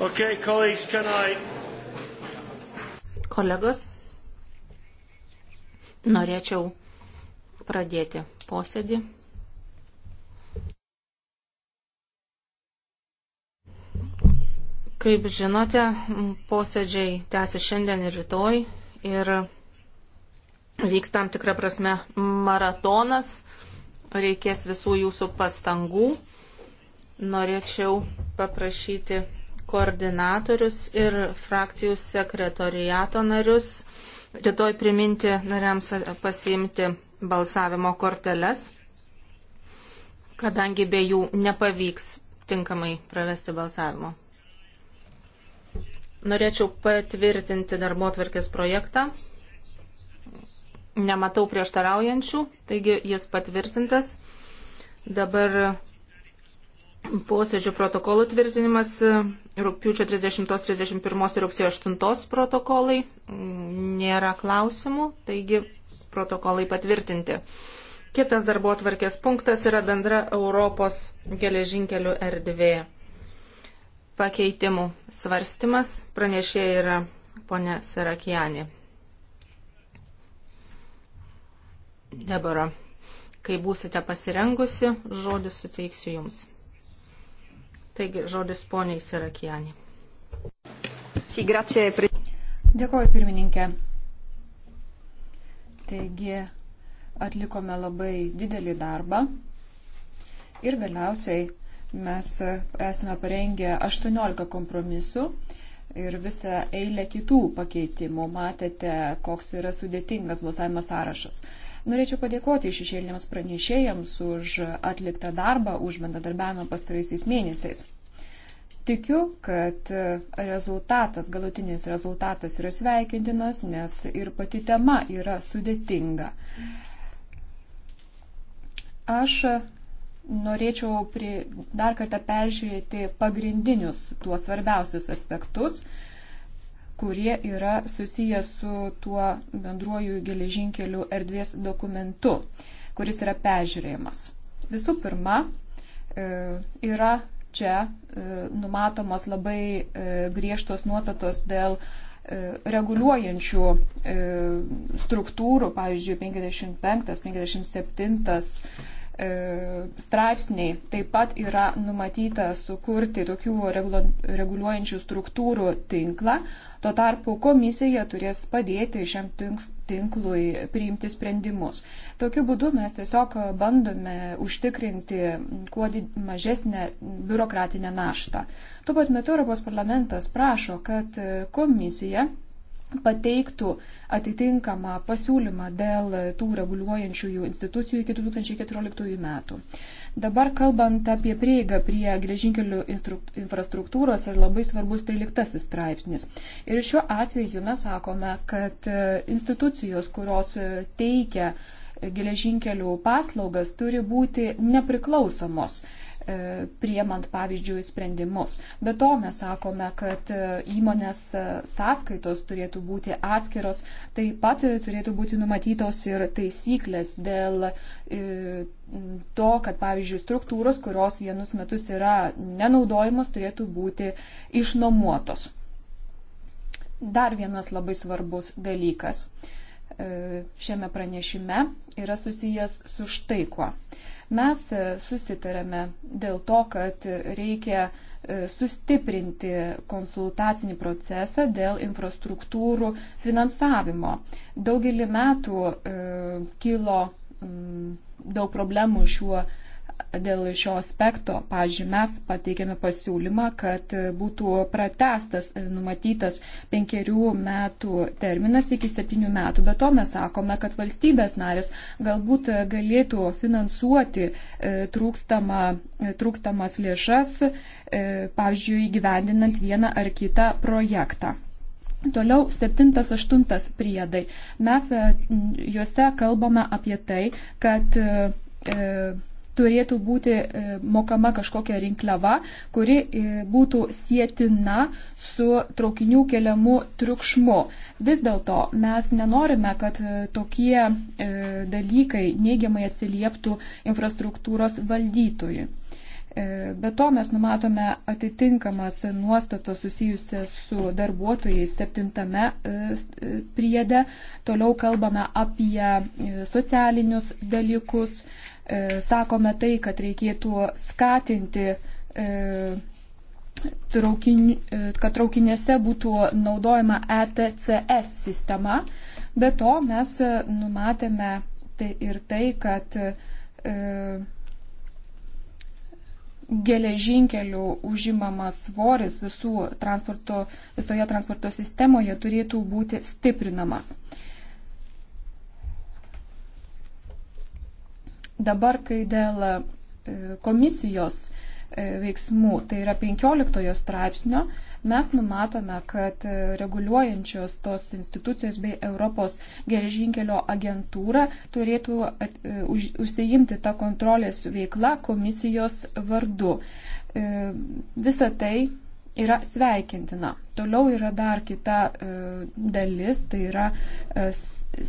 Okay, colleagues, can I... Kolegos, norėčiau pradėti posėdį. Kaip žinote, posėdžiai tęsi šiandien ir rytoj ir vyks tam tikrą prasme maratonas, reikės visų jūsų pastangų. Norėčiau paprašyti koordinatorius ir frakcijų sekretoriato narius rytoj priminti nariams pasiimti balsavimo korteles, kadangi be jų nepavyks tinkamai pravesti balsavimo. Norėčiau patvirtinti darbo tvarkės projektą. Nematau prieštaraujančių, taigi jis patvirtintas. Dabar posėdžių protokolų tvirtinimas rūpiučio 30, 31 ir rugsėjo 8 protokolai. Mm, nėra klausimų, taigi protokolai patvirtinti. Kitas darbo atvarkės punktas yra bendra Europos geležinkelių erdvė. Pakeitimų svarstymas pranešė yra ponė Serakijanė. Debora, kai būsite pasirengusi, žodį suteiksiu Jums. Taigi žodis poniai Sirakijanį. Dėkuoju pirmininkė. Taigi atlikome labai didelį darbą ir galiausiai mes esame parengę 18 kompromisų ir visą eilę kitų pakeitimų. Matėte, koks yra sudėtingas balsavimo sąrašas. Norėčiau padėkoti šešėliniams pranešėjams už atliktą darbą, už bendradarbiavimą pastaraisiais mėnesiais. Tikiu, kad rezultatas, galutinis rezultatas yra sveikintinas, nes ir pati tema yra sudėtinga. Aš norėčiau prie, dar kartą peržiūrėti pagrindinius tuos svarbiausius aspektus, kurie yra susiję su tuo bendruoju geležinkelių erdvės dokumentu, kuris yra peržiūrėjimas. Visų pirma, e, yra čia e, numatomos labai e, griežtos nuotatos dėl reguliuojančių struktūrų, pavyzdžiui, 55-57 straipsniai taip pat yra numatyta sukurti tokių reguliuojančių struktūrų tinklą, Tuo tarpu komisija turės padėti šiam tinklui priimti sprendimus. Tokiu būdu mes tiesiog bandome užtikrinti kuo mažesnę biurokratinę naštą. Tuo pat metu Europos parlamentas prašo, kad komisija pateiktų atitinkamą pasiūlymą dėl tų reguliuojančiųjų institucijų iki 2014 metų. Dabar kalbant apie prieigą prie geležinkelių infrastruktūros ir labai svarbus 13 straipsnis. Ir šiuo atveju mes sakome, kad e, institucijos, kurios e, teikia geležinkelių paslaugas, turi būti nepriklausomos E, priemant, pavyzdžiui, sprendimus. Be to mes sakome, kad e, įmonės e, sąskaitos turėtų būti atskiros, taip pat turėtų būti numatytos ir taisyklės dėl to, kad, pavyzdžiui, struktūros, kurios vienus metus yra nenaudojamos, turėtų būti išnuomotos. Dar vienas labai svarbus dalykas šiame pranešime yra susijęs su štai kuo. Mes e, susitarėme dėl to, kad reikia e, sustiprinti konsultacinį procesą dėl infrastruktūrų finansavimo. Daugelį metų e, kilo daug problemų šiuo dėl šio aspekto, pažiūrėjau, mes pateikėme pasiūlymą, kad būtų pratestas numatytas penkerių metų terminas iki septynių metų, bet to mes sakome, kad valstybės narės galbūt galėtų finansuoti e, trūkstama, e, trūkstamas lėšas, e, pavyzdžiui, įgyvendinant vieną ar kitą projektą. Toliau 7-8 priedai. Mes juose kalbame apie tai, kad e, turėtų būti e, mokama kažkokia rinkliava, kuri e, būtų sėtina su traukinių keliamu triukšmu. Vis dėlto mes nenorime, kad e, tokie dalykai neigiamai atsilieptų infrastruktūros valdytojui. Be to mes numatome atitinkamas nuostatos susijusias su darbuotojais septintame priede. Toliau kalbame apie socialinius dalykus, E, sakome tai, kad reikėtų skatinti e, traukini, e, kad traukinėse būtų naudojama ETCS sistema. Be to mes numatėme tai ir tai, kad e, geležinkelių užimamas svoris visų transporto, visoje transporto sistemoje turėtų būti stiprinamas. E, Dabar, kai dėl e, komisijos e, veiksmų, tai yra 15 straipsnio, mes numatome, kad e, reguliuojančios tos institucijos bei Europos geležinkelio agentūra turėtų at, už, užsiimti tą kontrolės veiklą komisijos vardu. Visa tai yra sveikintina. Toliau yra dar kita dalis, tai yra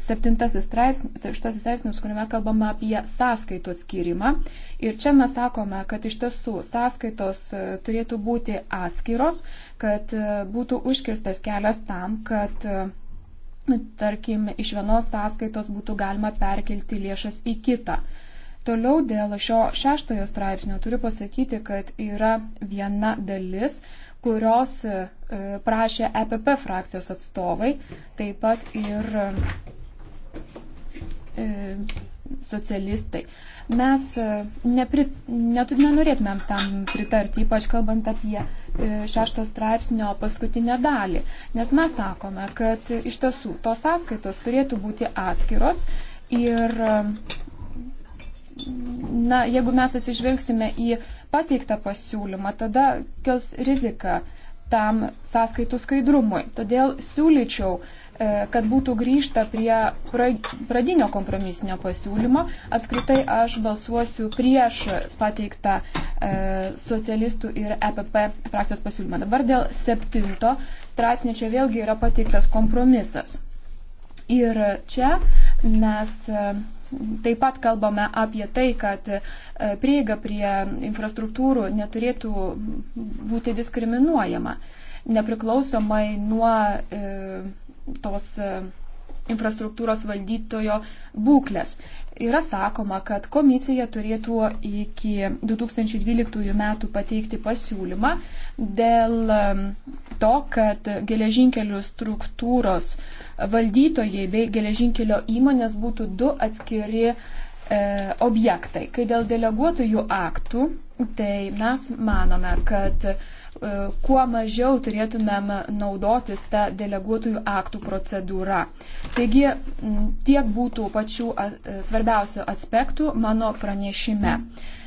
septintasis straipsnis, šeštasis straipsnis, kuriame kalbama apie sąskaitų atskirimą. Ir čia mes sakome, kad iš tiesų sąskaitos e, turėtų būti atskiros, kad e, būtų užkirstas kelias tam, kad e, tarkim iš vienos sąskaitos būtų galima perkelti lėšas į kitą. Toliau dėl šio šeštojo straipsnio turiu pasakyti, kad yra viena dalis, kurios e, prašė EPP frakcijos atstovai, taip pat ir e, socialistai. Mes e, nepri, net, nenorėtumėm tam pritarti, ypač kalbant apie šešto straipsnio paskutinę dalį, nes mes sakome, kad iš tiesų tos sąskaitos turėtų būti atskiros ir na, jeigu mes atsižvelgsime į pateiktą pasiūlymą, tada kils rizika tam sąskaitų skaidrumui. Todėl siūlyčiau, e, kad būtų grįžta prie pradinio kompromisinio pasiūlymo. Apskritai aš balsuosiu prieš pateiktą e, socialistų ir EPP frakcijos pasiūlymą. Dabar dėl septinto straipsnio čia vėlgi yra pateiktas kompromisas. Ir čia mes e, Taip pat kalbame apie tai, kad e, prieiga prie infrastruktūrų neturėtų būti diskriminuojama, nepriklausomai nuo e, tos e, infrastruktūros valdytojo būklės. Yra sakoma, kad komisija turėtų iki 2012 metų pateikti pasiūlymą dėl to, kad geležinkelių struktūros uh, valdytojai bei geležinkelio įmonės būtų du atskiri e, objektai. Kai dėl deleguotojų aktų, tai mes manome, kad e, kuo mažiau turėtumėm naudotis tą deleguotojų aktų procedūrą. Taigi tiek būtų pačių e, svarbiausių aspektų mano pranešime.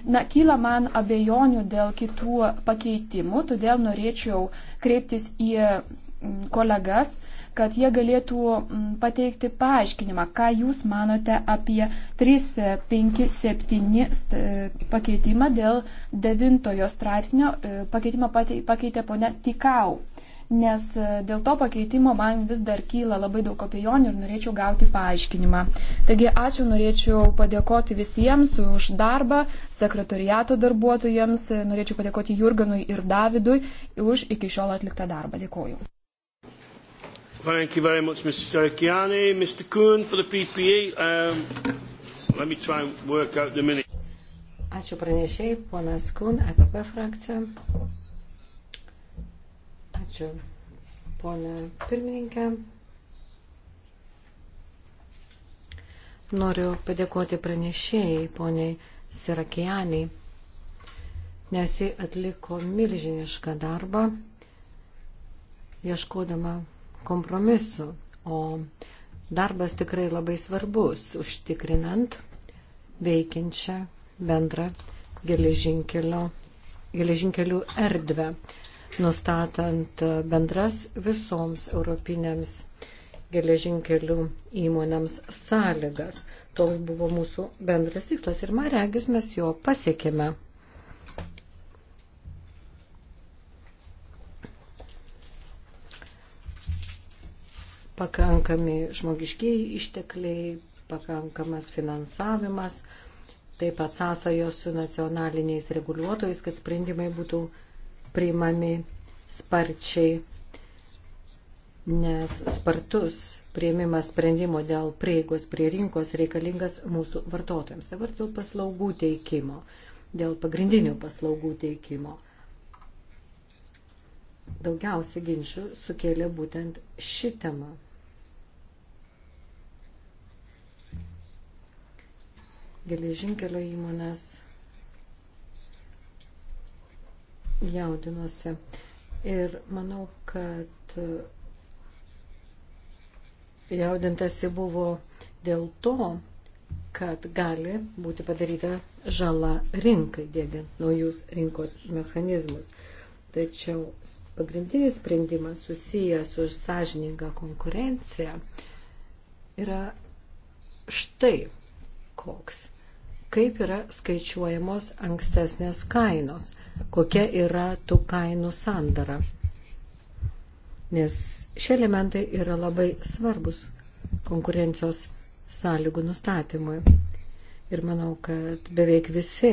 Na, kyla man abejonių dėl kitų pakeitimų, todėl norėčiau kreiptis į kolegas, kad jie galėtų mm, pateikti paaiškinimą, ką Jūs manote apie 357 e, e, pakeitimą dėl 9 straipsnio e, pakeitimą pakeitė pone Tikau. Nes dėl to pakeitimo man vis dar kyla labai daug abejonių ir norėčiau gauti paaiškinimą. Taigi ačiū, norėčiau padėkoti visiems už darbą, sekretoriato darbuotojams, norėčiau padėkoti Jurganui ir Davidui už iki šiol atliktą darbą. Dėkoju. Thank you very much, Mr. Serkiani. Mr. Kuhn for the PPE. Um, let me try and work out the minute. Ačiū pranešėjai, ponas Kuhn, EPP frakcija. Ačiū, ponė pirmininkė. Noriu padėkoti pranešėjai, poniai Sirakijaniai, nes jis atliko milžinišką darbą, ieškodama kompromisų, o darbas tikrai labai svarbus, užtikrinant veikiančią bendrą geležinkelių erdvę, nustatant bendras visoms europinėms geležinkelių įmonėms sąlygas. Toks buvo mūsų bendras tikslas ir man regis mes jo pasiekime. pakankami žmogiškiai ištekliai, pakankamas finansavimas, taip pat sąsajos su nacionaliniais reguliuotojais, kad sprendimai būtų priimami sparčiai, nes spartus prieimimas sprendimo dėl prieigos prie rinkos reikalingas mūsų vartotojams. Dabar dėl paslaugų teikimo, dėl pagrindinių paslaugų teikimo. Daugiausia ginčių sukėlė būtent ši tema. geležinkelio įmonės jaudinosi. Ir manau, kad jaudintasi buvo dėl to, kad gali būti padaryta žala rinkai, dėgiant naujus rinkos mechanizmus. Tačiau pagrindinis sprendimas susijęs su sąžininga konkurencija yra štai koks kaip yra skaičiuojamos ankstesnės kainos, kokia yra tų kainų sandara. Nes šie elementai yra labai svarbus konkurencijos sąlygų nustatymui. Ir manau, kad beveik visi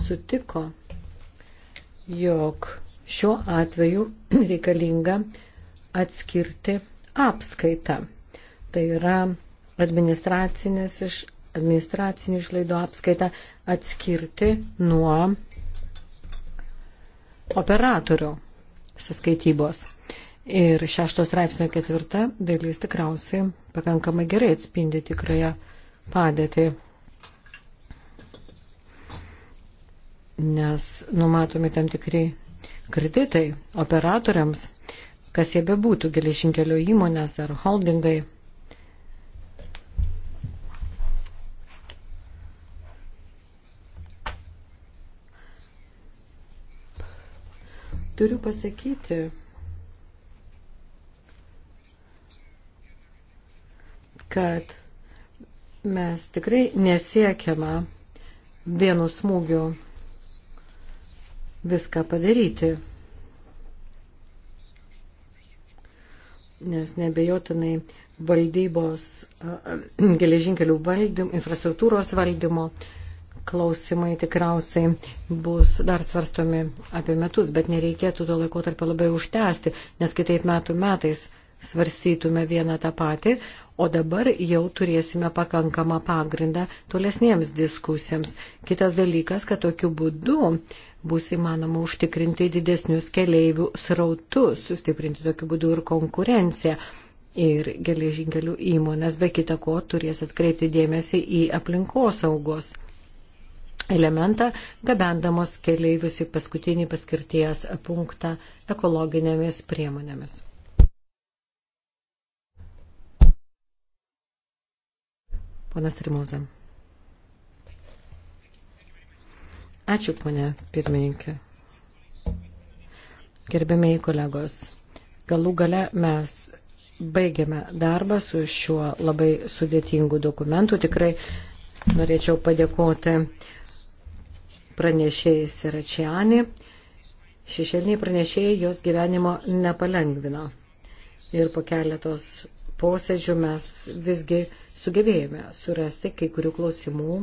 sutiko, jog šiuo atveju reikalinga atskirti apskaitą. Tai yra administracinės iš administracinių išlaidų apskaitą atskirti nuo operatorių saskaitybos. Ir šeštos straipsnio ketvirta dalis tikriausiai pakankamai gerai atspindi tikrąją padėtį. Nes numatomi tam tikri kreditai operatoriams, kas jie bebūtų, geležinkelio įmonės ar holdingai Turiu pasakyti, kad mes tikrai nesiekiame vienu smūgiu viską padaryti. Nes nebejotinai valdybos, geležinkelių valdymo, infrastruktūros valdymo klausimai tikriausiai bus dar svarstomi apie metus, bet nereikėtų to laikotarpio labai užtęsti, nes kitaip metų metais svarstytume vieną tą patį, o dabar jau turėsime pakankamą pagrindą tolesniems diskusijams. Kitas dalykas, kad tokiu būdu bus įmanoma užtikrinti didesnius keleivių srautus, sustiprinti tokiu būdu ir konkurenciją. Ir geležinkelių įmonės be kita ko turės atkreipti dėmesį į aplinkosaugos elementą, gabendamos keleivius į paskutinį paskirties punktą ekologinėmis priemonėmis. Ponas Rimauza. Ačiū, ponė pirmininkė. Gerbėmiai kolegos, galų gale mes baigiame darbą su šiuo labai sudėtingu dokumentu. Tikrai norėčiau padėkoti uh, pranešėjais yra Čiani. Šešėliniai pranešėjai jos gyvenimo nepalengvino. Ir po keletos posėdžių mes visgi sugebėjome surasti kai kurių klausimų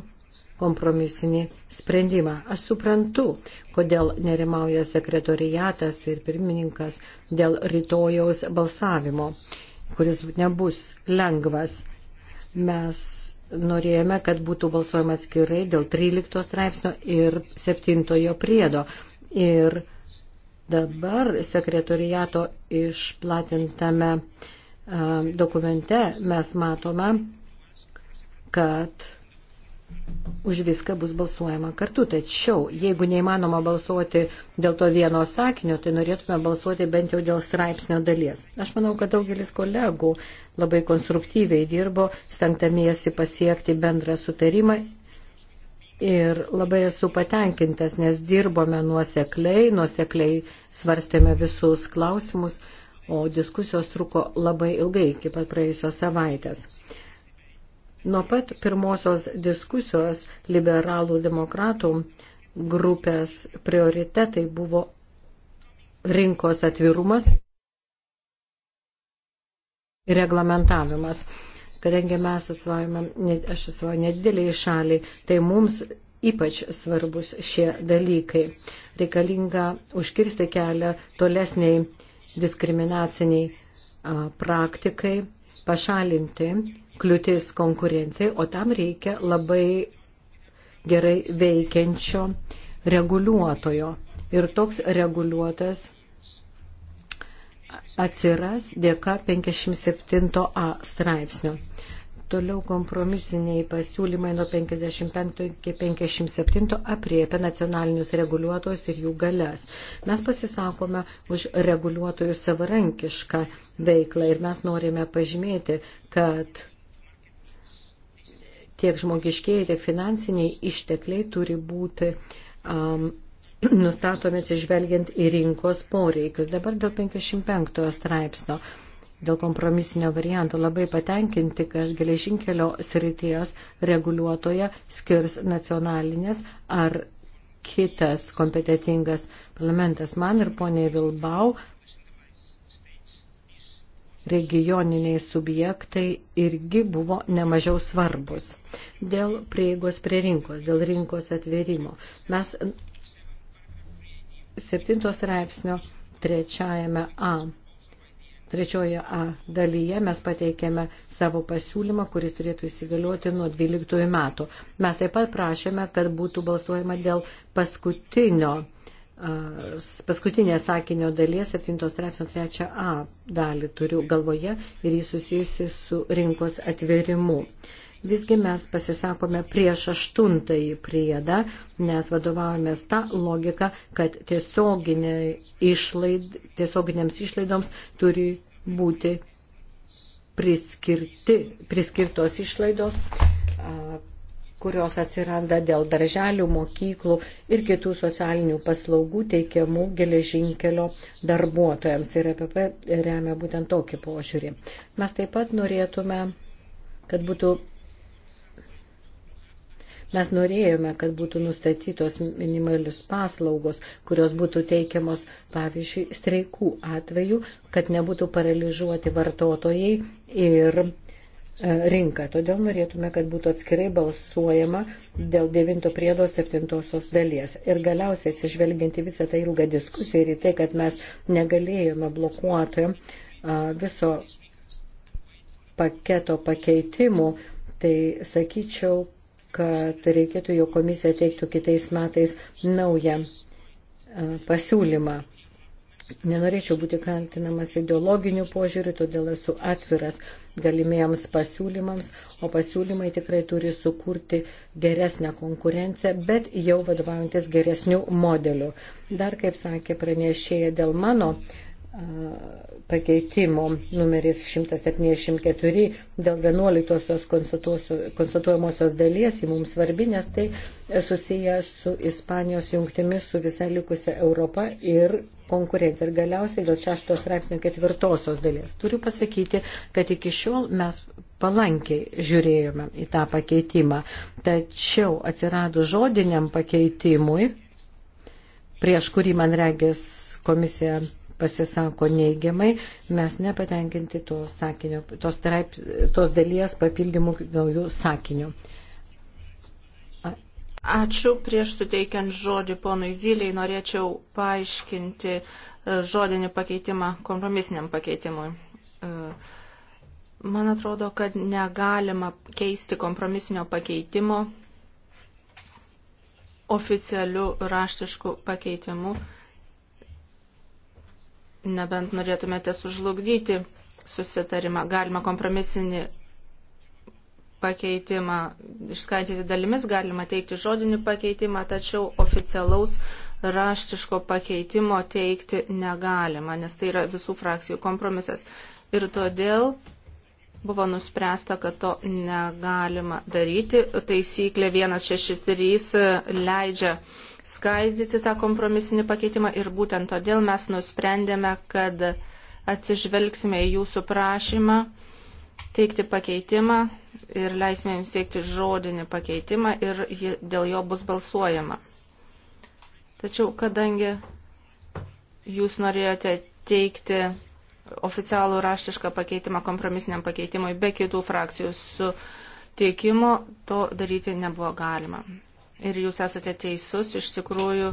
kompromisinį sprendimą. Aš suprantu, kodėl nerimauja sekretorijatas ir pirmininkas dėl rytojaus balsavimo, kuris nebus lengvas. Mes norėjome, kad būtų balsuojama atskirai dėl 13 straipsnio ir 7 priedo. Ir dabar sekretoriato išplatintame dokumente mes matome, kad už viską bus balsuojama kartu. Tačiau, jeigu neįmanoma balsuoti dėl to vieno sakinio, tai norėtume balsuoti bent jau dėl straipsnio dalies. Aš manau, kad daugelis kolegų labai konstruktyviai dirbo, stengtamiesi pasiekti bendrą sutarimą. Ir labai esu patenkintas, nes dirbome nuosekliai, nuosekliai svarstėme visus klausimus, o diskusijos truko labai ilgai, iki pat praėjusios savaitės. Nuo pat pirmosios diskusijos liberalų demokratų grupės prioritetai buvo rinkos atvirumas ir reglamentavimas. Kadangi mes atsvajame, aš atsvajame nedideliai šaliai, tai mums ypač svarbus šie dalykai. Reikalinga užkirsti kelią tolesniai diskriminaciniai praktikai, pašalinti kliūtis konkurencijai, o tam reikia labai gerai veikiančio reguliuotojo. Ir toks reguliuotas atsiras dėka 57a straipsnio. Toliau kompromisiniai pasiūlymai nuo 55 iki 57 apriepia nacionalinius reguliuotojus ir jų galias. Mes pasisakome už reguliuotojų savarankišką veiklą ir mes norime pažymėti, kad tiek žmogiškieji, tiek finansiniai ištekliai turi būti um, nustatomi atsižvelgiant į rinkos poreikius. Dabar dėl 55 straipsnio, dėl kompromisinio varianto labai patenkinti, kad geležinkelio srities reguliuotoja skirs nacionalinės ar kitas kompetitingas parlamentas. Man ir ponė Vilbau regioniniai subjektai irgi buvo nemažiau svarbus dėl prieigos prie rinkos, dėl rinkos atvėrimo. Mes 7 straipsnio 3 A. Trečioje A dalyje mes pateikėme savo pasiūlymą, kuris turėtų įsigalioti nuo 12 metų. Mes taip pat prašėme, kad būtų balsuojama dėl paskutinio paskutinė sakinio dalies 7 straipsnio 3a dalį turiu galvoje ir jis susijusi su rinkos atverimu. Visgi mes pasisakome prieš aštuntąjį priedą, nes vadovavomės tą logiką, kad tiesioginė išlaid, tiesioginėms išlaidoms turi būti priskirti, priskirtos išlaidos kurios atsiranda dėl darželių, mokyklų ir kitų socialinių paslaugų teikiamų geležinkelio darbuotojams. Ir EPP remia būtent tokį požiūrį. Mes taip pat norėtume, kad būtų. Mes norėjome, kad būtų nustatytos minimalius paslaugos, kurios būtų teikiamos, pavyzdžiui, streikų atveju, kad nebūtų paralyžuoti vartotojai ir E, rinką. Todėl norėtume, kad būtų atskirai balsuojama dėl 9 priedo 7 dalies. Ir galiausiai atsižvelgianti visą tą ilgą diskusiją ir į tai, kad mes negalėjome blokuoti viso paketo pakeitimų, tai sakyčiau, kad reikėtų, jo komisija teiktų kitais metais naują pasiūlymą. Nenorėčiau būti kaltinamas ideologiniu požiūriu, todėl esu atviras galimiems pasiūlymams, o pasiūlymai tikrai turi sukurti geresnę konkurenciją, bet jau vadovaujantis geresnių modelių. Dar, kaip sakė pranešėja dėl mano pakeitimo numeris 174 dėl 11 konstatuojamosios dalies, ji mums svarbi, nes tai susiję su Ispanijos jungtimis, su visa likusia Europa ir konkurencija. Ir galiausiai dėl 6 straipsnio 4 dalies. Turiu pasakyti, kad iki šiol mes palankiai žiūrėjome į tą pakeitimą. Tačiau atsiradus žodiniam pakeitimui, prieš kurį man regis komisija pasisako neigiamai, mes nepatenkinti to sakinio, tos, traip, tos dalies papildymų naujų sakinių. Ačiū. Prieš suteikiant žodį ponui Zyliai norėčiau paaiškinti e, žodinį pakeitimą kompromisiniam pakeitimui. E, man atrodo, kad negalima keisti kompromisinio pakeitimo oficialiu raštišku pakeitimu nebent norėtumėte sužlugdyti susitarimą, galima kompromisinį pakeitimą išskaityti dalimis, galima teikti žodinį pakeitimą, tačiau oficialaus raštiško pakeitimo teikti negalima, nes tai yra visų frakcijų kompromisas. Ir todėl buvo nuspręsta, kad to negalima daryti. Taisyklė 163 leidžia skaidyti tą kompromisinį pakeitimą ir būtent todėl mes nusprendėme, kad atsižvelgsime į jūsų prašymą teikti pakeitimą ir leisime jums siekti žodinį pakeitimą ir dėl jo bus balsuojama. Tačiau kadangi jūs norėjote teikti oficialų raštišką pakeitimą kompromisiniam pakeitimui be kitų frakcijų su teikimo, to daryti nebuvo galima. Ir jūs esate teisus, iš tikrųjų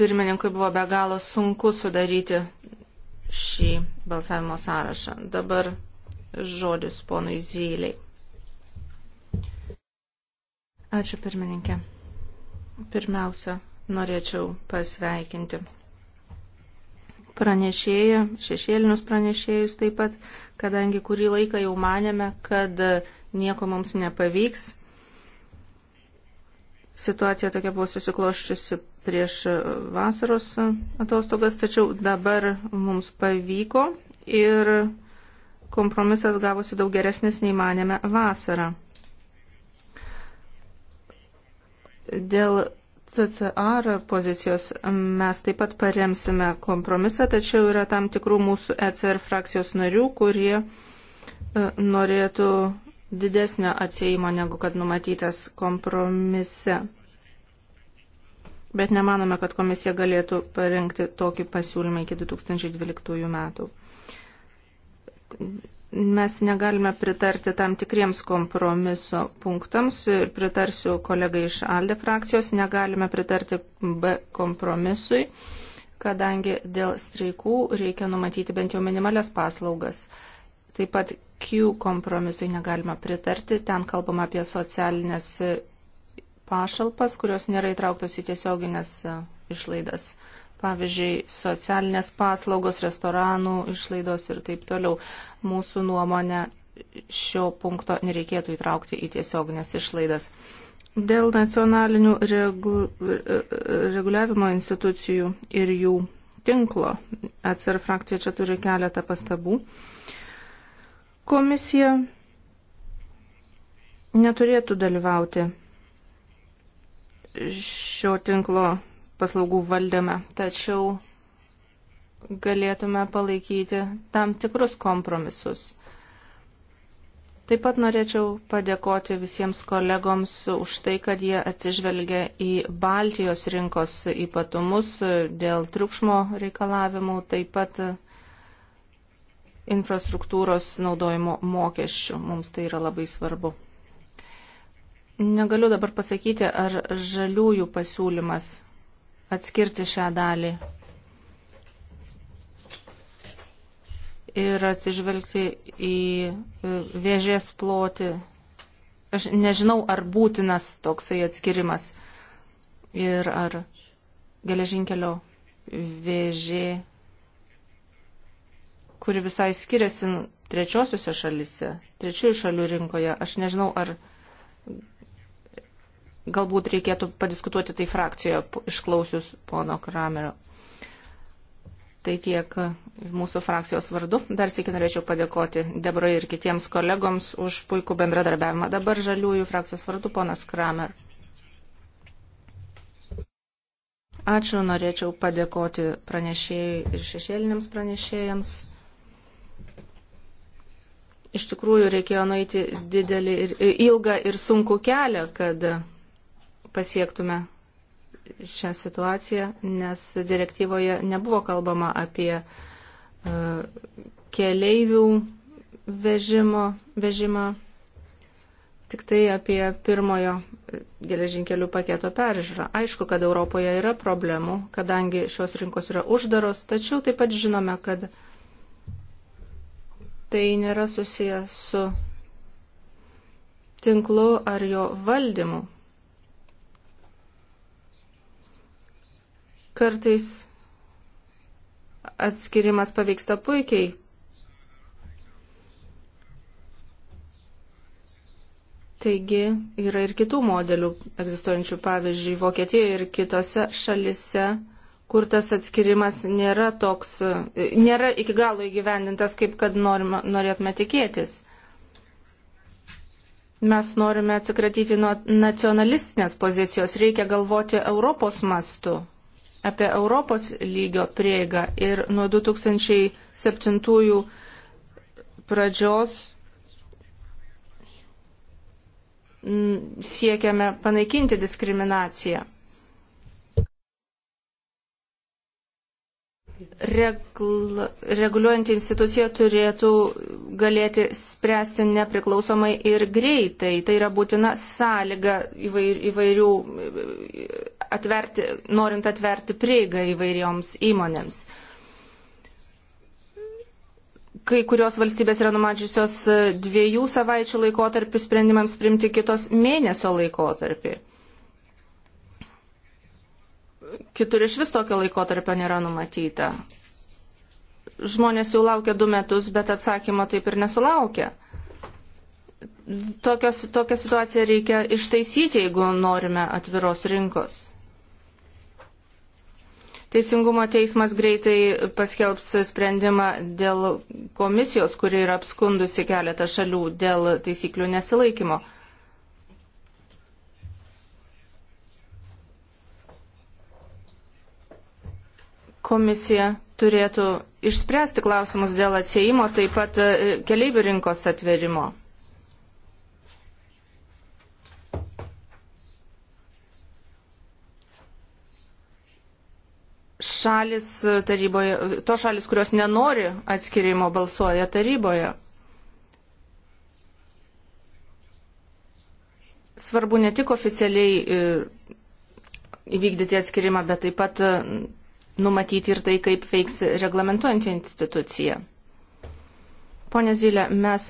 pirmininkui buvo be galo sunku sudaryti šį balsavimo sąrašą. Dabar žodis ponui Zyliai. Ačiū pirmininkė. Pirmiausia, norėčiau pasveikinti pranešėją, šešėlinius pranešėjus taip pat, kadangi kurį laiką jau manėme, kad nieko mums nepavyks situacija tokia buvo susikloščiusi prieš vasaros atostogas, tačiau dabar mums pavyko ir kompromisas gavosi daug geresnis nei manėme vasarą. Dėl CCR pozicijos mes taip pat paremsime kompromisą, tačiau yra tam tikrų mūsų ECR frakcijos narių, kurie e, norėtų didesnio atsėjimo negu kad numatytas kompromise. Bet nemanome, kad komisija galėtų parengti tokį pasiūlymą iki 2012 metų. Mes negalime pritarti tam tikriems kompromiso punktams ir pritarsiu kolegai iš ALDE frakcijos, negalime pritarti B kompromisui, kadangi dėl streikų reikia numatyti bent jau minimales paslaugas. Taip pat Q kompromisui negalima pritarti. Ten kalbama apie socialinės pašalpas, kurios nėra įtrauktos į tiesioginės e, išlaidas. Pavyzdžiui, socialinės paslaugos, restoranų išlaidos ir taip toliau. Mūsų nuomonė šio punkto nereikėtų įtraukti į tiesioginės išlaidas. Dėl nacionalinių regu, e, e, reguliavimo institucijų ir jų tinklo, atsir frakcija čia turi keletą pastabų. Uh, Komisija neturėtų dalyvauti šio tinklo paslaugų valdyme, tačiau galėtume palaikyti tam tikrus kompromisus. Taip pat norėčiau padėkoti visiems kolegoms už tai, kad jie atsižvelgia į Baltijos rinkos ypatumus dėl triukšmo reikalavimų, taip pat infrastruktūros naudojimo mokesčių. Mums tai yra labai svarbu. Negaliu dabar pasakyti, ar žaliųjų pasiūlymas atskirti šią dalį ir atsižvelgti į e, vėžės plotį. Aš nežinau, ar būtinas toksai atskirimas ir ar geležinkelio vėžė kuri visai skiriasi trečiosiuose šalise, trečiųjų šalių rinkoje. Aš nežinau, ar galbūt reikėtų padiskutuoti tai frakcijoje, išklausius pono Kramerio. Tai tiek mūsų frakcijos vardu. Dar sėki norėčiau padėkoti Debrai ir kitiems kolegoms už puikų bendradarbiavimą. Dabar žaliųjų frakcijos vardu ponas Kramer. Ačiū, norėčiau padėkoti pranešėjai ir šešėliniams pranešėjams. Iš tikrųjų reikėjo nueiti didelį, e, ilgą ir sunkų kelią, kad pasiektume šią situaciją, nes direktyvoje nebuvo kalbama apie uh, keleivių vežimo, vežimą, tik tai apie pirmojo geležinkelių paketo peržiūrą. Aišku, kad Europoje yra problemų, kadangi šios rinkos yra uždaros, tačiau taip pat žinome, kad uh, tai nėra susijęs su tinklu ar jo valdymu. Kartais atskirimas pavyksta puikiai. Taigi yra ir kitų modelių egzistuojančių, pavyzdžiui, Vokietijoje ir kitose šalise kur tas atskirimas nėra toks, nėra iki galo įgyvendintas, kaip kad norima, norėtume tikėtis. Mes norime atsikratyti nuo nacionalistinės pozicijos, reikia galvoti Europos mastu, apie Europos lygio prieigą ir nuo 2007 pradžios siekiame panaikinti diskriminaciją. regla, reguliuojant instituciją turėtų galėti spręsti nepriklausomai ir greitai. Tai yra būtina sąlyga įvair, įvairių, atverti, norint atverti prieigą įvairioms įmonėms. Kai kurios valstybės yra numačiusios dviejų savaičių laikotarpį sprendimams primti kitos mėnesio laikotarpį kitur iš vis tokio laikotarpio nėra numatyta. Žmonės jau laukia du metus, bet atsakymo taip ir nesulaukia. Tokios, tokią situaciją reikia ištaisyti, jeigu norime atviros rinkos. Teisingumo teismas greitai paskelbs sprendimą dėl komisijos, kuri yra apskundusi keletą šalių dėl taisyklių nesilaikymo. Komisija turėtų išspręsti klausimus dėl atsiejimo, taip pat e, keleivių rinkos atverimo. Šalis e, taryboje, to šalis, kurios nenori atskirimo, balsuoja taryboje. Svarbu ne tik oficialiai e, įvykdyti atskirimą, bet taip pat numatyti ir tai, kaip veiks reglamentuojantį instituciją. Pone Zylė, mes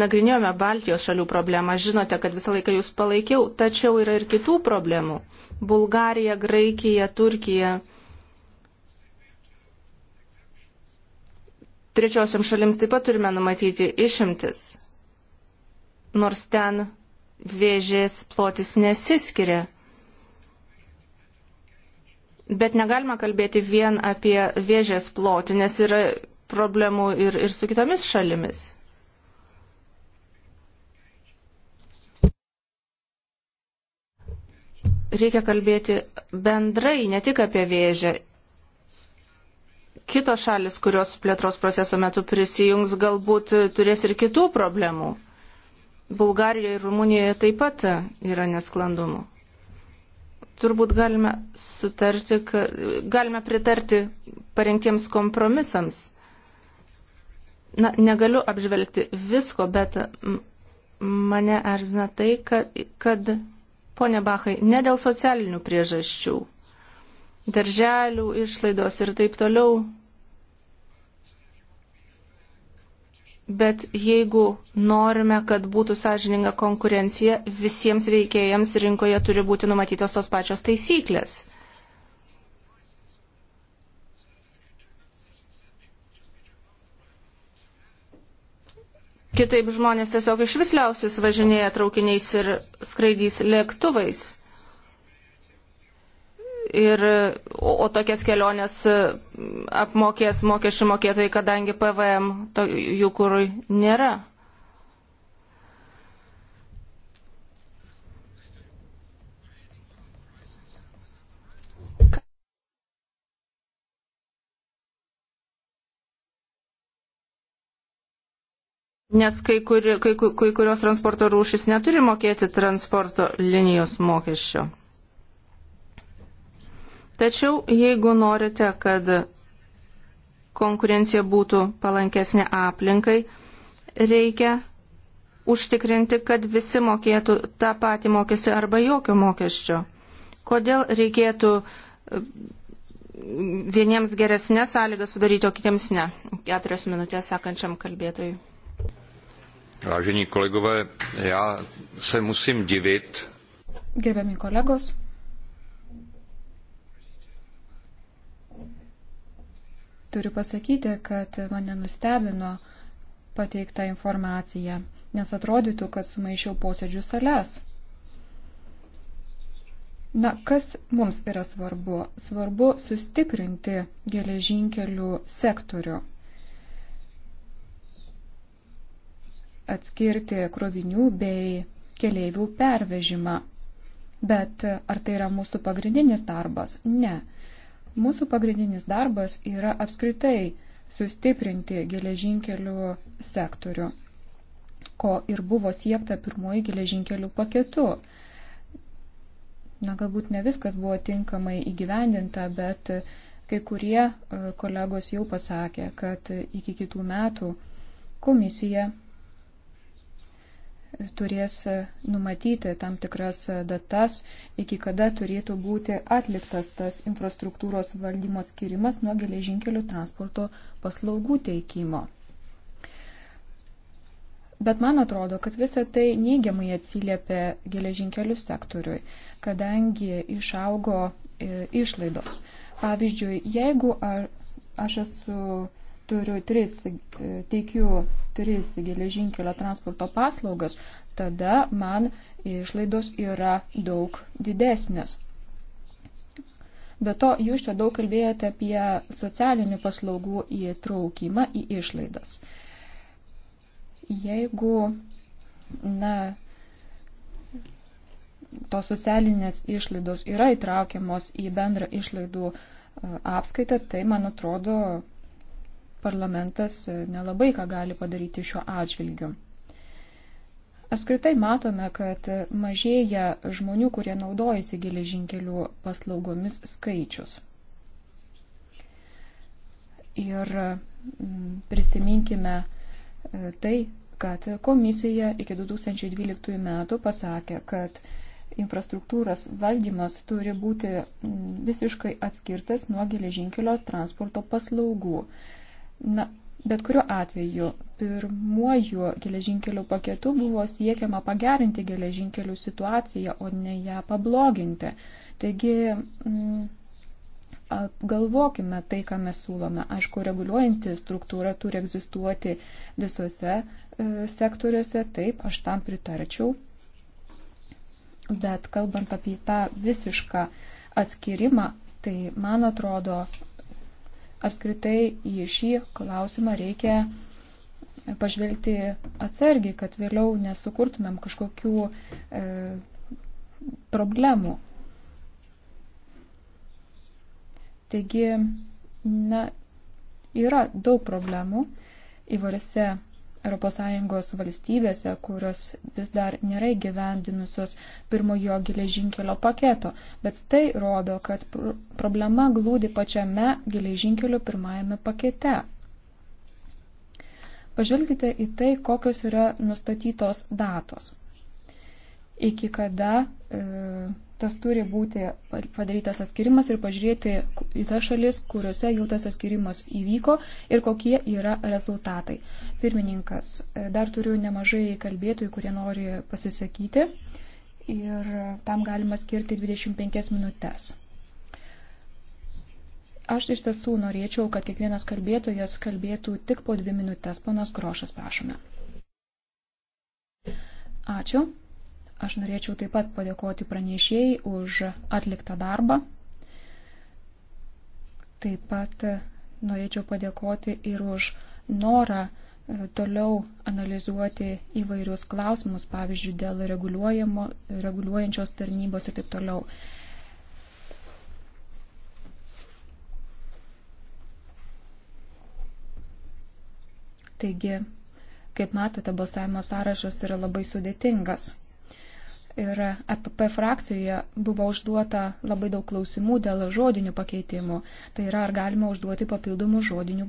nagrinėjome Baltijos šalių problemą, žinote, kad visą laiką jūs palaikiau, tačiau yra ir kitų problemų. Bulgarija, Graikija, Turkija. Trečiosiam šalims taip pat turime numatyti išimtis, nors ten vėžės plotis nesiskiria Bet negalima kalbėti vien apie vėžės plotį, nes yra problemų ir, ir su kitomis šalimis. Reikia kalbėti bendrai, ne tik apie vėžę. Kitos šalis, kurios plėtros proceso metu prisijungs, galbūt turės ir kitų problemų. Bulgarijoje ir Rumunijoje taip pat yra nesklandumų turbūt galime sutarti, kad galime pritarti parengtiems kompromisams. Na, negaliu apžvelgti visko, bet mane erzina tai, kad, kad ponia Bakai, ne dėl socialinių priežasčių, darželių išlaidos ir taip toliau Bet jeigu norime, kad būtų sąžininga konkurencija, visiems veikėjams rinkoje turi būti numatytos tos pačios taisyklės. Kitaip žmonės tiesiog iš visliausius važinėja traukiniais ir skraidys lėktuvais. Ir, o, o tokias keliones e, apmokės mokesčių mokėtojai, kadangi PVM to, jų kūrui nėra. Nes kai, kuri, kai, kai kurios transporto rūšis neturi mokėti transporto linijos mokesčio. Tačiau jeigu norite, kad konkurencija būtų palankesnė aplinkai, reikia užtikrinti, kad visi mokėtų tą patį mokestį arba jokio mokesčio. Kodėl reikėtų e, vieniems geresnės sąlygas sudaryti, o kitiems ne? Keturios minutės sekančiam kalbėtojui. Vážení kolegové, já se musím divit. Gerbiami kolegos, Turiu pasakyti, kad mane nustebino pateikta informacija, nes atrodytų, kad sumaišiau posėdžių sales. Na, kas mums yra svarbu? Svarbu sustiprinti geležinkelių sektorių. Atskirti krovinių bei keleivių pervežimą. Bet ar tai yra mūsų pagrindinis darbas? Ne. Mūsų pagrindinis darbas yra apskritai sustiprinti geležinkelių sektorių, ko ir buvo siekta pirmoji geležinkelių paketu. Na, galbūt ne viskas buvo tinkamai įgyvendinta, bet kai kurie e, kolegos jau pasakė, kad iki kitų metų komisija turės e, numatyti tam tikras e, datas, iki kada turėtų būti atliktas tas infrastruktūros valdymo skirimas nuo geležinkelių transporto paslaugų teikimo. Bet man atrodo, kad visa tai neigiamai atsiliepia geležinkelių sektoriui, kadangi išaugo e, išlaidos. Pavyzdžiui, jeigu aš esu turiu tris, e, teikiu tris geležinkelio transporto paslaugas, tada man išlaidos yra daug didesnės. Be to, jūs čia daug kalbėjote apie socialinių paslaugų įtraukimą į išlaidas. Jeigu, na, tos socialinės išlaidos yra įtraukiamos į bendrą išlaidų e, apskaitą, tai, man atrodo, parlamentas nelabai ką gali padaryti šiuo atžvilgiu. Apskritai matome, kad mažėja žmonių, kurie naudojasi geležinkelių paslaugomis skaičius. Ir mm, prisiminkime e, tai, kad komisija iki 2012 metų pasakė, kad infrastruktūros valdymas turi būti mm, visiškai atskirtas nuo geležinkelio transporto paslaugų. Na, bet kuriuo atveju, pirmuoju geležinkelių paketu buvo siekiama pagerinti geležinkelių situaciją, o ne ją pabloginti. Taigi, mm, apgalvokime tai, ką mes siūlome. Aišku, reguliuojanti struktūra turi egzistuoti visose e, sektoriuose, taip, aš tam pritarčiau. Bet kalbant apie tą visišką atskirimą, tai man atrodo, apskritai į šį klausimą reikia pažvelgti atsargiai, kad vėliau nesukurtumėm kažkokių e, problemų. Taigi, na, yra daug problemų įvairiose ES valstybėse, kurios vis dar nėra įgyvendinusios pirmojo geležinkelio paketo, bet tai rodo, kad problema glūdi pačiame geležinkelio pirmajame pakete. Pažvelkite į tai, kokios yra nustatytos datos. Iki kada e, tas turi būti padarytas atskirimas ir pažiūrėti į tas šalis, kuriuose jau tas atskirimas įvyko ir kokie yra rezultatai. Pirmininkas, e, dar turiu nemažai kalbėtojų, kurie nori pasisakyti ir tam galima skirti 25 minutės. Aš iš tiesų norėčiau, kad kiekvienas kalbėtojas kalbėtų tik po dvi minutės. Ponas Grošas, prašome. Ačiū. Aš norėčiau taip pat padėkoti pranešėjai už atliktą darbą. Taip pat norėčiau padėkoti ir už norą e, toliau analizuoti įvairius klausimus, pavyzdžiui, dėl reguliuojančios tarnybos ir taip toliau. Taigi, kaip matote, balsavimo sąrašas yra labai sudėtingas ir EPP frakcijoje buvo užduota labai daug klausimų dėl žodinių pakeitimų. Tai yra, ar galima užduoti papildomų žodinių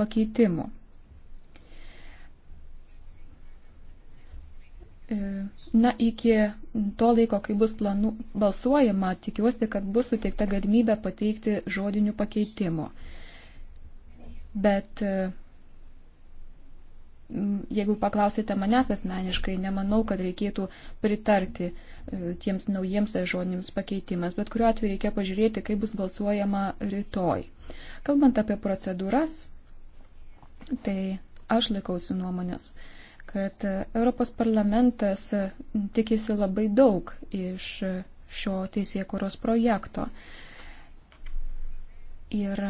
pakeitimų. E, na, iki to laiko, kai bus planu, balsuojama, tikiuosi, kad bus suteikta galimybė pateikti žodinių pakeitimų. Bet e, jeigu paklausite manęs asmeniškai, nemanau, kad reikėtų pritarti e, tiems naujiems žodiniams pakeitimams, bet kuriuo atveju reikia pažiūrėti, kaip bus balsuojama rytoj. Kalbant apie procedūras, tai aš laikausi nuomonės, kad Europos parlamentas tikisi labai daug iš šio teisėkuros projekto. Ir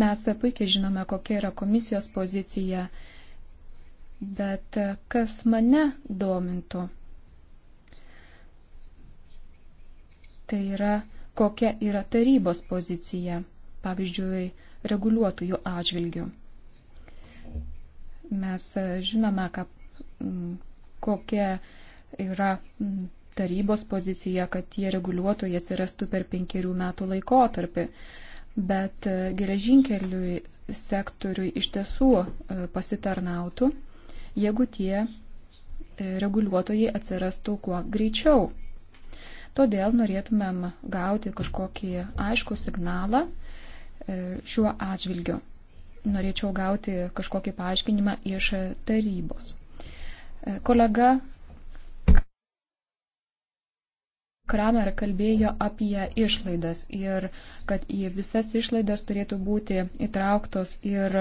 mes puikiai žinome, kokia yra komisijos pozicija Bet e, kas mane domintų, tai yra, kokia yra tarybos pozicija, pavyzdžiui, reguliuotojų atžvilgių. Mes e, žinome, ką, kokia yra tarybos pozicija, kad tie reguliuotojai atsirastų per penkerių metų laikotarpį bet e, geležinkeliui sektoriui iš tiesų pasitarnautų, jeigu tie e, reguliuotojai atsirastų kuo greičiau. Todėl norėtumėm gauti kažkokį aišku signalą e, šiuo atžvilgiu. Norėčiau gauti kažkokį paaiškinimą iš tarybos. E, kolega Kramer kalbėjo apie išlaidas ir kad į visas išlaidas turėtų būti įtrauktos ir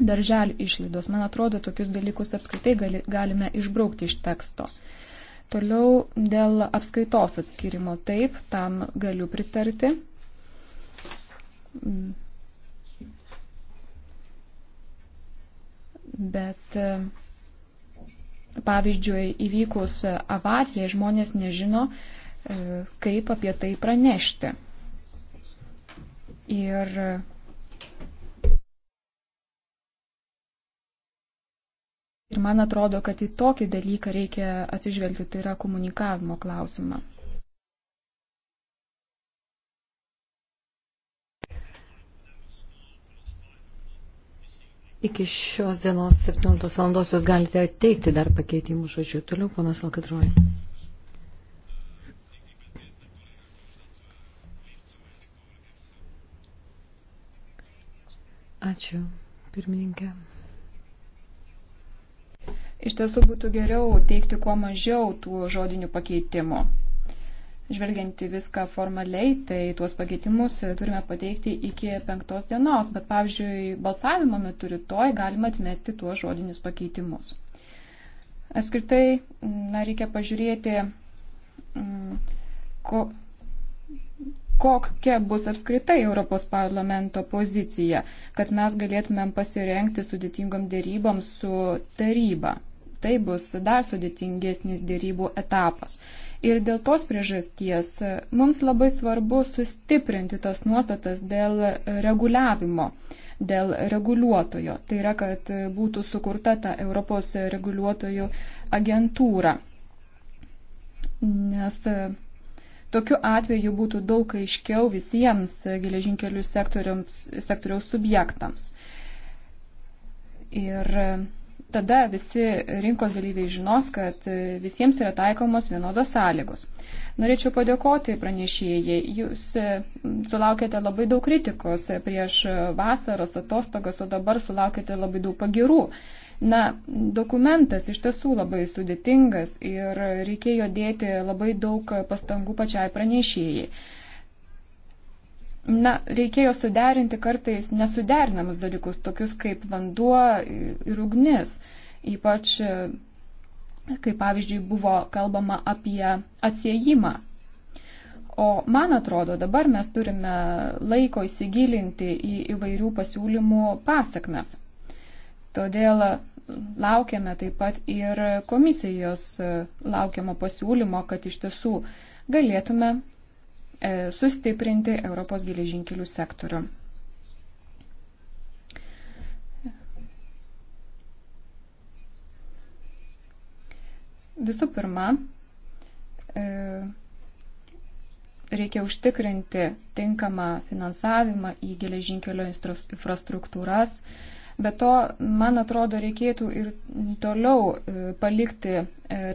darželių išlaidos. Man atrodo, tokius dalykus apskritai gali, galime išbraukti iš teksto. Toliau dėl apskaitos atskirimo taip, tam galiu pritarti. Bet pavyzdžiui, įvykus avarijai žmonės nežino, kaip apie tai pranešti. Ir Ir man atrodo, kad į tokį dalyką reikia atsižvelgti, tai yra komunikavimo klausimą. Iki šios dienos 17 valandos jūs galite teikti dar pakeitimų žodžių. Toliau, ponas Alkatroji. Ačiū, pirmininkė. Iš tiesų būtų geriau teikti kuo mažiau tų žodinių pakeitimų. Žvelgianti viską formaliai, tai tuos pakeitimus turime pateikti iki penktos dienos, bet pavyzdžiui, balsavimo metu rytoj galima atmesti tuos žodinius pakeitimus. Apskritai, na, reikia pažiūrėti, mm, ko, kokia bus apskritai Europos parlamento pozicija, kad mes galėtumėm pasirenkti sudėtingom dėrybom su taryba. Tai bus dar sudėtingesnis dėrybų etapas. Ir dėl tos priežasties mums labai svarbu sustiprinti tas nuostatas dėl reguliavimo, dėl reguliuotojo. Tai yra, kad būtų sukurta ta Europos reguliuotojų agentūra. Nes Tokiu atveju būtų daug aiškiau visiems geležinkelių sektoriaus subjektams. Ir tada visi rinkos dalyviai žinos, kad visiems yra taikomos vienodos sąlygos. Norėčiau padėkoti pranešėjai. Jūs sulaukėte labai daug kritikos prieš vasaros atostogas, o dabar sulaukėte labai daug pagirų. Na, dokumentas iš tiesų labai sudėtingas ir reikėjo dėti labai daug pastangų pačiai pranešėjai. Na, reikėjo suderinti kartais nesuderinamus dalykus, tokius kaip vanduo ir ugnis. Ypač, kai pavyzdžiui buvo kalbama apie atsiejimą. O man atrodo, dabar mes turime laiko įsigilinti į įvairių pasiūlymų pasakmes. Todėl laukiame taip pat ir komisijos laukiamo pasiūlymo, kad iš tiesų galėtume e, sustiprinti Europos geležinkelių sektorių. Visų pirma, e, reikia užtikrinti tinkamą finansavimą į geležinkelio infrastruktūras, infrastruktūras Bet to, man atrodo, reikėtų ir toliau e, palikti e,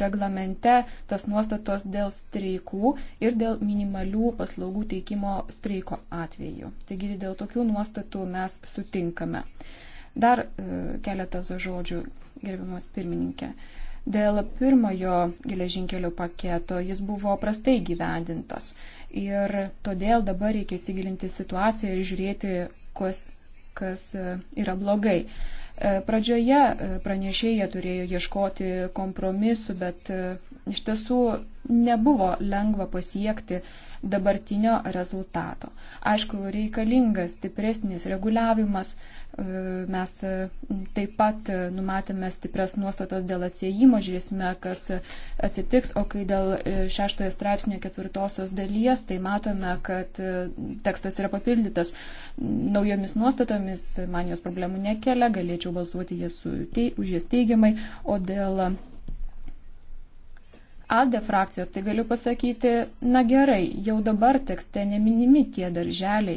reglamente tas nuostatos dėl streikų ir dėl minimalių paslaugų teikimo streiko atveju. Taigi dėl tokių nuostatų mes sutinkame. Dar e, keletas žodžių, gerbiamas pirmininkė. Dėl pirmojo geležinkelių paketo jis buvo prastai gyvendintas ir todėl dabar reikia įsigilinti situaciją ir žiūrėti, kas kas e, yra blogai. E, pradžioje e, pranešėja turėjo ieškoti kompromisu, bet iš tiesų nebuvo lengva pasiekti uh, dabartinio rezultato. Aišku, reikalingas stipresnis reguliavimas. E, mes e, taip pat e, numatėme stipres nuostatos dėl atsiejimo, žiūrėsime, kas atsitiks, o kai dėl šeštojo straipsnio ketvirtosios dalies, tai matome, kad tekstas yra papildytas naujomis nuostatomis, man jos problemų nekelia, galėčiau balsuoti jas už jas teigiamai, o dėl Alde frakcijos, tai galiu pasakyti, na gerai, jau dabar tekste neminimi tie darželiai.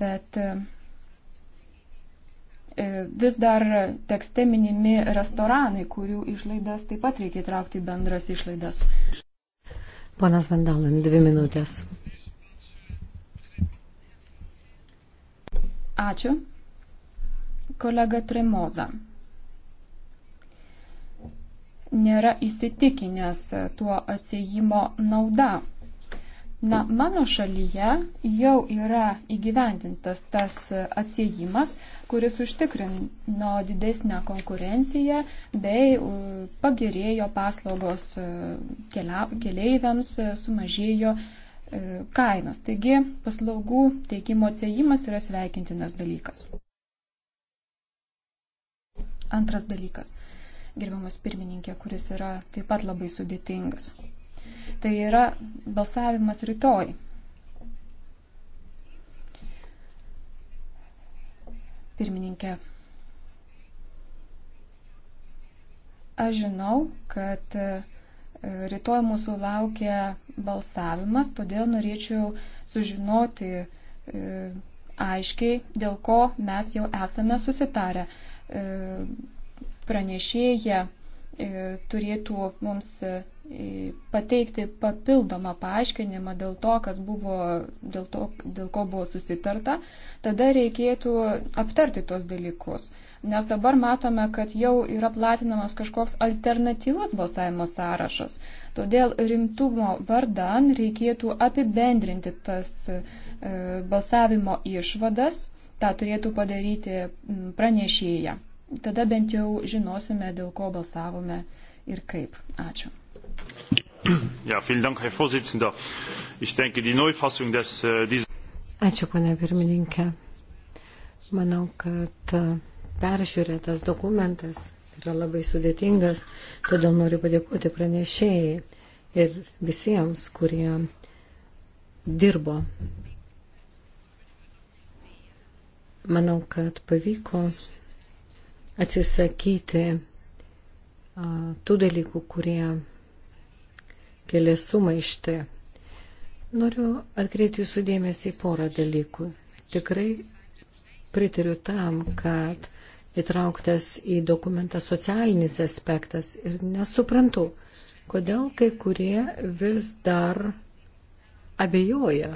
Bet e, vis dar tekste minimi restoranai, kurių išlaidas taip pat reikia įtraukti į bendras išlaidas. Ponas Vandalin, dvi minutės. Ačiū. Kolega Tremoza nėra įsitikinęs tuo atsėjimo nauda. Na, mano šalyje jau yra įgyvendintas tas atsiejimas, kuris užtikrino didesnę konkurenciją bei pagerėjo paslaugos e, keleiviams, e, sumažėjo e, kainos. Taigi paslaugų teikimo atsiejimas yra sveikintinas dalykas. Antras dalykas gerbiamas pirmininkė, kuris yra taip pat labai sudėtingas. Tai yra balsavimas rytoj. Pirmininkė, aš žinau, kad e, rytoj mūsų laukia balsavimas, todėl norėčiau sužinoti e, aiškiai, dėl ko mes jau esame susitarę. E, pranešėja e, turėtų mums e, pateikti papildomą paaiškinimą dėl to, kas buvo, dėl, to, dėl ko buvo susitarta, tada reikėtų aptarti tos dalykus. Nes dabar matome, kad jau yra platinamas kažkoks alternatyvus balsavimo sąrašas. Todėl rimtumo vardan reikėtų apibendrinti tas e, balsavimo išvadas. Ta turėtų padaryti pranešėja tada bent jau žinosime, dėl ko balsavome ir kaip. Ačiū. Ja, Dank, Herr Vorsitzender. Ich denke, die Neufassung des, äh, Ačiū, ponia pirmininkė. Manau, kad äh, peržiūrėtas dokumentas yra labai sudėtingas, todėl noriu padėkoti pranešėjai ir visiems, kurie dirbo. Manau, kad pavyko atsisakyti tų dalykų, kurie kelia sumaištį. Noriu atkreipti jūsų dėmesį į porą dalykų. Tikrai pritariu tam, kad įtrauktas į dokumentą socialinis aspektas ir nesuprantu, kodėl kai kurie vis dar abejoja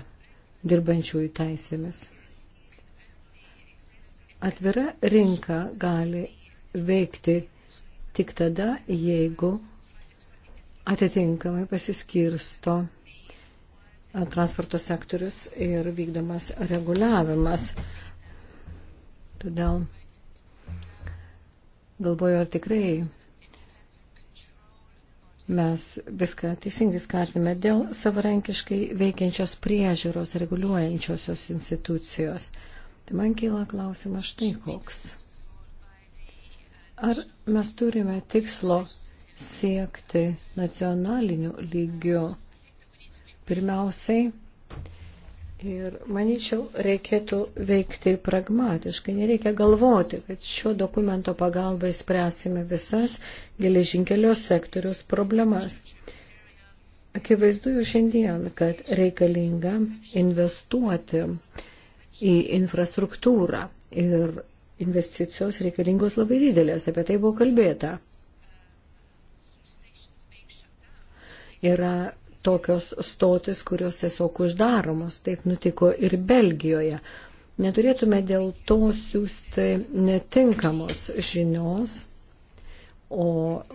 dirbančiųjų teisėmis. Atvira rinka gali veikti tik tada, jeigu atitinkamai pasiskirsto transporto sektorius ir vykdomas reguliavimas. Todėl galvoju, ar tikrai mes viską teisingai skatiname dėl savarankiškai veikiančios priežiūros reguliuojančiosios institucijos. Tai man kyla klausimas štai koks. Ar mes turime tikslo siekti nacionaliniu lygiu pirmiausiai? Ir manyčiau, reikėtų veikti pragmatiškai. Nereikia galvoti, kad šio dokumento pagalba įspręsime visas geležinkelio sektoriaus problemas. Akivaizdu jau šiandien, kad reikalinga investuoti į infrastruktūrą ir investicijos reikalingos labai didelės, apie tai buvo kalbėta. Yra tokios stotis, kurios tiesiog uždaromos, taip nutiko ir Belgijoje. Neturėtume dėl to siūsti netinkamos žinios, o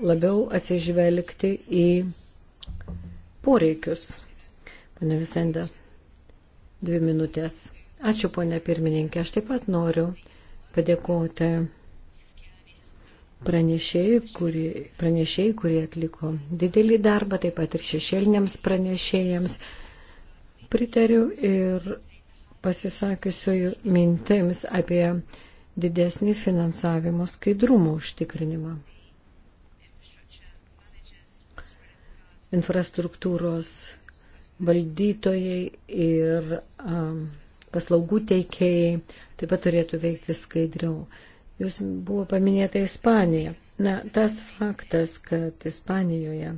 labiau atsižvelgti į poreikius. Pane Visenda, dvi minutės. Ačiū, ponė pirmininkė. Aš taip pat noriu padėkoti pranešėjai, kuri, pranešėjai, kurie atliko didelį darbą, taip pat ir šešėliniams pranešėjams. Pritariu ir pasisakiusiųjų mintims apie didesnį finansavimo skaidrumo užtikrinimą. Infrastruktūros valdytojai ir um, paslaugų teikėjai taip pat turėtų veikti skaidriau. Jūs buvo paminėta Ispanija. Na, tas faktas, kad Ispanijoje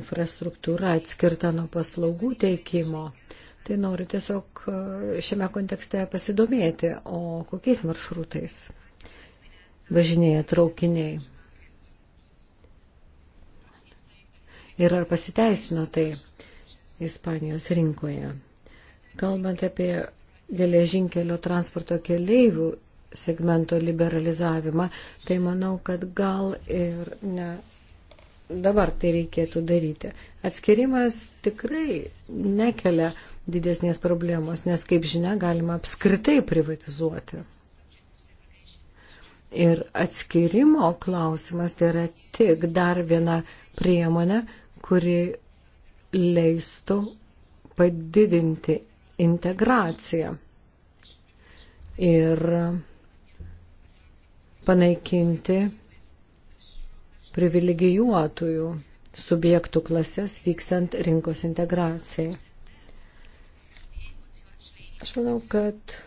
infrastruktūra atskirta nuo paslaugų teikimo, tai noriu tiesiog e, šiame kontekste pasidomėti, o kokiais maršrutais važinėja traukiniai. Ir ar pasiteisino tai? Ispanijos rinkoje. Kalbant apie geležinkelio transporto keleivių segmento liberalizavimą, tai manau, kad gal ir ne dabar tai reikėtų daryti. Atskirimas tikrai nekelia didesnės problemos, nes, kaip žinia, galima apskritai privatizuoti. Ir atskirimo klausimas tai yra tik dar viena priemonė, kuri leistų padidinti integraciją ir panaikinti privilegijuotųjų subjektų klasės vykstant rinkos integracijai. Aš manau, kad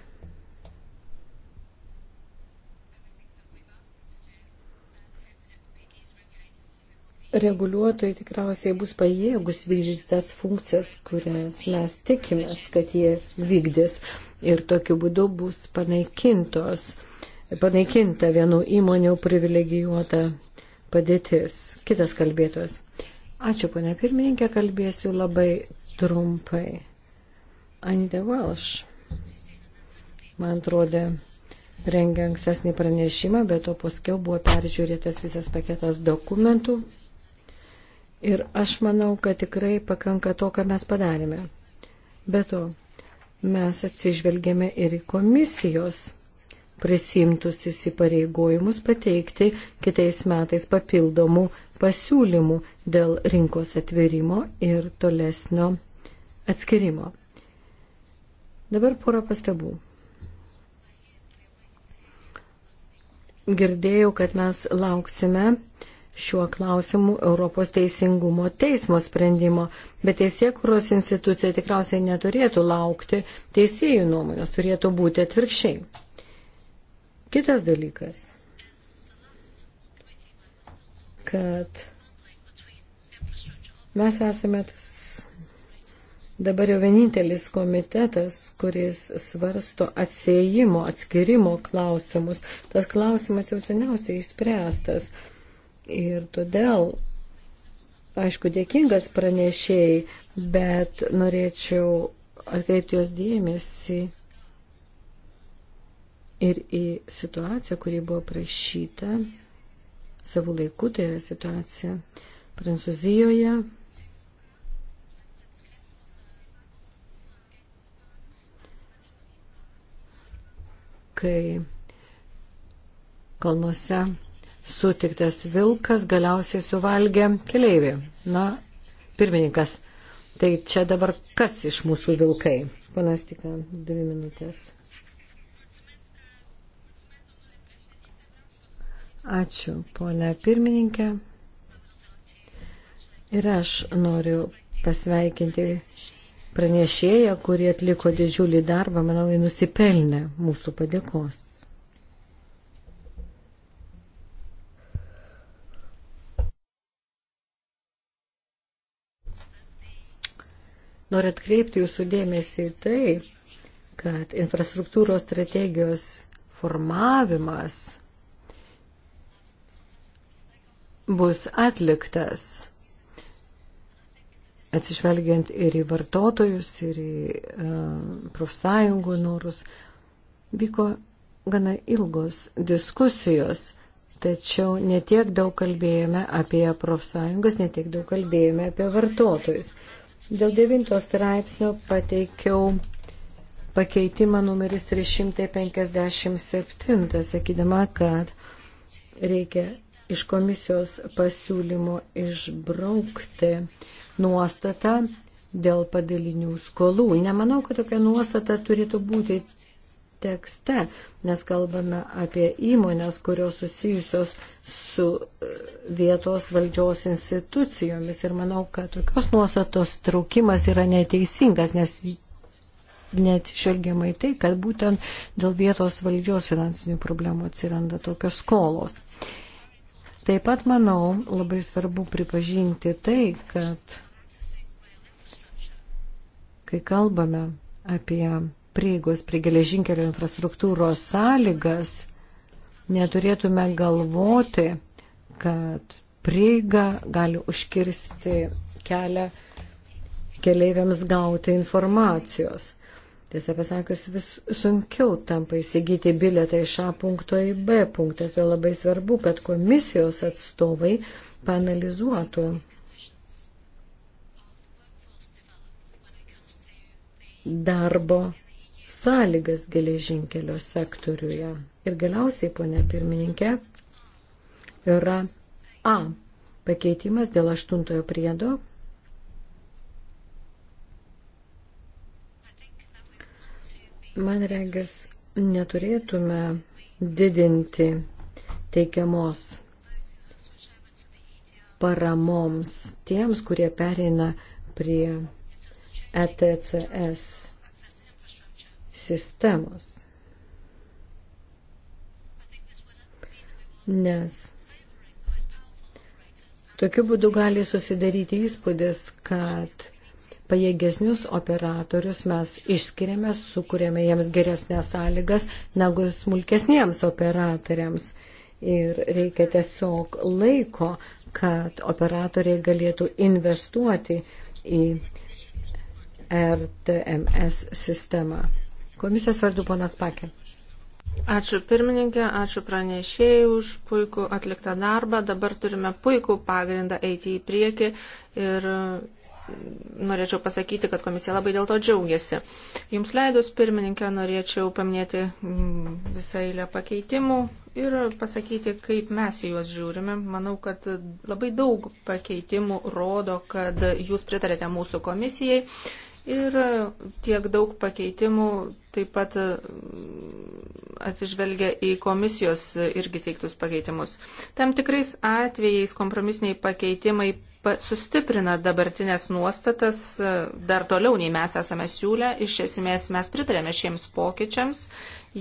reguliuotojai tikriausiai bus pajėgus vykdyti tas funkcijas, kurias mes tikimės, kad jie vykdys ir tokiu būdu bus panaikintos, panaikinta vienų įmonių privilegijuota padėtis. Kitas kalbėtojas. Ačiū, ponia pirmininkė, kalbėsiu labai trumpai. Anita Welsh, man atrodo, rengė ankstesnį pranešimą, bet to paskiau buvo peržiūrėtas visas paketas dokumentų Ir aš manau, kad tikrai pakanka to, ką mes padarėme. Be to, mes atsižvelgėme ir į komisijos prisimtus įsipareigojimus pateikti kitais metais papildomų pasiūlymų dėl rinkos atvirimo ir tolesnio atskirimo. Dabar porą pastabų. Girdėjau, kad mes lauksime šiuo klausimu Europos teisingumo teismo sprendimo, bet teisėkuros institucija tikriausiai neturėtų laukti teisėjų nuomonės, turėtų būti atvirkščiai. Kitas dalykas, kad mes esame tas dabar jau vienintelis komitetas, kuris svarsto atsiejimo, atskirimo klausimus. Tas klausimas jau seniausiai įspręstas. Ir todėl, aišku, dėkingas pranešėjai, bet norėčiau atkreipti jos dėmesį ir į situaciją, kuri buvo prašyta savo laiku, tai yra situacija Prancūzijoje. kai kalnuose sutiktas vilkas galiausiai suvalgė keleivį. Na, pirmininkas, tai čia dabar kas iš mūsų vilkai? Panas tik dvi minutės. Ačiū, ponia pirmininkė. Ir aš noriu pasveikinti pranešėją, kurie atliko didžiulį darbą, manau, jį nusipelnė mūsų padėkos. Noriu atkreipti jūsų dėmesį į tai, kad infrastruktūros strategijos formavimas bus atliktas atsižvelgiant ir į vartotojus, ir į uh, profsąjungų norus. Vyko gana ilgos diskusijos, tačiau netiek daug kalbėjome apie profsąjungas, netiek daug kalbėjome apie vartotojus. Uh, Dėl devinto straipsnio pateikiau pakeitimą numeris 357, sakydama, kad reikia iš komisijos pasiūlymo išbraukti nuostatą dėl padalinių skolų. Nemanau, kad tokia nuostata turėtų būti tekste, nes kalbame apie įmonės, kurios susijusios su e, vietos valdžios institucijomis. Ir manau, kad tokios nuostatos traukimas yra neteisingas, nes neatsižvelgiama į tai, kad būtent dėl vietos valdžios finansinių problemų atsiranda tokios skolos. Taip pat manau labai svarbu pripažinti tai, kad kai kalbame apie prieigos prie geležinkelio infrastruktūros sąlygas, neturėtume galvoti, kad prieiga gali užkirsti kelią keleiviams gauti informacijos. Tiesą pasakius, vis sunkiau tampa įsigyti biletą iš A punkto į B punktą. Tai labai svarbu, kad komisijos atstovai panalizuotų darbo sąlygas geležinkelio sektoriuje. Ir galiausiai, ponė pirmininkė, yra A. Pakeitimas dėl aštuntojo priedo. Man regis, neturėtume didinti teikiamos paramoms tiems, kurie pereina prie ETCS sistemos. Nes tokiu būdu gali susidaryti įspūdis, kad pajėgesnius operatorius mes išskiriame, sukūrėme jiems geresnės sąlygas negu smulkesniems operatoriams. Ir reikia tiesiog laiko, kad operatoriai galėtų investuoti į RTMS sistemą. Komisijos vardu ponas Pakė. Ačiū pirmininkė, ačiū pranešėjai už puikų atliktą darbą. Dabar turime puikų pagrindą eiti į priekį ir norėčiau pasakyti, kad komisija labai dėl to džiaugiasi. Jums leidus, pirmininkė, norėčiau paminėti mm, visą eilę pakeitimų ir pasakyti, kaip mes juos žiūrime. Manau, kad labai daug pakeitimų rodo, kad jūs pritarėte mūsų komisijai Ir tiek daug pakeitimų taip pat mm, atsižvelgia į komisijos irgi teiktus pakeitimus. Tam tikrais atvejais kompromisiniai pakeitimai sustiprina dabartinės nuostatas dar toliau, nei mes esame siūlę. Iš esmės mes pritarėme šiems pokyčiams.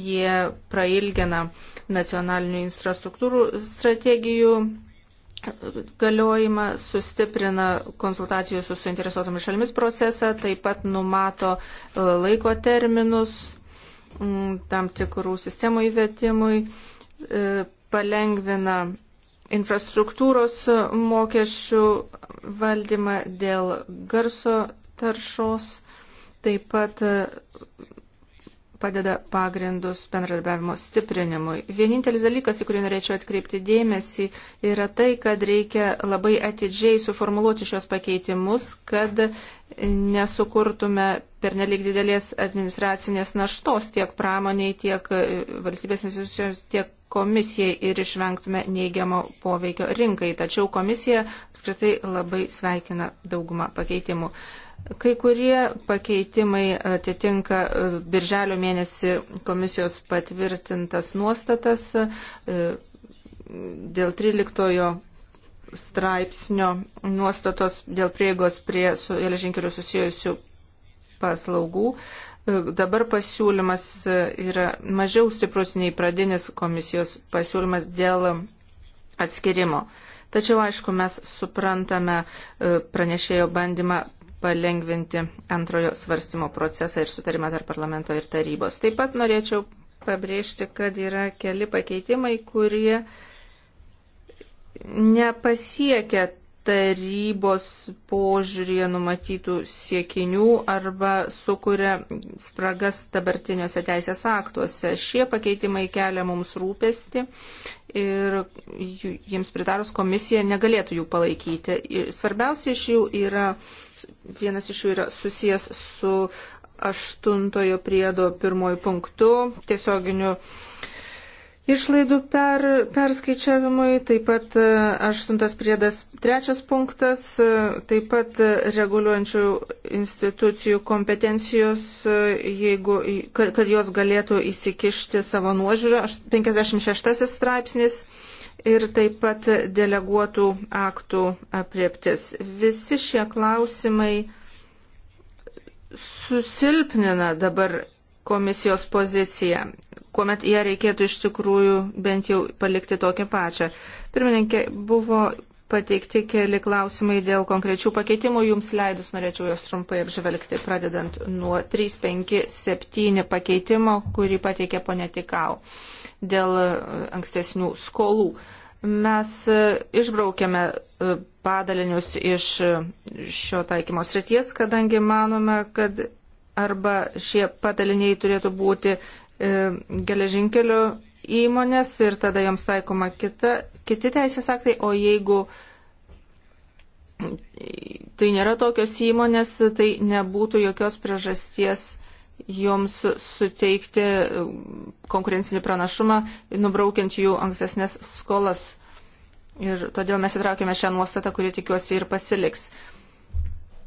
Jie prailgina nacionalinių infrastruktūrų strategijų galiojimą sustiprina konsultacijų su suinteresuotomis šalimis procesą, taip pat numato e, laiko terminus mm, tam tikrų sistemų įvetimui, e, palengvina infrastruktūros mokesčių valdymą dėl garso taršos, taip pat e, padeda pagrindus bendradarbiavimo stiprinimui. Vienintelis dalykas, į kurį norėčiau atkreipti dėmesį, yra tai, kad reikia labai atidžiai suformuluoti šios pakeitimus, kad nesukurtume pernelik didelės administracinės naštos tiek pramoniai, tiek e, valstybės institucijos, tiek komisijai ir išvengtume neigiamo poveikio rinkai. Tačiau komisija apskritai labai sveikina daugumą pakeitimų. Kai kurie pakeitimai atitinka e, birželio mėnesį komisijos patvirtintas nuostatas e, dėl 13 straipsnio nuostatos dėl prieigos prie su geležinkeliu susijusių paslaugų. E, dabar pasiūlymas yra mažiau stiprus nei pradinis komisijos pasiūlymas dėl atskirimo. Tačiau, aišku, mes suprantame pranešėjo bandymą palengvinti antrojo svarstymo procesą ir sutarimą tarp parlamento ir tarybos. Taip pat norėčiau pabrėžti, kad yra keli pakeitimai, kurie nepasiekia tarybos požiūrėje numatytų siekinių arba sukuria spragas dabartiniuose teisės aktuose. Šie pakeitimai kelia mums rūpesti ir jiems pritarus komisija negalėtų jų palaikyti. Ir svarbiausia iš jų yra, vienas iš jų yra susijęs su aštuntojo priedo pirmojų punktu tiesioginiu išlaidų per, perskaičiavimui, taip pat e, aštuntas priedas trečias punktas, e, taip pat reguliuojančių institucijų kompetencijos, e, jeigu, kad, kad jos galėtų įsikišti savo nuožiūrą, 56 straipsnis ir taip pat deleguotų aktų apriektis. Visi šie klausimai susilpnina dabar komisijos poziciją kuomet ją reikėtų iš tikrųjų bent jau palikti tokią pačią. Pirmininkė, buvo pateikti keli klausimai dėl konkrečių pakeitimų. Jums leidus norėčiau juos trumpai apžvelgti, pradedant nuo 357 pakeitimo, kurį pateikė ponė Tikau dėl e, ankstesnių skolų. Mes e, išbraukėme e, padalinius iš šio taikymo srities, kadangi manome, kad arba šie padaliniai turėtų būti E, geležinkelių įmonės ir tada joms taikoma kita, kiti teisės aktai, o jeigu tai nėra tokios įmonės, tai nebūtų jokios priežasties joms suteikti konkurencinį pranašumą, nubraukiant jų ankstesnės skolas. Ir todėl mes įtraukėme šią nuostatą, kuri tikiuosi ir pasiliks.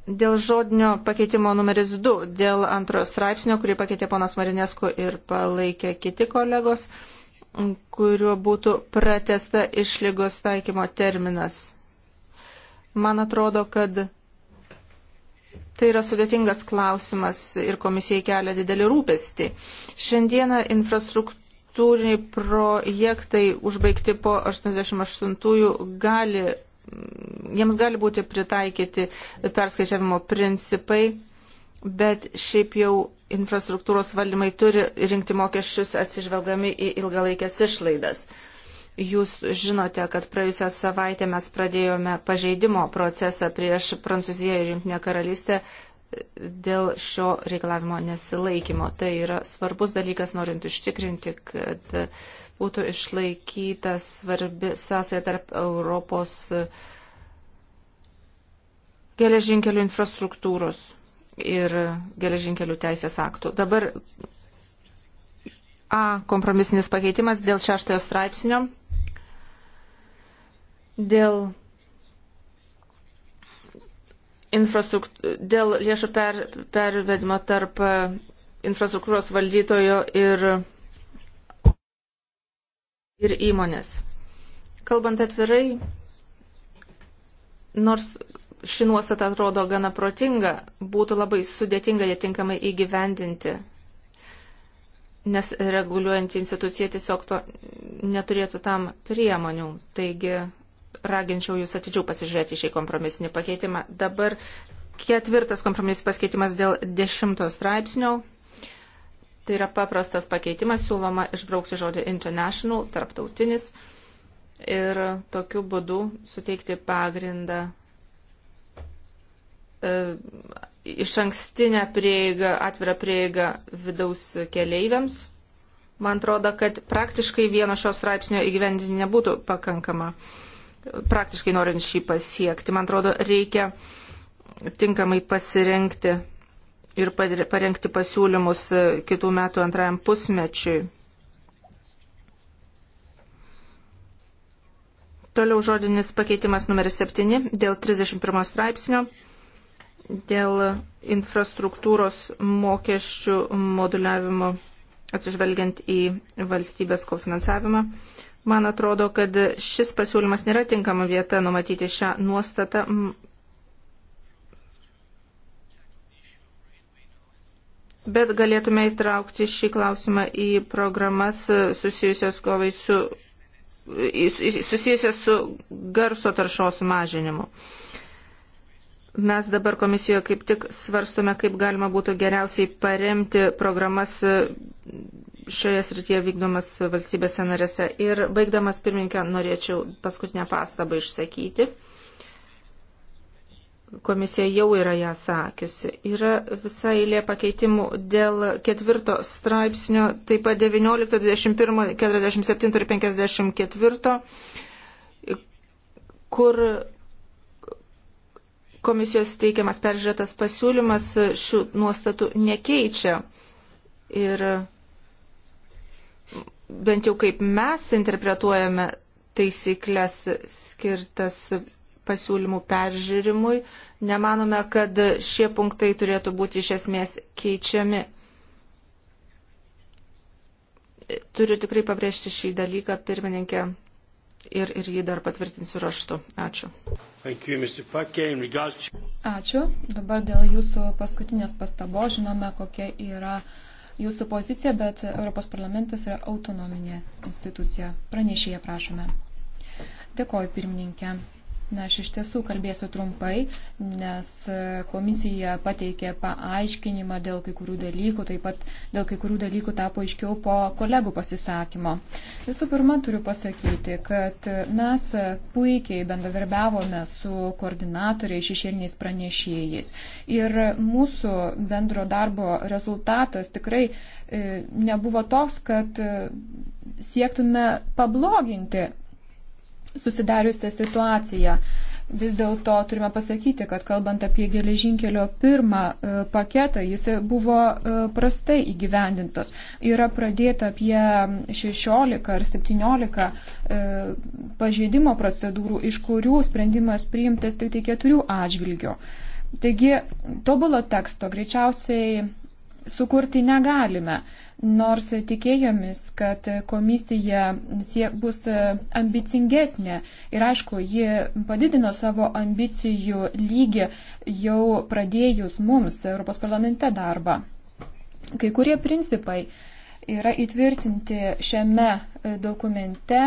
Dėl žodinio pakeitimo numeris 2, dėl antrojo straipsnio, kurį pakeitė ponas Marinesko ir palaikė kiti kolegos, kuriuo būtų pratesta išlygos taikymo terminas. Man atrodo, kad tai yra sudėtingas klausimas ir komisijai kelia didelį rūpestį. Šiandieną infrastruktūriniai projektai užbaigti po 88-ųjų gali jiems gali būti pritaikyti perskaičiavimo principai, bet šiaip jau infrastruktūros valdymai turi rinkti mokesčius atsižvelgdami į ilgalaikės išlaidas. Jūs žinote, kad praėjusią savaitę mes pradėjome pažeidimo procesą prieš Prancūziją ir Junktinę karalystę dėl šio reikalavimo nesilaikymo. Tai yra svarbus dalykas, norint užtikrinti, kad būtų išlaikyta svarbi sąsaja tarp Europos e, geležinkelių infrastruktūros ir geležinkelių teisės aktų. Dabar A kompromisinis pakeitimas dėl šeštojo straipsnio, dėl, dėl lėšų per, pervedimo tarp infrastruktūros valdytojo ir ir įmonės. Kalbant atvirai, nors ši nuostata atrodo gana protinga, būtų labai sudėtinga ją tinkamai įgyvendinti, nes reguliuojant instituciją tiesiog to neturėtų tam priemonių. Taigi raginčiau jūs atidžiau pasižiūrėti šį kompromisinį pakeitimą. Dabar ketvirtas kompromisinis pakeitimas dėl dešimto straipsnio Tai yra paprastas pakeitimas, siūloma išbraukti žodį international, tarptautinis ir tokiu būdu suteikti pagrindą e, iš ankstinę prieigą, atvirą prieigą vidaus keleiviams. Man atrodo, kad praktiškai vieno šios straipsnio įgyvendinti nebūtų pakankama, praktiškai norint šį pasiekti. Man atrodo, reikia tinkamai pasirinkti ir parengti pasiūlymus e, kitų metų antrajam pusmečiui. Toliau žodinis pakeitimas numeris 7 dėl 31 straipsnio, dėl infrastruktūros mokesčių moduliavimo atsižvelgiant į valstybės kofinansavimą. Man atrodo, kad šis pasiūlymas nėra tinkama vieta numatyti šią nuostatą, bet galėtume įtraukti šį klausimą į programas susijusias kovai su susijusias su garso taršos mažinimu. Mes dabar komisijoje kaip tik svarstome, kaip galima būtų geriausiai paremti programas šioje srityje vykdomas valstybėse narėse. Ir baigdamas pirmininkę norėčiau paskutinę pastabą išsakyti komisija jau yra ją sakiusi. Yra visa eilė pakeitimų dėl ketvirto straipsnio, taip pat 19, 21, 47 ir 54, kur komisijos teikiamas peržiūrėtas pasiūlymas šių nuostatų nekeičia. Ir bent jau kaip mes interpretuojame taisyklės skirtas pasiūlymų peržiūrimui. Nemanome, kad šie punktai turėtų būti iš esmės keičiami. Turiu tikrai pabrėžti šį dalyką, pirmininkė, ir, ir jį dar patvirtinsiu raštu. Ačiū. Ačiū. Dabar dėl jūsų paskutinės pastabos žinome, kokia yra jūsų pozicija, bet Europos parlamentas yra autonominė institucija. Pranešėje prašome. Dėkoju pirmininkė. Na, aš iš tiesų kalbėsiu trumpai, nes e, komisija pateikė paaiškinimą dėl kai kurių dalykų, taip pat dėl kai kurių dalykų tapo aiškiau po kolegų pasisakymo. Visų pirma, turiu pasakyti, kad e, mes e, puikiai bendradarbiavome su koordinatoriais, šešėliniais pranešėjais. Ir mūsų bendro darbo rezultatas tikrai nebuvo toks, kad siektume pabloginti susidariusią situaciją. Vis dėlto turime pasakyti, kad kalbant apie geležinkelio pirmą e, paketą, jis buvo e, prastai įgyvendintas. Yra pradėta apie 16 ar 17 e, pažeidimo procedūrų, iš kurių sprendimas priimtas tik tai keturių atžvilgių. Taigi, tobulo teksto greičiausiai sukurti negalime, nors tikėjomis, kad komisija bus ambicingesnė ir aišku, ji padidino savo ambicijų lygį jau pradėjus mums Europos parlamente darbą. Kai kurie principai yra įtvirtinti šiame dokumente,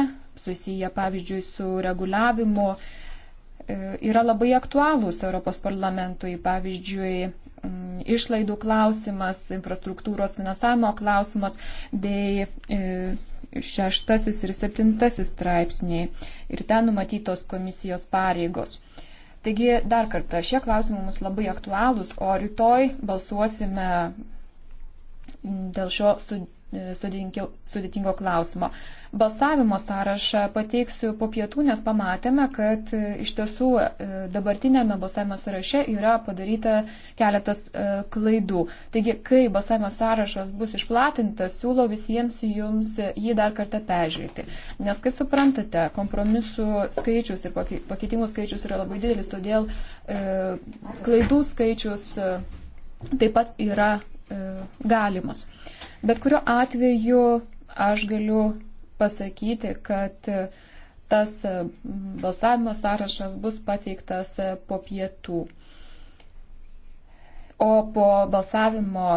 susiję pavyzdžiui su reguliavimu, yra labai aktualūs Europos parlamentui, pavyzdžiui, Mm, išlaidų klausimas, infrastruktūros finansavimo klausimas bei e, šeštasis ir septintasis straipsniai. Ir ten numatytos komisijos pareigos. Taigi, dar kartą, šie klausimai mums labai aktualūs, o rytoj balsuosime dėl šio sudėtingo sudėtingo klausimo. Balsavimo sąrašą pateiksiu po pietų, nes pamatėme, kad e, iš tiesų e, dabartinėme balsavimo sąraše yra padaryta keletas e, klaidų. Taigi, kai balsavimo sąrašas bus išplatintas, siūlau visiems jums jį dar kartą peržiūrėti. Nes, kaip suprantate, kompromisų skaičius ir pakeitimų skaičius yra labai didelis, todėl e, klaidų skaičius e, taip pat yra E, galimas. Bet kuriuo atveju aš galiu pasakyti, kad e, tas e, balsavimo sąrašas bus pateiktas po pietų. O po balsavimo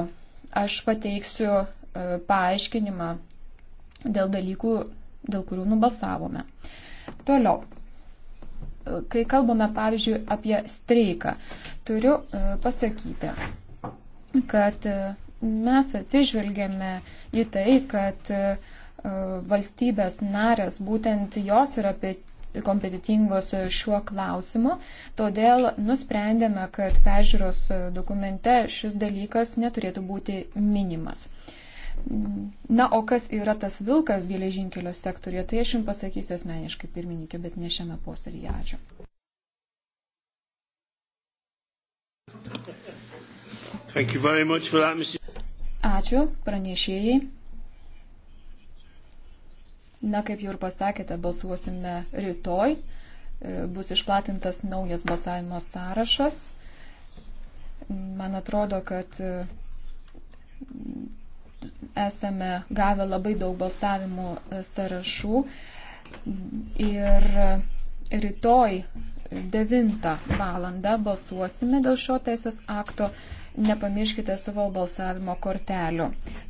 aš pateiksiu paaiškinimą dėl dalykų, dėl kurių nubalsavome. Toliau kai kalbame, pavyzdžiui, apie streiką, turiu pasakyti, kad e, mes atsižvelgiame į tai, kad e, valstybės narės, būtent jos yra kompetitingos šiuo klausimu, todėl nusprendėme, kad peržiūros dokumente šis dalykas neturėtų būti minimas. Na, o kas yra tas vilkas geležinkelio sektorija, tai aš jums pasakysiu asmeniškai pirmininkė, bet ne šiame posėdėje. Ačiū. That, Ačiū pranešėjai. Na, kaip jau ir pasakėte, balsuosime rytoj. E, bus išplatintas naujas balsavimo sąrašas. Man atrodo, kad e, esame gavę labai daug balsavimų e, sąrašų. Ir rytoj 9 val. balsuosime dėl šio teisės akto nepamirškite savo balsavimo kortelių.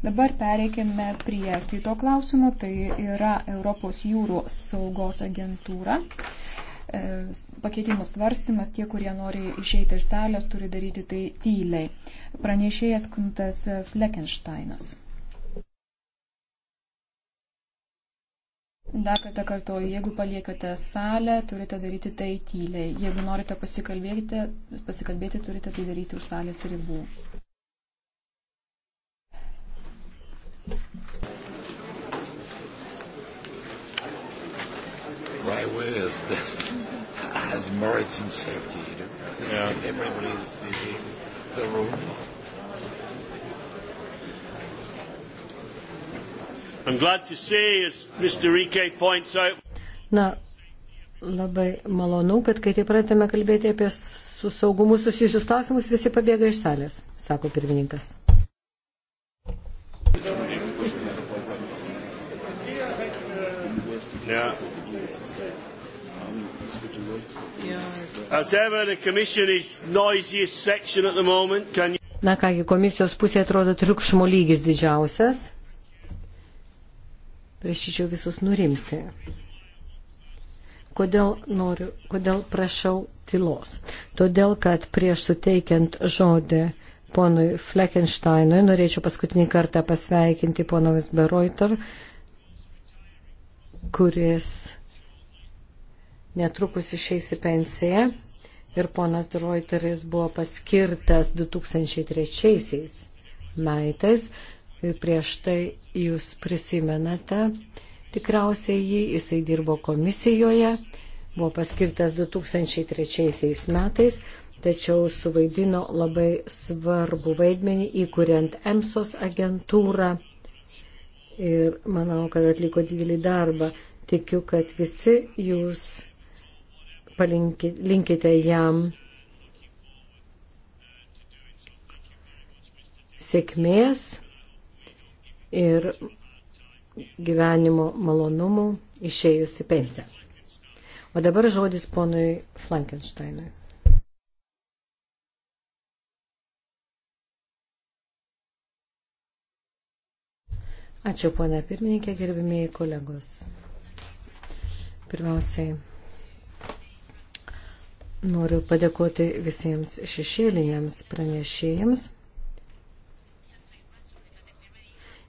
Dabar pereikime prie kito klausimo, tai yra Europos jūrų saugos agentūra. E, Pakeitimų svarstymas, tie, kurie nori išeiti iš salės, turi daryti tai tyliai. Pranešėjas Kuntas Fleckensteinas. Dar kartą kartuoju, jeigu paliekate salę, turite daryti tai tyliai. Jeigu norite pasikalbėti, pasikalbėti turite tai daryti už salės ribų. Right, where is this? Has maritime safety, you know? Yeah. Everybody's leaving the room. Na, labai malonu, kad kai taip pradėme kalbėti apie su saugumu susijusius klausimus, visi pabėga iš salės, sako pirmininkas. Ja. Na kągi, komisijos pusė atrodo triukšmo lygis didžiausias prašyčiau visus nurimti. Kodėl, noriu, kodėl prašau tylos? Todėl, kad prieš suteikiant žodį ponui Fleckensteinui, norėčiau paskutinį kartą pasveikinti pono Visbereuter, kuris netrukus išeis į pensiją ir ponas Reuteris buvo paskirtas 2003 metais prieš tai jūs prisimenate, tikriausiai jį, jisai dirbo komisijoje, buvo paskirtas 2003 metais, tačiau suvaidino labai svarbu vaidmenį įkuriant EMSOS agentūrą ir manau, kad atliko didelį darbą. Tikiu, kad visi jūs palinkite jam sėkmės ir gyvenimo malonumų išėjus į pensiją. O dabar žodis ponui Frankensteinui. Ačiū, ponia pirmininkė, gerbimieji kolegos. Pirmiausiai noriu padėkoti visiems šešėliniams pranešėjams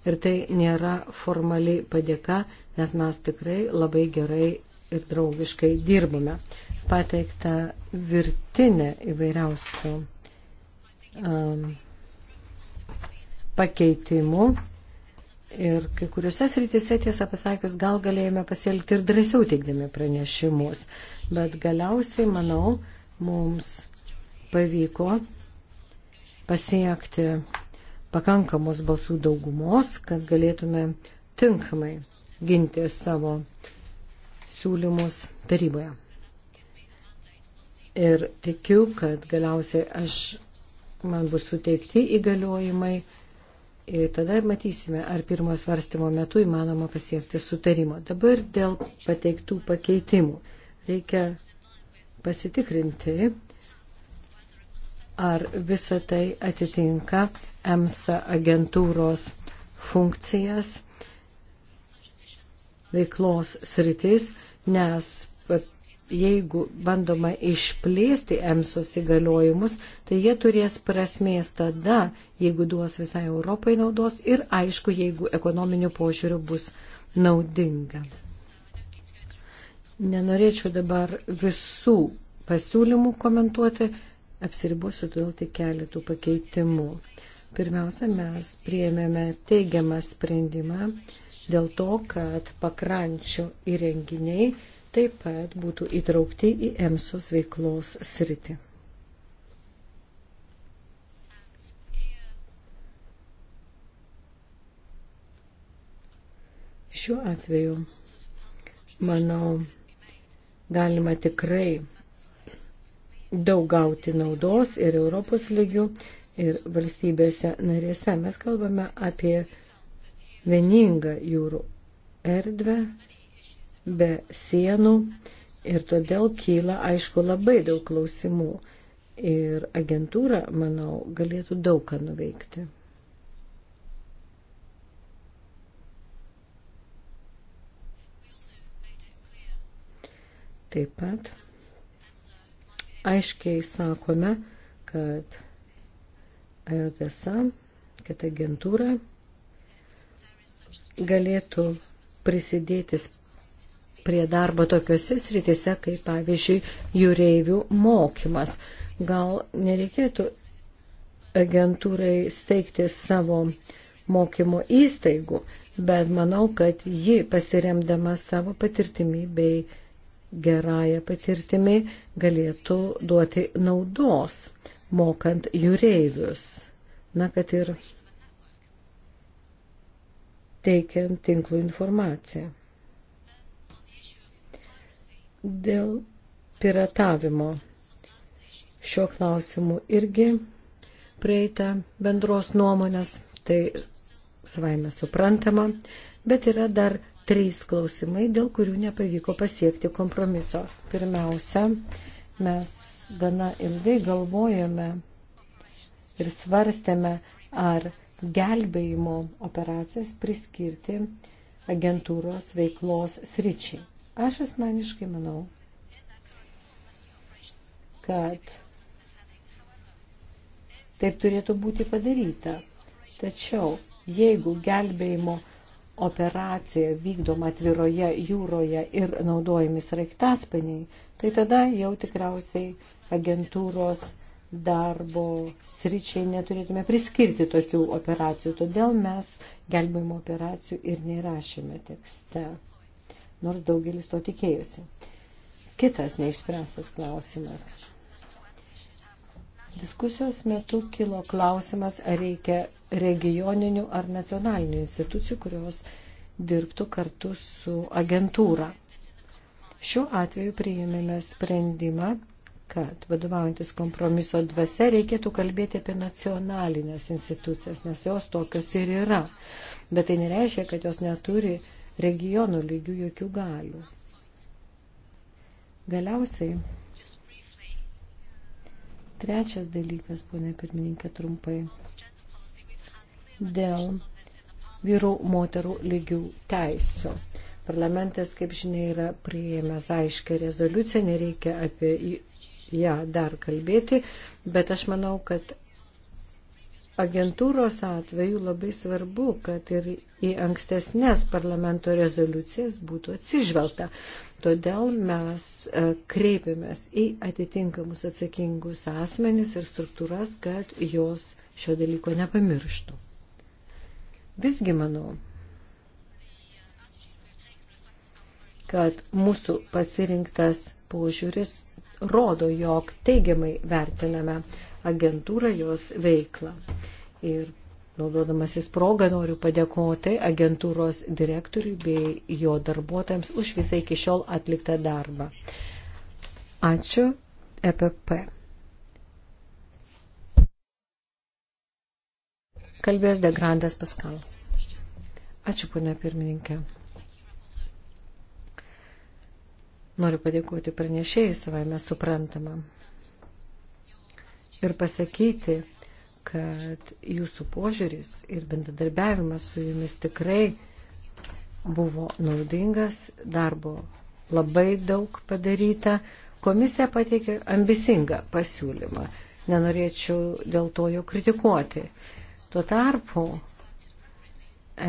Ir tai nėra formali padėka, nes mes tikrai labai gerai ir draugiškai dirbame. Pateikta virtinė įvairiausių um, pakeitimų. Ir kai kuriuose srityse, tiesą pasakius, gal galėjome pasielgti ir drąsiau teikdami pranešimus. Bet galiausiai, manau, mums pavyko pasiekti pakankamos balsų daugumos, kad galėtume tinkamai ginti savo siūlymus taryboje. Ir tikiu, kad galiausiai aš, man bus suteikti įgaliojimai ir tada matysime, ar pirmo svarstymo metu įmanoma pasiekti sutarimo. Dabar dėl pateiktų pakeitimų reikia pasitikrinti, ar visa tai atitinka EMSA agentūros funkcijas, veiklos sritis, nes jeigu bandoma išplėsti EMSOS įgaliojimus, tai jie turės prasmės tada, jeigu duos visai Europai naudos ir aišku, jeigu ekonominių požiūrių bus naudinga. Nenorėčiau dabar visų pasiūlymų komentuoti, apsiribosiu todėl tik keletų pakeitimų. Pirmiausia, mes priėmėme teigiamą sprendimą dėl to, kad pakrančių įrenginiai taip pat būtų įtraukti į EMSOS veiklos sritį. Šiuo atveju, manau, galima tikrai daug gauti naudos ir Europos lygių, ir valstybėse narėse. Mes kalbame apie vieningą jūrų erdvę be sienų ir todėl kyla, aišku, labai daug klausimų. Ir agentūra, manau, galėtų daug ką nuveikti. Taip pat aiškiai sakome, kad EOTESA, kad agentūra galėtų prisidėti prie darbo tokiuose srityse, kaip pavyzdžiui, jūreivių mokymas. Gal nereikėtų agentūrai steigti savo mokymo įstaigų, bet manau, kad ji pasiremdama savo patirtimi bei gerąją patirtimi galėtų duoti naudos mokant jūreivius, na, kad ir teikiant tinklų informaciją. Dėl piratavimo šio klausimu irgi prieita bendros nuomonės, tai savaime suprantama, bet yra dar trys klausimai, dėl kurių nepavyko pasiekti kompromiso. Pirmiausia, mes gana ilgai galvojame ir svarstėme, ar gelbėjimo operacijas priskirti agentūros veiklos sričiai. Aš asmeniškai manau, kad taip turėtų būti padaryta. Tačiau, jeigu gelbėjimo operacija vykdoma atviroje jūroje ir naudojami sraigtaspeniai, tai tada jau tikriausiai agentūros darbo sričiai neturėtume priskirti tokių operacijų, todėl mes gelbėjimo operacijų ir nerašėme tekste, nors daugelis to tikėjosi. Kitas neišspręstas klausimas. Diskusijos metu kilo klausimas, ar reikia regioninių ar nacionalinių institucijų, kurios dirbtų kartu su agentūra. Šiuo atveju priėmėme sprendimą kad vadovaujantis kompromiso dvasia reikėtų kalbėti apie nacionalinės institucijas, nes jos tokios ir yra. Bet tai nereiškia, kad jos neturi regionų lygių jokių galių. Galiausiai, trečias dalykas, ponė pirmininkė, trumpai, dėl vyrų moterų lygių teisų. Parlamentas, kaip žinia, yra prieėmęs aiškę rezoliuciją, nereikia apie ją dar kalbėti, bet aš manau, kad agentūros atveju labai svarbu, kad ir į ankstesnės parlamento rezoliucijas būtų atsižvelgta. Todėl mes e, kreipiamės į atitinkamus atsakingus asmenis ir struktūras, kad jos šio dalyko nepamirštų. Visgi manau, kad mūsų pasirinktas požiūris rodo, jog teigiamai vertiname agentūrą jos veiklą. Ir naudodamasis progą noriu padėkoti agentūros direktoriui bei jo darbuotojams už visą iki šiol atliktą darbą. Ačiū EPP. Kalbės Degrandas Paskal. Ačiū, ponia pirmininkė. Noriu padėkoti pranešėjai savai mes suprantamą. Ir pasakyti, kad jūsų požiūris ir bendradarbiavimas su jumis tikrai buvo naudingas, darbo labai daug padaryta. Komisija pateikė ambicingą pasiūlymą. Nenorėčiau dėl to jo kritikuoti. Tuo tarpu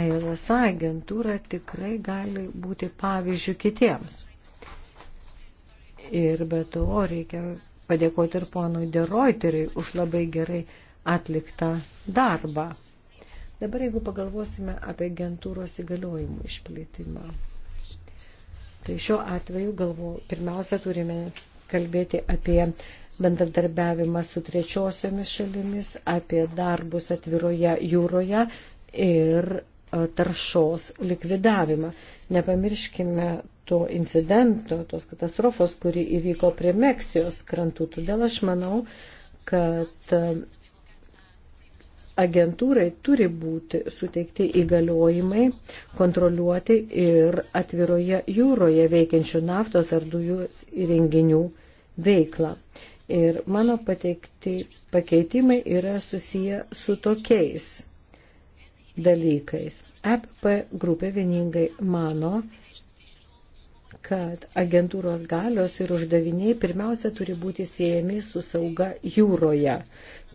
ELSA agentūra tikrai gali būti pavyzdžių kitiems. Ir be to reikia padėkoti ir ponui Deroiteriai už labai gerai atliktą darbą. Dabar jeigu pagalvosime apie agentūros įgaliojimų išplėtimą, tai šiuo atveju galvo, pirmiausia turime kalbėti apie bendradarbiavimą su trečiosiomis šalimis, apie darbus atviroje jūroje ir e, taršos likvidavimą. Nepamirškime to incidento, tos katastrofos, kuri įvyko prie Meksijos krantų. Todėl aš manau, kad um, agentūrai turi būti suteikti įgaliojimai kontroliuoti ir atviroje jūroje veikiančių naftos ar dujų įrenginių veiklą. Ir mano pateikti pakeitimai yra susiję su tokiais dalykais. EP grupė vieningai mano, kad agentūros galios ir uždaviniai pirmiausia turi būti siejami su sauga jūroje.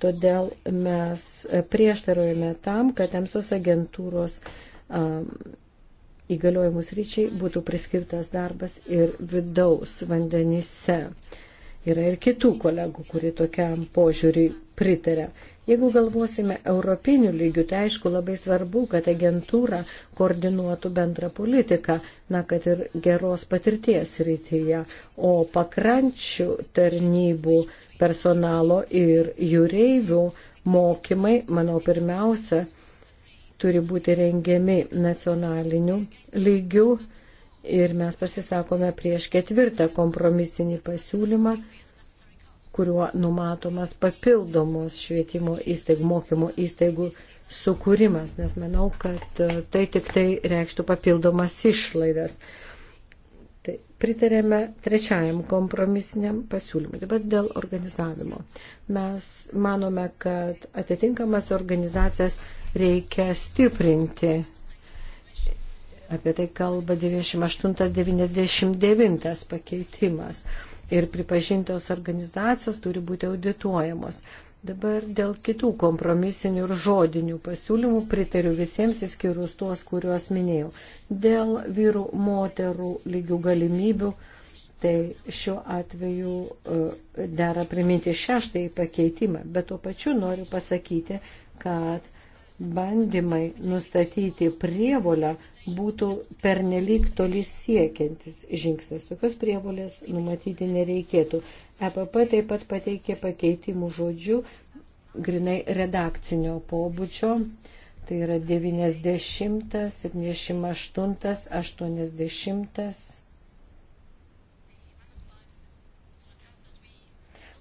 Todėl mes prieštarojame tam, kad tamsos agentūros um, įgaliojimus ryčiai būtų priskirtas darbas ir vidaus vandenyse. Yra ir kitų kolegų, kurie tokiam požiūriui pritarė. Jeigu galvosime europinių lygių, tai aišku labai svarbu, kad agentūra koordinuotų bendrą politiką, na, kad ir geros patirties rytyje, o pakrančių tarnybų personalo ir jūreivių mokymai, manau, pirmiausia, turi būti rengiami nacionaliniu lygiu ir mes pasisakome prieš ketvirtą kompromisinį pasiūlymą kuriuo numatomas papildomos švietimo įstaigų, mokymo įstaigų sukūrimas, nes manau, kad e, tai tik tai reikštų papildomas išlaidas. Tai pritarėme trečiajam kompromisiniam pasiūlymui. Dabar dėl organizavimo. Mes manome, kad atitinkamas organizacijas reikia stiprinti. Apie tai kalba 98-99 pakeitimas ir pripažintos organizacijos turi būti audituojamos. Dabar dėl kitų kompromisinių ir žodinių pasiūlymų pritariu visiems įskyrus tuos, kuriuos minėjau. Dėl vyrų moterų lygių galimybių, tai šiuo atveju e, dera priminti šeštąjį pakeitimą, bet tuo pačiu noriu pasakyti, kad bandymai nustatyti prievolę būtų pernelyg toli siekiantis žingsnis. Tokios prievolės numatyti nereikėtų. EPP taip pat pateikė pakeitimų žodžių, grinai redakcinio pobūdžio. Tai yra 90, 78, 80.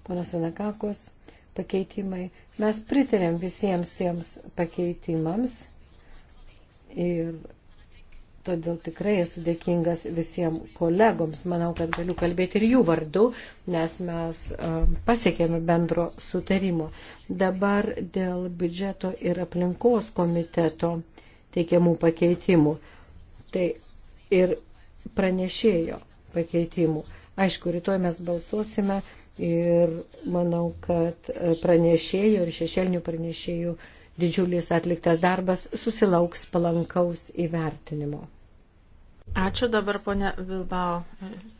Ponas Anakakos pakeitimai. Mes pritarėm visiems tiems pakeitimams ir todėl tikrai esu dėkingas visiems kolegoms. Manau, kad galiu kalbėti ir jų vardu, nes mes pasiekėme bendro sutarimo. Dabar dėl biudžeto ir aplinkos komiteto teikiamų pakeitimų. Tai ir pranešėjo pakeitimų. Aišku, rytoj mes balsuosime Ir manau, kad pranešėjų ir šešėlinių pranešėjų didžiulis atliktas darbas susilauks palankaus įvertinimo. Ačiū dabar, ponia Vilbao,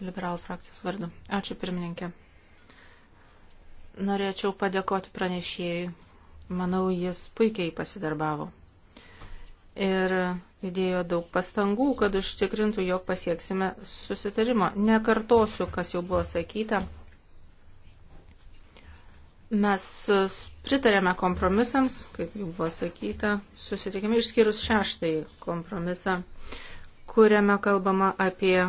liberal frakcijos vardu. Ačiū, pirmininkė. Norėčiau padėkoti pranešėjui. Manau, jis puikiai pasidarbavo. Ir įdėjo daug pastangų, kad užtikrintų, jog pasieksime susitarimo. Nekartosiu, kas jau buvo sakyta Mes pritarėme kompromisams, kaip jau buvo sakyta, susitikime išskyrus šeštąjį kompromisą, kuriame kalbama apie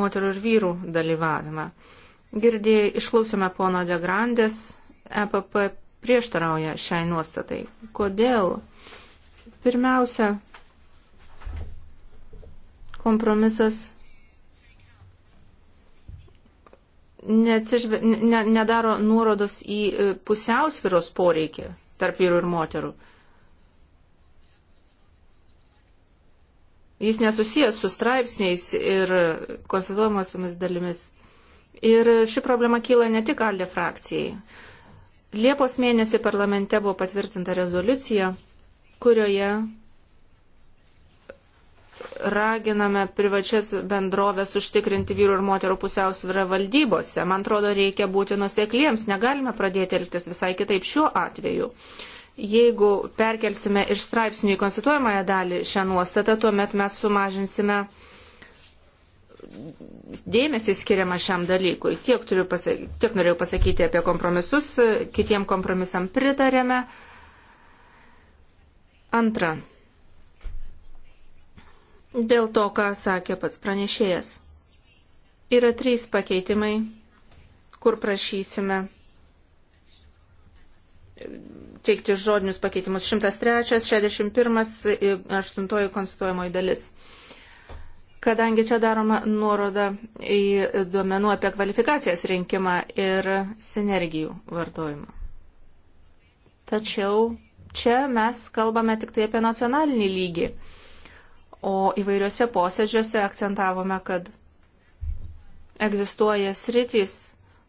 moterų ir vyrų dalyvavimą. Girdėjai, išklausėme pono Degrandės, EPP prieštarauja šiai nuostatai. Kodėl? Pirmiausia, kompromisas neatsižve, ne, nedaro nuorodos į e, pusiausviros poreikį tarp vyrų ir moterų. Jis nesusijęs su straipsniais ir konstatuojamosiomis dalimis. Ir ši problema kyla ne tik Aldė frakcijai. Liepos mėnesį parlamente buvo patvirtinta rezoliucija, kurioje raginame privačias bendrovės užtikrinti vyrų ir moterų pusiausvyrą valdybose. Man atrodo, reikia būti nusekliems, negalime pradėti elgtis visai kitaip šiuo atveju. Jeigu perkelsime iš straipsnių į konstituojamąją dalį šią nuostatą, tuomet mes sumažinsime dėmesį skiriamą šiam dalykui. Tiek, pasakyti, tiek norėjau pasakyti apie kompromisus, kitiem kompromisam pritarėme. Antra, Dėl to, ką sakė pats pranešėjas. Yra trys pakeitimai, kur prašysime teikti žodinius pakeitimus. 103, 61 ir 8 konstituojamoji dalis. Kadangi čia daroma nuoroda į duomenų apie kvalifikacijas rinkimą ir sinergijų vartojimą. Tačiau čia mes kalbame tik tai apie nacionalinį lygį. O įvairiuose posėdžiuose akcentavome, kad egzistuoja sritys,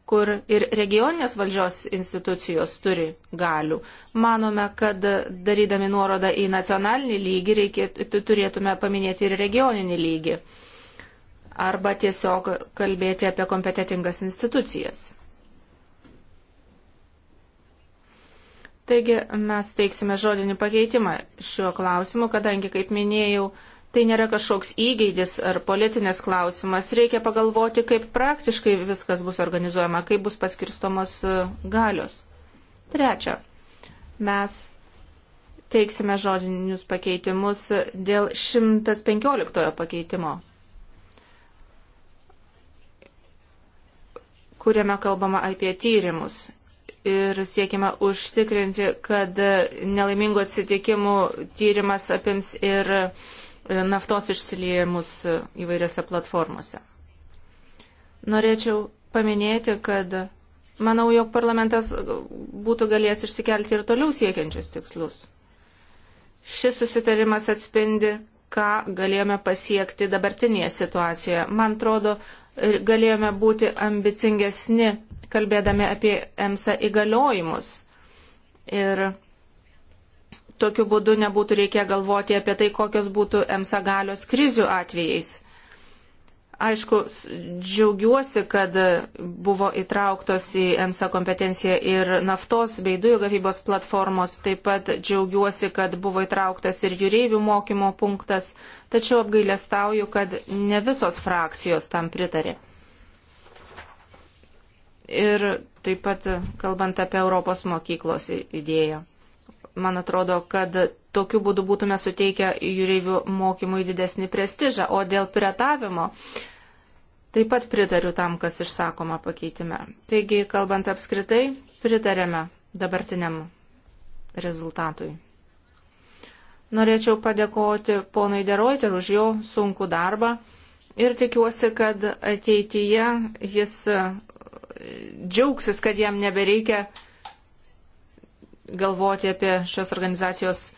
kur ir regioninės valdžios institucijos turi galių. Manome, kad darydami nuorodą į nacionalinį lygį reikėtų, turėtume paminėti ir regioninį lygį. Arba tiesiog kalbėti apie kompetitingas institucijas. Taigi mes teiksime žodinį pakeitimą šiuo klausimu, kadangi, kaip minėjau, tai nėra kažkoks įgeidis ar politinės klausimas. Reikia pagalvoti, kaip praktiškai viskas bus organizuojama, kaip bus paskirstomos e, galios. Trečia, mes teiksime žodinius pakeitimus dėl 115 pakeitimo, kuriame kalbama apie tyrimus ir siekime užtikrinti, kad nelaimingų atsitikimų tyrimas apims ir naftos išsiliejimus įvairiose platformose. Norėčiau paminėti, kad manau, jog parlamentas būtų galės išsikelti ir toliau siekiančius tikslus. Šis susitarimas atspindi, ką galėjome pasiekti dabartinėje situacijoje. Man atrodo, galėjome būti ambicingesni, kalbėdami apie EMSA įgaliojimus. Ir tokiu būdu nebūtų reikia galvoti apie tai, kokios būtų EMSA galios krizių atvejais. Aišku, džiaugiuosi, kad buvo įtrauktos į EMSA kompetenciją ir naftos bei dujų gavybos platformos, taip pat džiaugiuosi, kad buvo įtrauktas ir jūreivių mokymo punktas, tačiau apgailestauju, kad ne visos frakcijos tam pritarė. Ir taip pat kalbant apie Europos mokyklos idėją man atrodo, kad tokiu būdu būtume suteikę jūreivių mokymui didesnį prestižą. O dėl piratavimo taip pat pritariu tam, kas išsakoma pakeitime. Taigi, kalbant apskritai, pritarėme dabartiniam rezultatui. Norėčiau padėkoti ponui Deroiter už jo sunkų darbą ir tikiuosi, kad ateityje jis džiaugsis, kad jam nebereikia galvoti apie šios organizacijos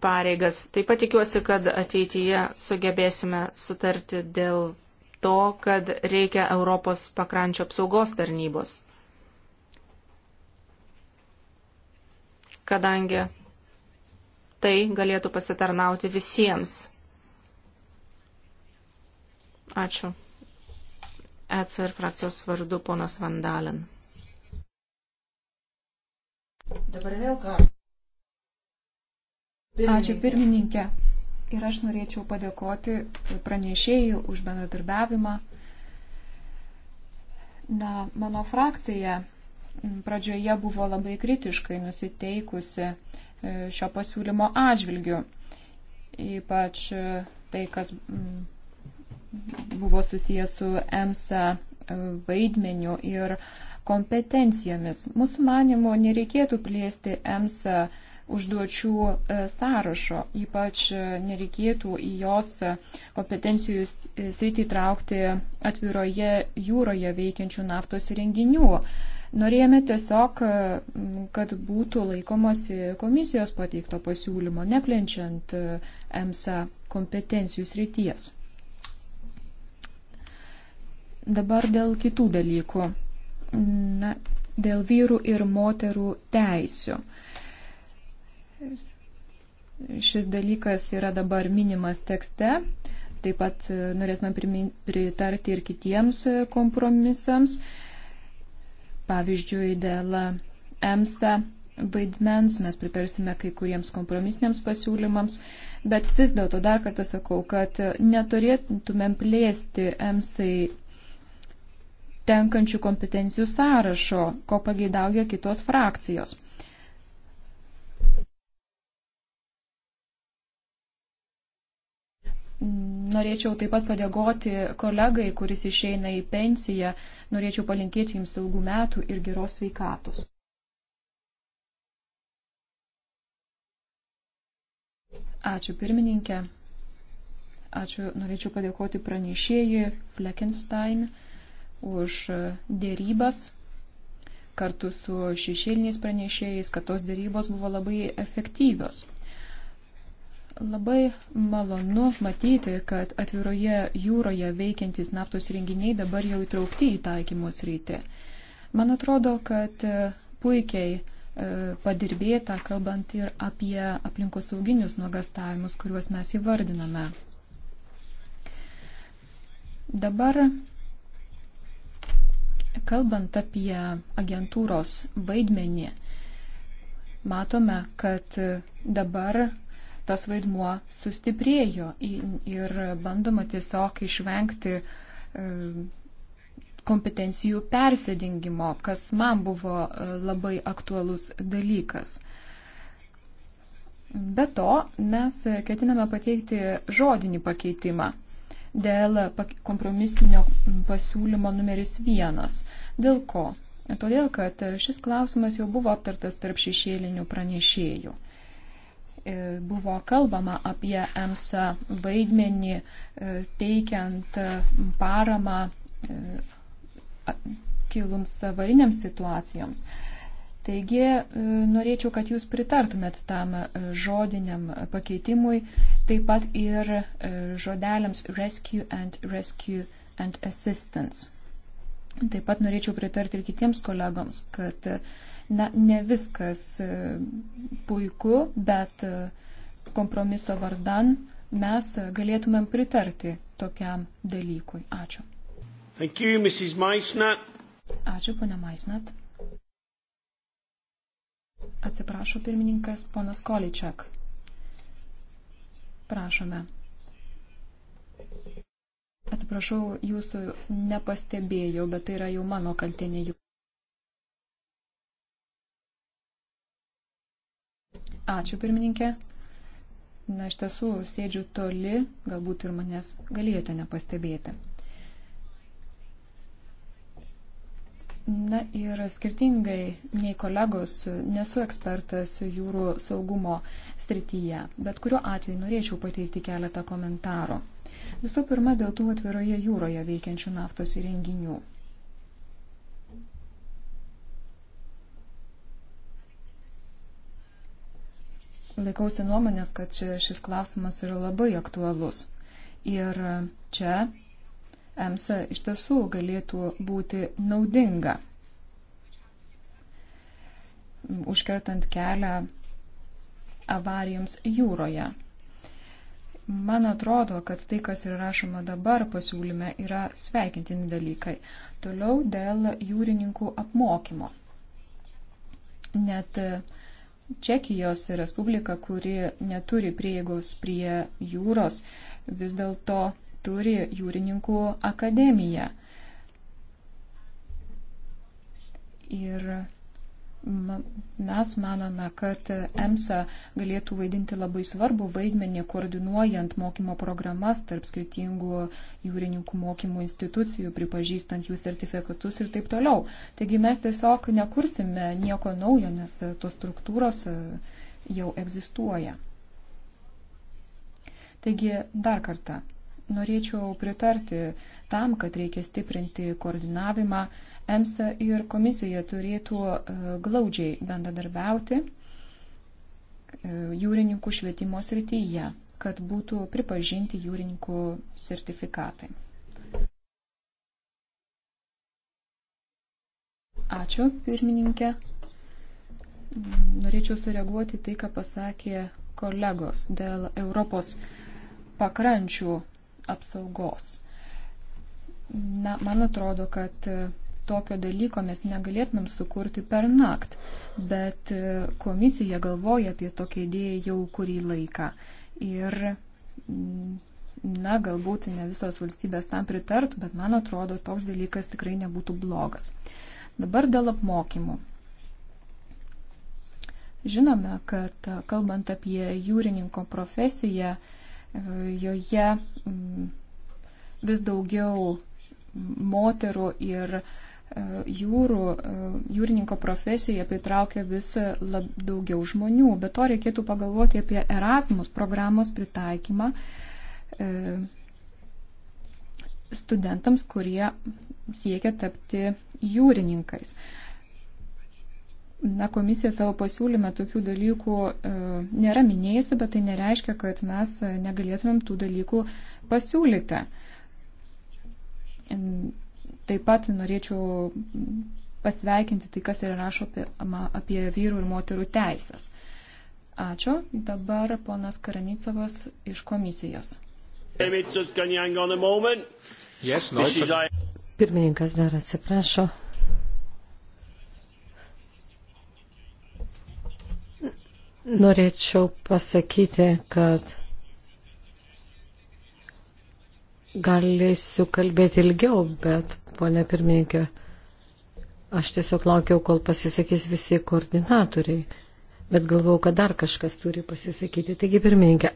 pareigas. Taip pat tikiuosi, kad ateityje sugebėsime sutarti dėl to, kad reikia Europos pakrančio apsaugos tarnybos. Kadangi tai galėtų pasitarnauti visiems. Ačiū. ECR frakcijos vardu ponas Vandalin. Dabar vėl ką? Pirmininkė. Ačiū pirmininkė. Ir aš norėčiau padėkoti pranešėjų už bendradarbiavimą. Na, mano frakcija pradžioje buvo labai kritiškai nusiteikusi e, šio pasiūlymo atžvilgiu. Ypač e, tai, kas buvo susijęs su EMSA e, vaidmeniu ir uh, kompetencijomis. Mūsų manimo nereikėtų plėsti EMSA užduočių e, sąrašo, ypač e, nereikėtų į jos kompetencijų e, sritį traukti atviroje jūroje veikiančių naftos įrenginių. Norėjome tiesiog, kad būtų laikomasi komisijos pateikto pasiūlymo, neplenčiant EMSA kompetencijų srities. Dabar dėl kitų dalykų na, dėl vyrų ir moterų teisių. Šis dalykas yra dabar minimas tekste. Taip pat e, norėtume pritarti ir kitiems e, kompromisams. Pavyzdžiui, dėl e, EMSA vaidmens, mes pritarsime kai kuriems kompromisiniams pasiūlymams, bet vis dėlto dar kartą sakau, kad neturėtumėm plėsti EMSA tenkančių kompetencijų sąrašo, ko pageidauja kitos frakcijos. Norėčiau taip pat padėkoti kolegai, kuris išeina į pensiją. Norėčiau palinkėti jums ilgų metų ir geros sveikatos. Ačiū pirmininkė. Ačiū. Norėčiau padėkoti pranešėjui Fleckenstein už dėrybas kartu su šešėliniais pranešėjais, kad tos dėrybos buvo labai efektyvios. Labai malonu matyti, kad atviroje jūroje veikiantys naftos renginiai dabar jau įtraukti į taikymus rytį. Man atrodo, kad e, puikiai e, padirbėta, kalbant ir apie aplinkosauginius nuogastavimus, kuriuos mes įvardiname. Dabar Kalbant apie agentūros vaidmenį, matome, kad dabar tas vaidmuo sustiprėjo ir bandoma tiesiog išvengti e, kompetencijų persėdingimo, kas man buvo e, labai aktualus dalykas. Be to, mes ketiname pateikti žodinį pakeitimą dėl kompromisinio pasiūlymo numeris vienas. Dėl ko? Todėl, kad šis klausimas jau buvo aptartas tarp šešėlinių pranešėjų. E, buvo kalbama apie EMSA vaidmenį e, teikiant e, paramą kilums avariniams situacijoms. Taigi e, norėčiau, kad jūs pritartumėt tam e, žodiniam pakeitimui, taip pat ir e, žodeliams rescue and rescue and assistance. Taip pat norėčiau pritarti ir kitiems kolegoms, kad na, ne viskas puiku, bet kompromiso vardan mes galėtumėm pritarti tokiam dalykui. Ačiū. Thank you, Mrs. Meisner. Ačiū, ponia Maisnat. Atsiprašau, pirmininkas ponas Količak. Prašome. Atsiprašau, jūsų nepastebėjau, bet tai yra jau mano kaltinė. Ačiū, pirmininkė. Na, iš tiesų, sėdžiu toli, galbūt ir manęs galėjote nepastebėti. Na ir skirtingai nei kolegos, nesu ekspertas jūrų saugumo srityje, bet kuriuo atveju norėčiau pateikti keletą komentarų. Visų pirma, dėl tų atviroje jūroje veikiančių naftos įrenginių. Laikausi nuomonės, kad šis klausimas yra labai aktualus. Ir čia EMSA iš tiesų galėtų būti naudinga, užkertant kelią avarijoms jūroje. Man atrodo, kad tai, kas yra rašoma dabar pasiūlyme, yra sveikintini dalykai. Toliau dėl jūrininkų apmokymo. Net Čekijos Respublika, kuri neturi prieigos prie jūros, vis dėlto turi jūrininkų akademiją. Ir mes manome, kad EMSA galėtų vaidinti labai svarbu vaidmenį koordinuojant mokymo programas tarp skirtingų jūrininkų mokymų institucijų, pripažįstant jų sertifikatus ir taip toliau. Taigi mes tiesiog nekursime nieko naujo, nes tos struktūros jau egzistuoja. Taigi dar kartą norėčiau pritarti tam, kad reikia stiprinti koordinavimą. EMSA ir komisija turėtų e, glaudžiai bendradarbiauti e, jūrininkų švietimo srityje, kad būtų pripažinti jūrininkų sertifikatai. Ačiū, pirmininkė. Norėčiau sureaguoti tai, ką pasakė kolegos dėl Europos pakrančių apsaugos. Na, man atrodo, kad e, tokio dalyko mes negalėtumėm sukurti per nakt, bet e, komisija galvoja apie tokią idėją jau kurį laiką. Ir, mm, na, galbūt ne visos valstybės tam pritartų, bet man atrodo, toks dalykas tikrai nebūtų blogas. Dabar dėl apmokymų. Žinome, kad kalbant apie jūrininko profesiją, Joje mm, vis daugiau moterų ir e, jūrų, e, jūrininko profesija pritraukia vis lab, daugiau žmonių. Be to reikėtų pagalvoti apie Erasmus programos pritaikymą e, studentams, kurie siekia tapti jūrininkais. Na, komisija savo pasiūlyme tokių dalykų e, nėra minėjusi, bet tai nereiškia, kad mes negalėtumėm tų dalykų pasiūlyti. Taip pat norėčiau pasveikinti tai, kas yra rašo apie, apie vyrų ir moterų teisės. Ačiū. Dabar ponas Karanicovas iš komisijos. Pirmininkas dar atsiprašo. Norėčiau pasakyti, kad galėsiu kalbėti ilgiau, bet, ponė pirmininkė, aš tiesiog laukiau, kol pasisakys visi koordinatoriai, bet galvau, kad dar kažkas turi pasisakyti. Taigi, pirmininkė,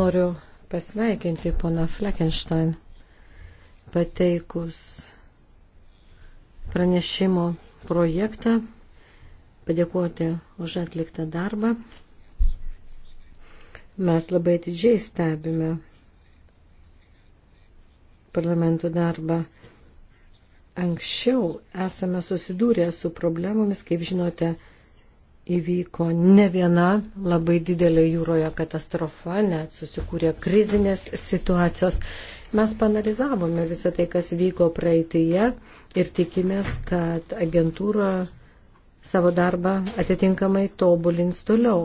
noriu pasveikinti poną Fleckenstein pateikus pranešimo projektą padėkoti už atliktą darbą. Mes labai atidžiai stebime parlamentų darbą. Anksčiau esame susidūrę su problemomis, kaip žinote, įvyko ne viena labai didelė jūroje katastrofa, net susikūrė krizinės situacijos. Mes panalizavome visą tai, kas vyko praeitėje ir tikimės, kad agentūra savo darbą atitinkamai tobulins toliau.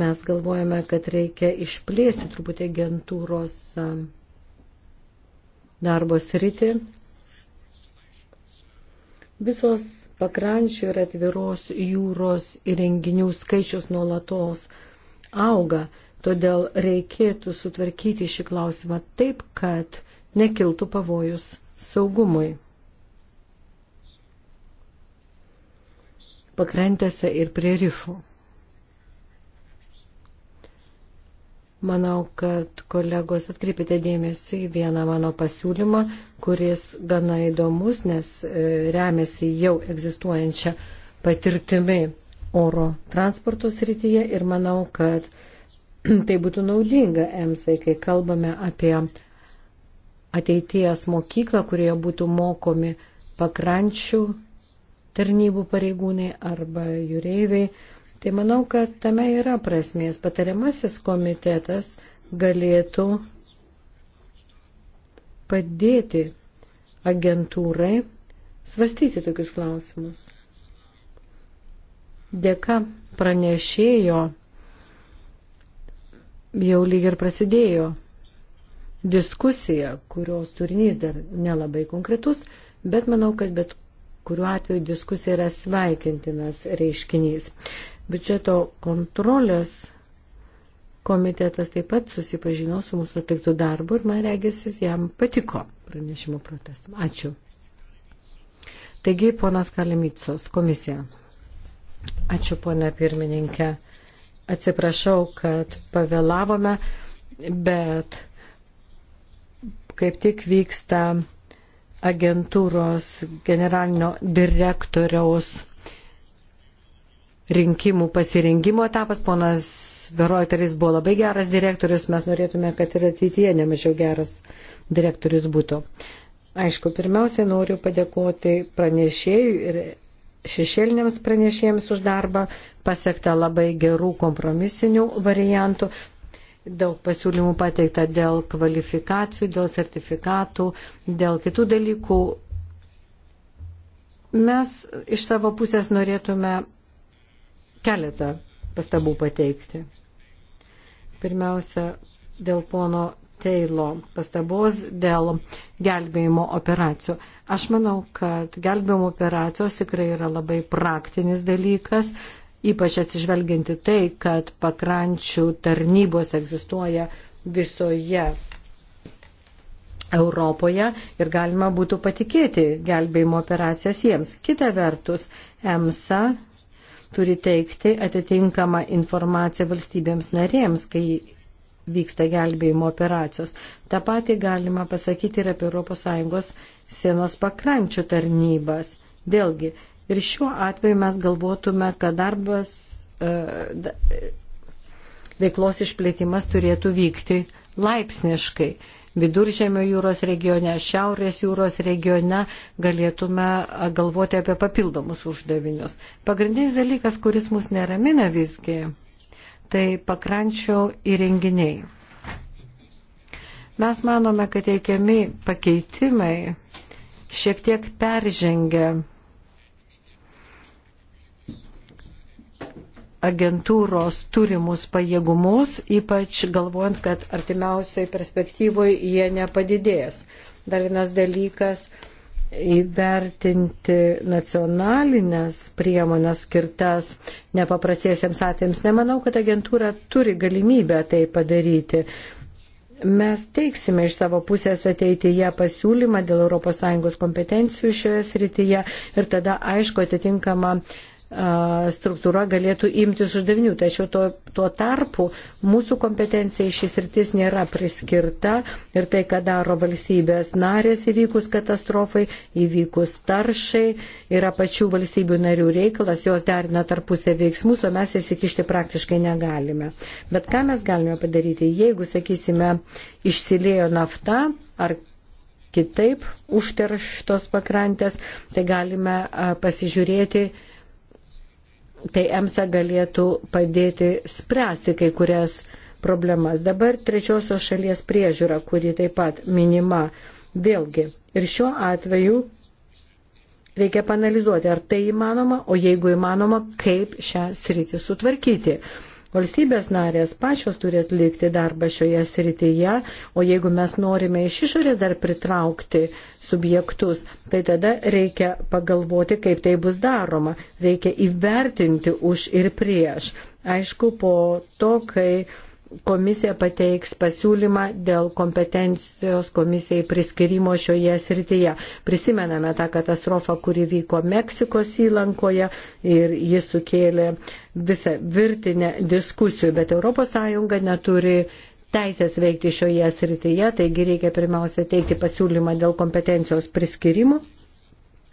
Mes galvojame, kad reikia išplėsti truputį agentūros darbo sritį. Visos pakrančių ir atviros jūros įrenginių skaičius nuolatos auga, todėl reikėtų sutvarkyti šį klausimą taip, kad nekiltų pavojus saugumui. pakrantėse ir prie rifų. Manau, kad kolegos atkreipite dėmesį į vieną mano pasiūlymą, kuris gana įdomus, nes e, remiasi jau egzistuojančią patirtimi oro transporto srityje ir manau, kad tai būtų naudinga EMSai, kai kalbame apie ateities mokyklą, kurioje būtų mokomi pakrančių tarnybų pareigūnai arba jūreiviai. Tai manau, kad tame yra prasmės. Patariamasis komitetas galėtų padėti agentūrai svastyti tokius klausimus. Dėka pranešėjo jau lyg ir prasidėjo diskusija, kurios turinys dar nelabai konkretus, bet manau, kad bet kuriuo atveju diskusija yra sveikintinas reiškinys. Biudžeto kontrolės komitetas taip pat susipažino su mūsų atliktų darbu ir man regisis jam patiko pranešimo protestam. Ačiū. Taigi, ponas Kalimicos, komisija. Ačiū, ponė pirmininkė. Atsiprašau, kad pavėlavome, bet kaip tik vyksta agentūros generalinio direktoriaus rinkimų pasirinkimo etapas. Ponas Veroiteris buvo labai geras direktorius, mes norėtume, kad ir ateityje nemažiau geras direktorius būtų. Aišku, pirmiausia, noriu padėkoti pranešėjui ir šešėliniams pranešėjams už darbą, pasiekta labai gerų kompromisinių variantų daug pasiūlymų pateikta dėl kvalifikacijų, dėl sertifikatų, dėl kitų dalykų. Mes iš savo pusės norėtume keletą pastabų pateikti. Pirmiausia, dėl pono Teilo pastabos dėl gelbėjimo operacijų. Aš manau, kad gelbėjimo operacijos tikrai yra labai praktinis dalykas, ypač atsižvelginti tai, kad pakrančių tarnybos egzistuoja visoje Europoje ir galima būtų patikėti gelbėjimo operacijas jiems. Kita vertus, EMSA turi teikti atitinkamą informaciją valstybėms narėms, kai vyksta gelbėjimo operacijos. Ta pati galima pasakyti ir apie ES sienos pakrančių tarnybas. Vėlgi, Ir šiuo atveju mes galvotume, kad darbas, e, veiklos išplėtimas turėtų vykti laipsniškai. Viduržėmio jūros regione, Šiaurės jūros regione galėtume galvoti apie papildomus uždavinius. Pagrindinis dalykas, kuris mus neramina visgi, tai pakrančio įrenginiai. Mes manome, kad teikiami pakeitimai šiek tiek peržengia agentūros turimus pajėgumus, ypač galvojant, kad artimiausioje perspektyvoje jie nepadidės. Dar vienas dalykas įvertinti nacionalinės priemonės skirtas nepaprasėsiams atvejams. Nemanau, kad agentūra turi galimybę tai padaryti. Mes teiksime iš savo pusės ateityje pasiūlymą dėl ES kompetencijų šioje srityje ir tada aišku atitinkama struktūra galėtų imtis uždavinių. Tačiau tuo, tuo tarpu mūsų kompetencija šis rytis nėra priskirta ir tai, ką daro valstybės narės įvykus katastrofai, įvykus taršai, yra pačių valstybių narių reikalas, jos derina tarpusę veiksmus, o mes įsikišti praktiškai negalime. Bet ką mes galime padaryti, jeigu, sakysime, išsiliejo nafta ar kitaip užterštos pakrantės, tai galime pasižiūrėti tai EMSA galėtų padėti spręsti kai kurias problemas. Dabar trečiosios šalies priežiūra, kuri taip pat minima, vėlgi ir šiuo atveju reikia panalizuoti, ar tai įmanoma, o jeigu įmanoma, kaip šią sritį sutvarkyti. Valstybės narės pačios turi atlikti darbą šioje srityje, o jeigu mes norime iš išorės dar pritraukti subjektus, tai tada reikia pagalvoti, kaip tai bus daroma. Reikia įvertinti už ir prieš. Aišku, po to, kai komisija pateiks pasiūlymą dėl kompetencijos komisijai priskirimo šioje srityje. Prisimename tą katastrofą, kuri vyko Meksikos įlankoje ir jis sukėlė visą virtinę diskusijų, bet ES neturi teisės veikti šioje srityje, taigi reikia pirmiausia teikti pasiūlymą dėl kompetencijos priskirimo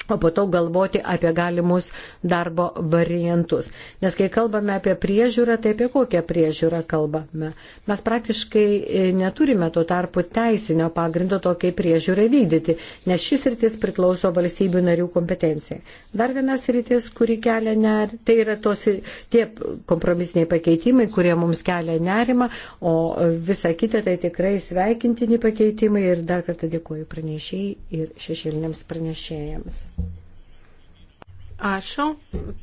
o po to galvoti apie galimus darbo variantus. Nes kai kalbame apie priežiūrą, tai apie kokią priežiūrą kalbame. Mes praktiškai e, neturime tuo tarpu teisinio pagrindo tokiai priežiūrai vykdyti, nes šis rytis priklauso valstybių narių kompetencijai. Dar vienas rytis, kuri kelia nerimą, tai yra tos, tie kompromisiniai pakeitimai, kurie mums kelia nerimą, o visa kita tai tikrai sveikintini pakeitimai ir dar kartą dėkuoju pranešėjai ir šešėliniams pranešėjams. Ačiū.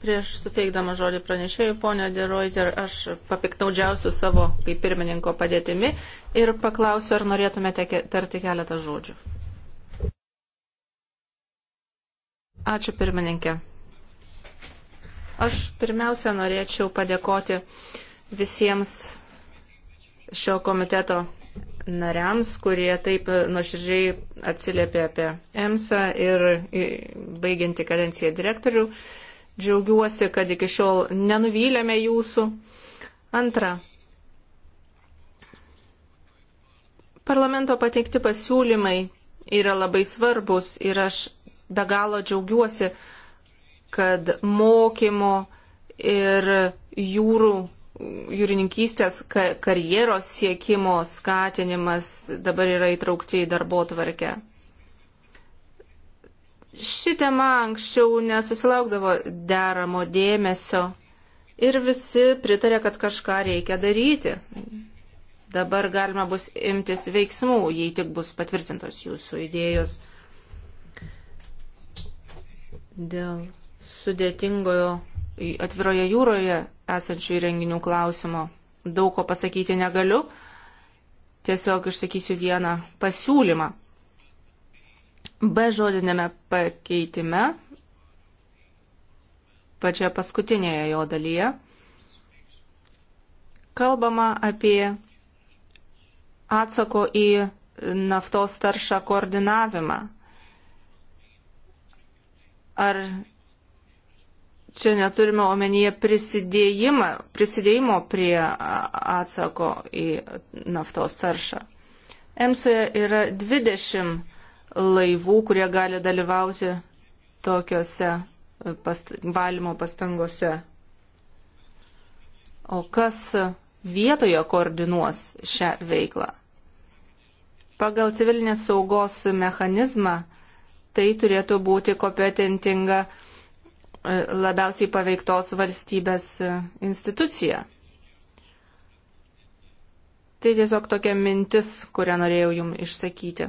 Prieš suteikdama žodį pranešėjui, ponė Deroiter, aš papiknaudžiausiu savo kaip pirmininko padėtimi ir paklausiu, ar norėtumėte tarti keletą žodžių. Ačiū pirmininkė. Aš pirmiausia norėčiau padėkoti visiems šio komiteto nariams, kurie taip nuoširdžiai atsiliepė apie EMSA ir baigianti kadenciją direktorių. Džiaugiuosi, kad iki šiol nenuvylėme jūsų. Antra. Parlamento pateikti pasiūlymai yra labai svarbus ir aš be galo džiaugiuosi, kad mokymo ir jūrų jūrininkystės karjeros siekimo skatinimas dabar yra įtraukti į darbo tvarkę. Ši tema anksčiau nesusilaukdavo deramo dėmesio ir visi pritarė, kad kažką reikia daryti. Dabar galima bus imtis veiksmų, jei tik bus patvirtintos jūsų idėjos dėl sudėtingojo atviroje jūroje esančių įrenginių klausimų. Daug ko pasakyti negaliu, tiesiog išsakysiu vieną pasiūlymą. Be žodinėme pakeitime, pačioje paskutinėje jo dalyje, kalbama apie atsako į naftos taršą koordinavimą. Ar čia neturime omenyje prisidėjimo prie atsako į naftos taršą. Emsoje yra 20 laivų, kurie gali dalyvauti tokiuose past valymo pastangose. O kas vietoje koordinuos šią veiklą? Pagal civilinės saugos mechanizmą tai turėtų būti kompetentinga uh, labiausiai paveiktos valstybės institucija. Tai tiesiog tokia mintis, kurią norėjau jums išsakyti.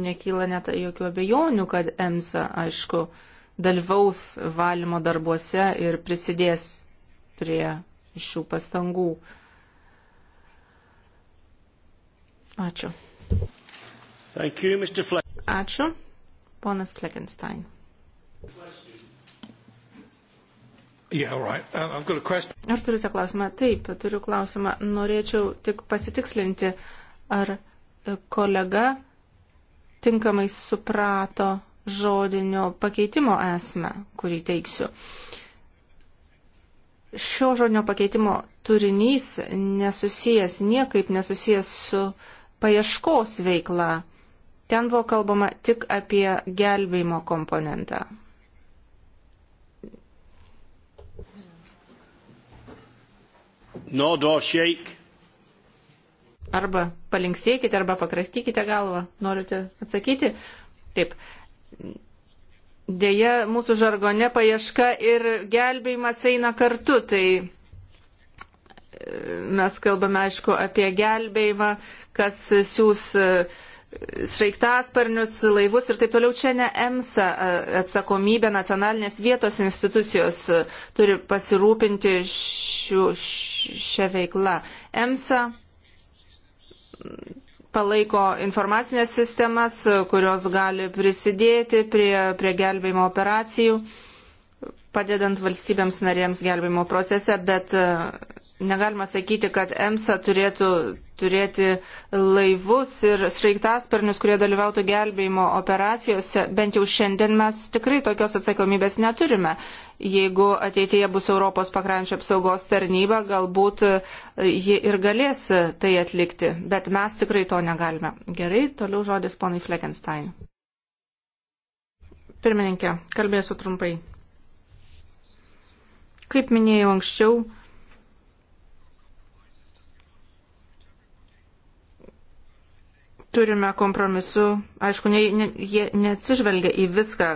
Nekyla net jokių abejonių, kad EMSA, aišku, dalyvaus valymo darbuose ir prisidės prie šių pastangų. Ačiū. You, Ačiū. Ponas Fleckenstein. Yeah, right. Uh, ar turite klausimą? Taip, turiu klausimą. Norėčiau tik pasitikslinti, ar e, kolega tinkamai suprato žodinio pakeitimo esmę, kurį teiksiu. Šio žodinio pakeitimo turinys nesusijęs, niekaip nesusijęs su paieškos veikla Ten buvo kalbama tik apie gelbėjimo komponentą. Nod or shake. Arba palinksėkite, arba pakraktykite galvą. Norite atsakyti? Taip. Deja, mūsų žargone paieška ir gelbėjimas eina kartu, tai e, mes kalbame, aišku, apie gelbėjimą, kas siūs uh, sraigtasparnius, laivus ir taip toliau. Čia ne EMSA atsakomybė, nacionalinės vietos institucijos turi pasirūpinti šiu, šią veiklą. EMSA palaiko informacinės sistemas, kurios gali prisidėti prie, prie gelbėjimo operacijų padedant valstybėms narėms gelbimo procese, bet e, negalima sakyti, kad EMSA turėtų turėti laivus ir sraigtasparnius, kurie dalyvautų gelbėjimo operacijose. Bent jau šiandien mes tikrai tokios atsakomybės neturime. Jeigu ateityje bus Europos pakrančio apsaugos tarnyba, galbūt e, ji ir galės tai atlikti, bet mes tikrai to negalime. Gerai, toliau žodis ponai Fleckenstein. Pirmininkė, kalbėsiu trumpai. Kaip minėjau anksčiau, turime kompromisu, aišku, ne, ne, jie neatsižvelgia į viską,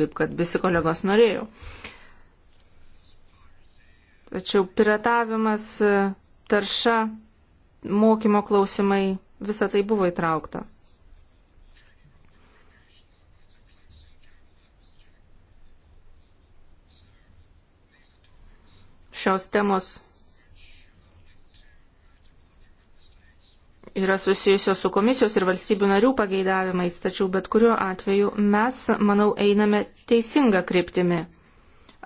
kaip kad visi kolegos norėjo. Tačiau piratavimas, tarša, mokymo klausimai, visa tai buvo įtraukta. šios temos yra susijusios su komisijos ir valstybių narių pageidavimais, tačiau bet kuriuo atveju mes, manau, einame teisinga kryptimi.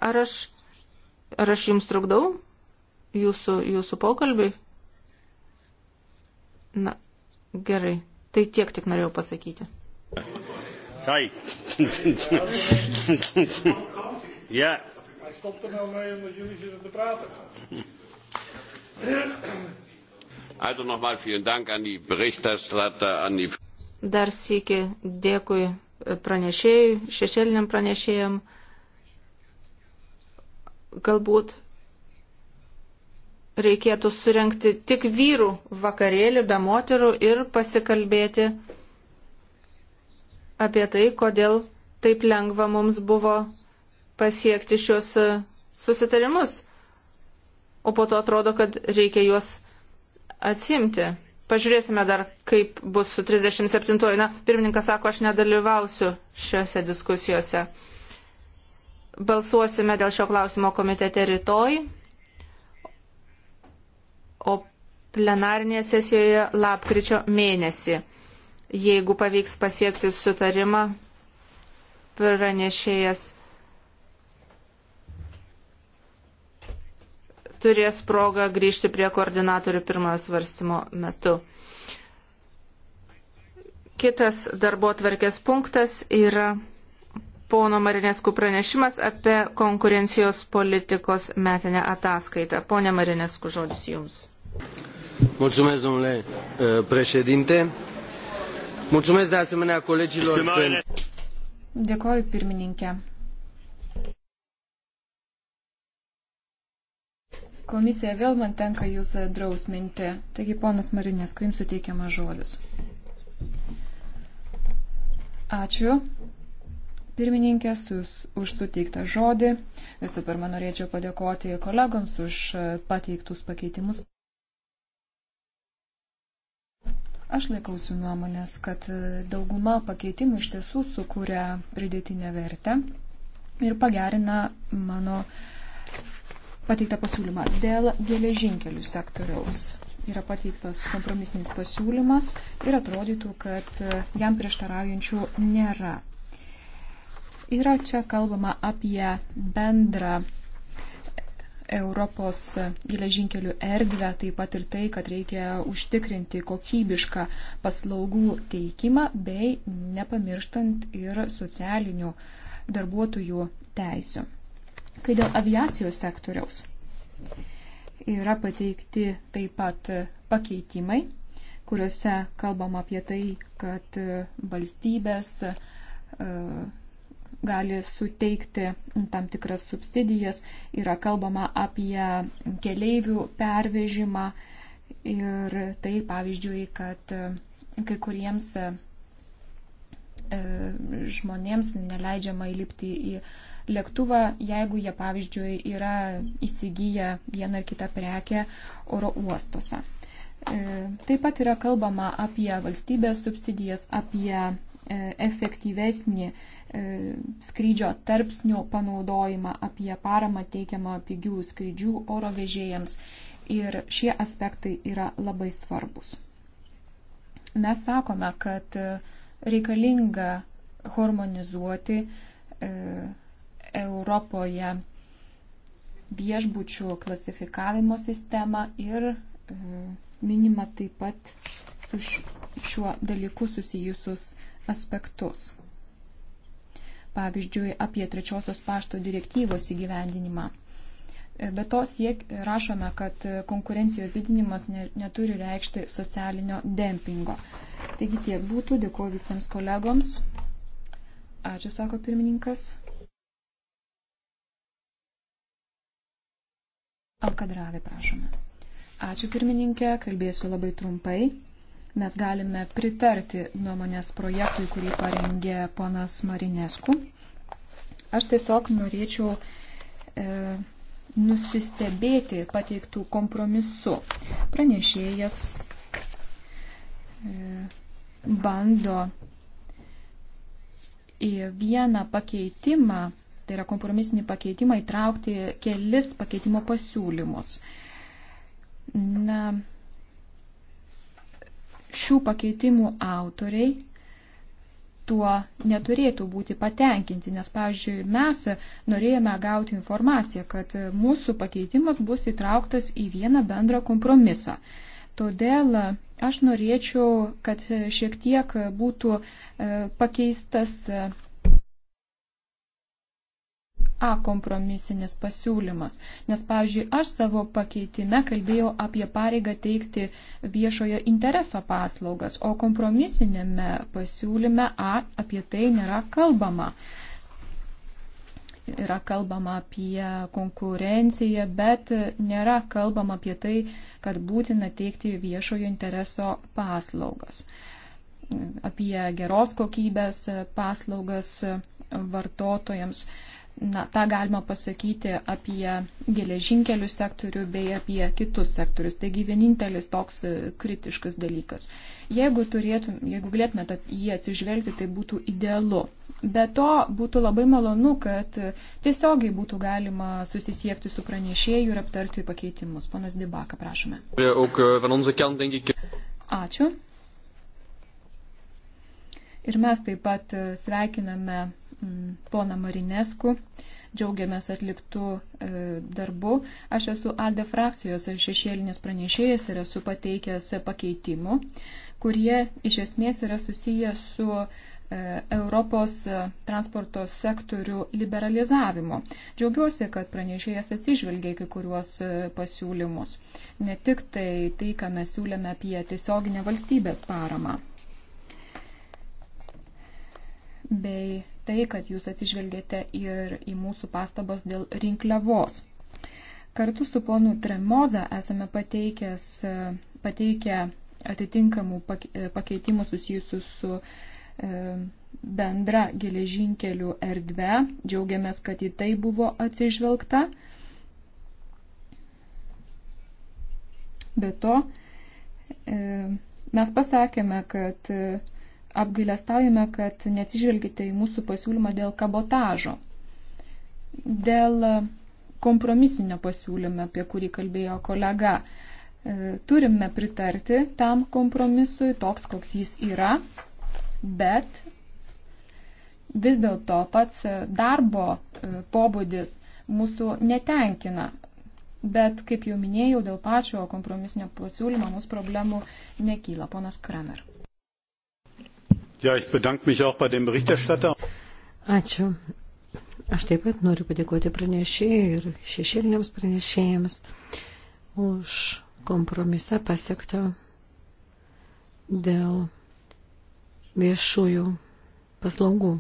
Ar aš, ar aš jums trukdau jūsų, jūsų pokalbį? Na, gerai. Tai tiek tik norėjau pasakyti. Sorry. yeah stop er nou mee omdat jullie zitten te praten. Also nochmal vielen Dank an die Berichterstatter, an die. Dar sėki dėkui pranešėjui, šešėliniam pranešėjam. Galbūt reikėtų surenkti tik vyrų vakarėlį be moterų ir pasikalbėti apie tai, kodėl taip lengva mums buvo pasiekti šios e, susitarimus, o po to atrodo, kad reikia juos atsimti. Pažiūrėsime dar, kaip bus su 37. Na, pirmininkas sako, aš nedalyvausiu šiuose diskusijose. Balsuosime dėl šio klausimo komitete rytoj, o plenarinėje sesijoje lapkričio mėnesį. Jeigu pavyks pasiekti sutarimą, pranešėjas turės progą grįžti prie koordinatorių pirmojo svarstymo metu. Kitas darbo tvarkės punktas yra pono Marineskų pranešimas apie konkurencijos politikos metinę ataskaitą. Pone Marinesku, žodis jums. Mulțumesc, domnule e, președinte. Mulțumesc de asemenea colegilor. Dėkoju, pirmininkė. komisija vėl man tenka jūs e, drausminti. Taigi, ponas Marinės, kuo jums suteikiamas žodis. Ačiū. Pirmininkė, jūs už suteiktą žodį. Visų pirma, norėčiau padėkoti kolegoms už e, pateiktus pakeitimus. Aš laikausi nuomonės, kad e, dauguma pakeitimų iš tiesų sukuria pridėtinę vertę ir pagerina mano uh, pateiktą pasiūlymą. Dėl geležinkelių sektoriaus yra pateiktas kompromisinis pasiūlymas ir atrodytų, kad e, jam prieštaraujančių nėra. Yra čia kalbama apie bendrą Europos geležinkelių erdvę, taip pat ir tai, kad reikia užtikrinti kokybišką paslaugų teikimą bei nepamirštant ir socialinių darbuotojų teisių. Kai dėl aviacijos sektoriaus yra pateikti taip pat pakeitimai, kuriuose kalbama apie tai, kad valstybės e, gali suteikti tam tikras subsidijas, yra kalbama apie keleivių pervežimą ir tai pavyzdžiui, kad e, kai kuriems e, žmonėms neleidžiama įlipti į lėktuvą, jeigu jie, pavyzdžiui, yra įsigiję vieną ar kitą prekę oro uostuose. E, taip pat yra kalbama apie valstybės subsidijas, apie e, efektyvesnį e, skrydžio tarpsnių panaudojimą, apie paramą teikiamą pigių skrydžių oro vežėjams. Ir šie aspektai yra labai svarbus. Mes sakome, kad reikalinga harmonizuoti Europoje viešbučių klasifikavimo sistemą ir e, minima taip pat su šiuo dalyku susijusius aspektus. Pavyzdžiui, apie trečiosios pašto direktyvos įgyvendinimą. E, be to siek, rašome, kad konkurencijos didinimas ne, neturi reikšti socialinio dempingo. Taigi tiek būtų. Dėkuoju visiems kolegoms. Ačiū, sako pirmininkas. Alkadravė, prašome. Ačiū pirmininkė, kalbėsiu labai trumpai. Mes galime pritarti nuomonės projektui, kurį parengė ponas Marinesku. Aš tiesiog norėčiau e, nusistebėti pateiktų kompromisu. Pranešėjas e, bando į vieną pakeitimą tai yra kompromisinį pakeitimą, įtraukti kelis pakeitimo pasiūlymus. Na, šių pakeitimų autoriai tuo neturėtų būti patenkinti, nes, pavyzdžiui, mes norėjome gauti informaciją, kad mūsų pakeitimas bus įtrauktas į vieną bendrą kompromisą. Todėl aš norėčiau, kad šiek tiek būtų e, pakeistas A kompromisinis pasiūlymas. Nes, pavyzdžiui, aš savo pakeitime kalbėjau apie pareigą teikti viešojo intereso paslaugas, o kompromisinėme pasiūlyme A apie tai nėra kalbama. Yra kalbama apie konkurenciją, bet nėra kalbama apie tai, kad būtina teikti viešojo intereso paslaugas apie geros kokybės paslaugas vartotojams. Na, tą galima pasakyti apie geležinkelių sektorių bei apie kitus sektorius. Taigi vienintelis toks e, kritiškas dalykas. Jeigu, turėtum, jeigu galėtumėte jį atsižvelgti, tai būtų idealu. Be to būtų labai malonu, kad e, tiesiogiai būtų galima susisiekti su pranešėjų ir aptarti pakeitimus. Ponas Dibaka, prašome. Ačiū. Ir mes taip pat e, sveikiname Mm, poną Marinesku. Džiaugiamės atliktų e, darbų. Aš esu ALDE frakcijos šešėlinis pranešėjas ir esu pateikęs pakeitimų, kurie iš esmės yra susiję su e, Europos transporto sektorių liberalizavimu. Džiaugiuosi, kad pranešėjas atsižvelgia kai kuriuos e, pasiūlymus. Ne tik tai tai, ką mes siūlėme apie tiesioginę valstybės paramą bei tai, kad jūs atsižvelgėte ir į mūsų pastabas dėl rinkliavos. Kartu su ponu Tremoza esame pateikęs, pateikę atitinkamų pakeitimų susijusių su e, bendra geležinkelių erdve. Džiaugiamės, kad į tai buvo atsižvelgta. Be to, e, mes pasakėme, kad apgailestaujame, kad neatsižvelgite į mūsų pasiūlymą dėl kabotažo. Dėl kompromisinio pasiūlymo, apie kurį kalbėjo kolega, e, turime pritarti tam kompromisui, toks koks jis yra, bet vis dėlto pats darbo e, pobūdis mūsų netenkina. Bet, kaip jau minėjau, dėl pačio kompromisinio pasiūlymo mūsų problemų nekyla. Ponas Kramer. Ja, ich bedanke mich auch bei dem Berichterstatter. Ačiū. Aš taip pat noriu padėkoti pranešėjai ir šešėliniams pranešėjams už kompromisą pasiektą dėl viešųjų paslaugų.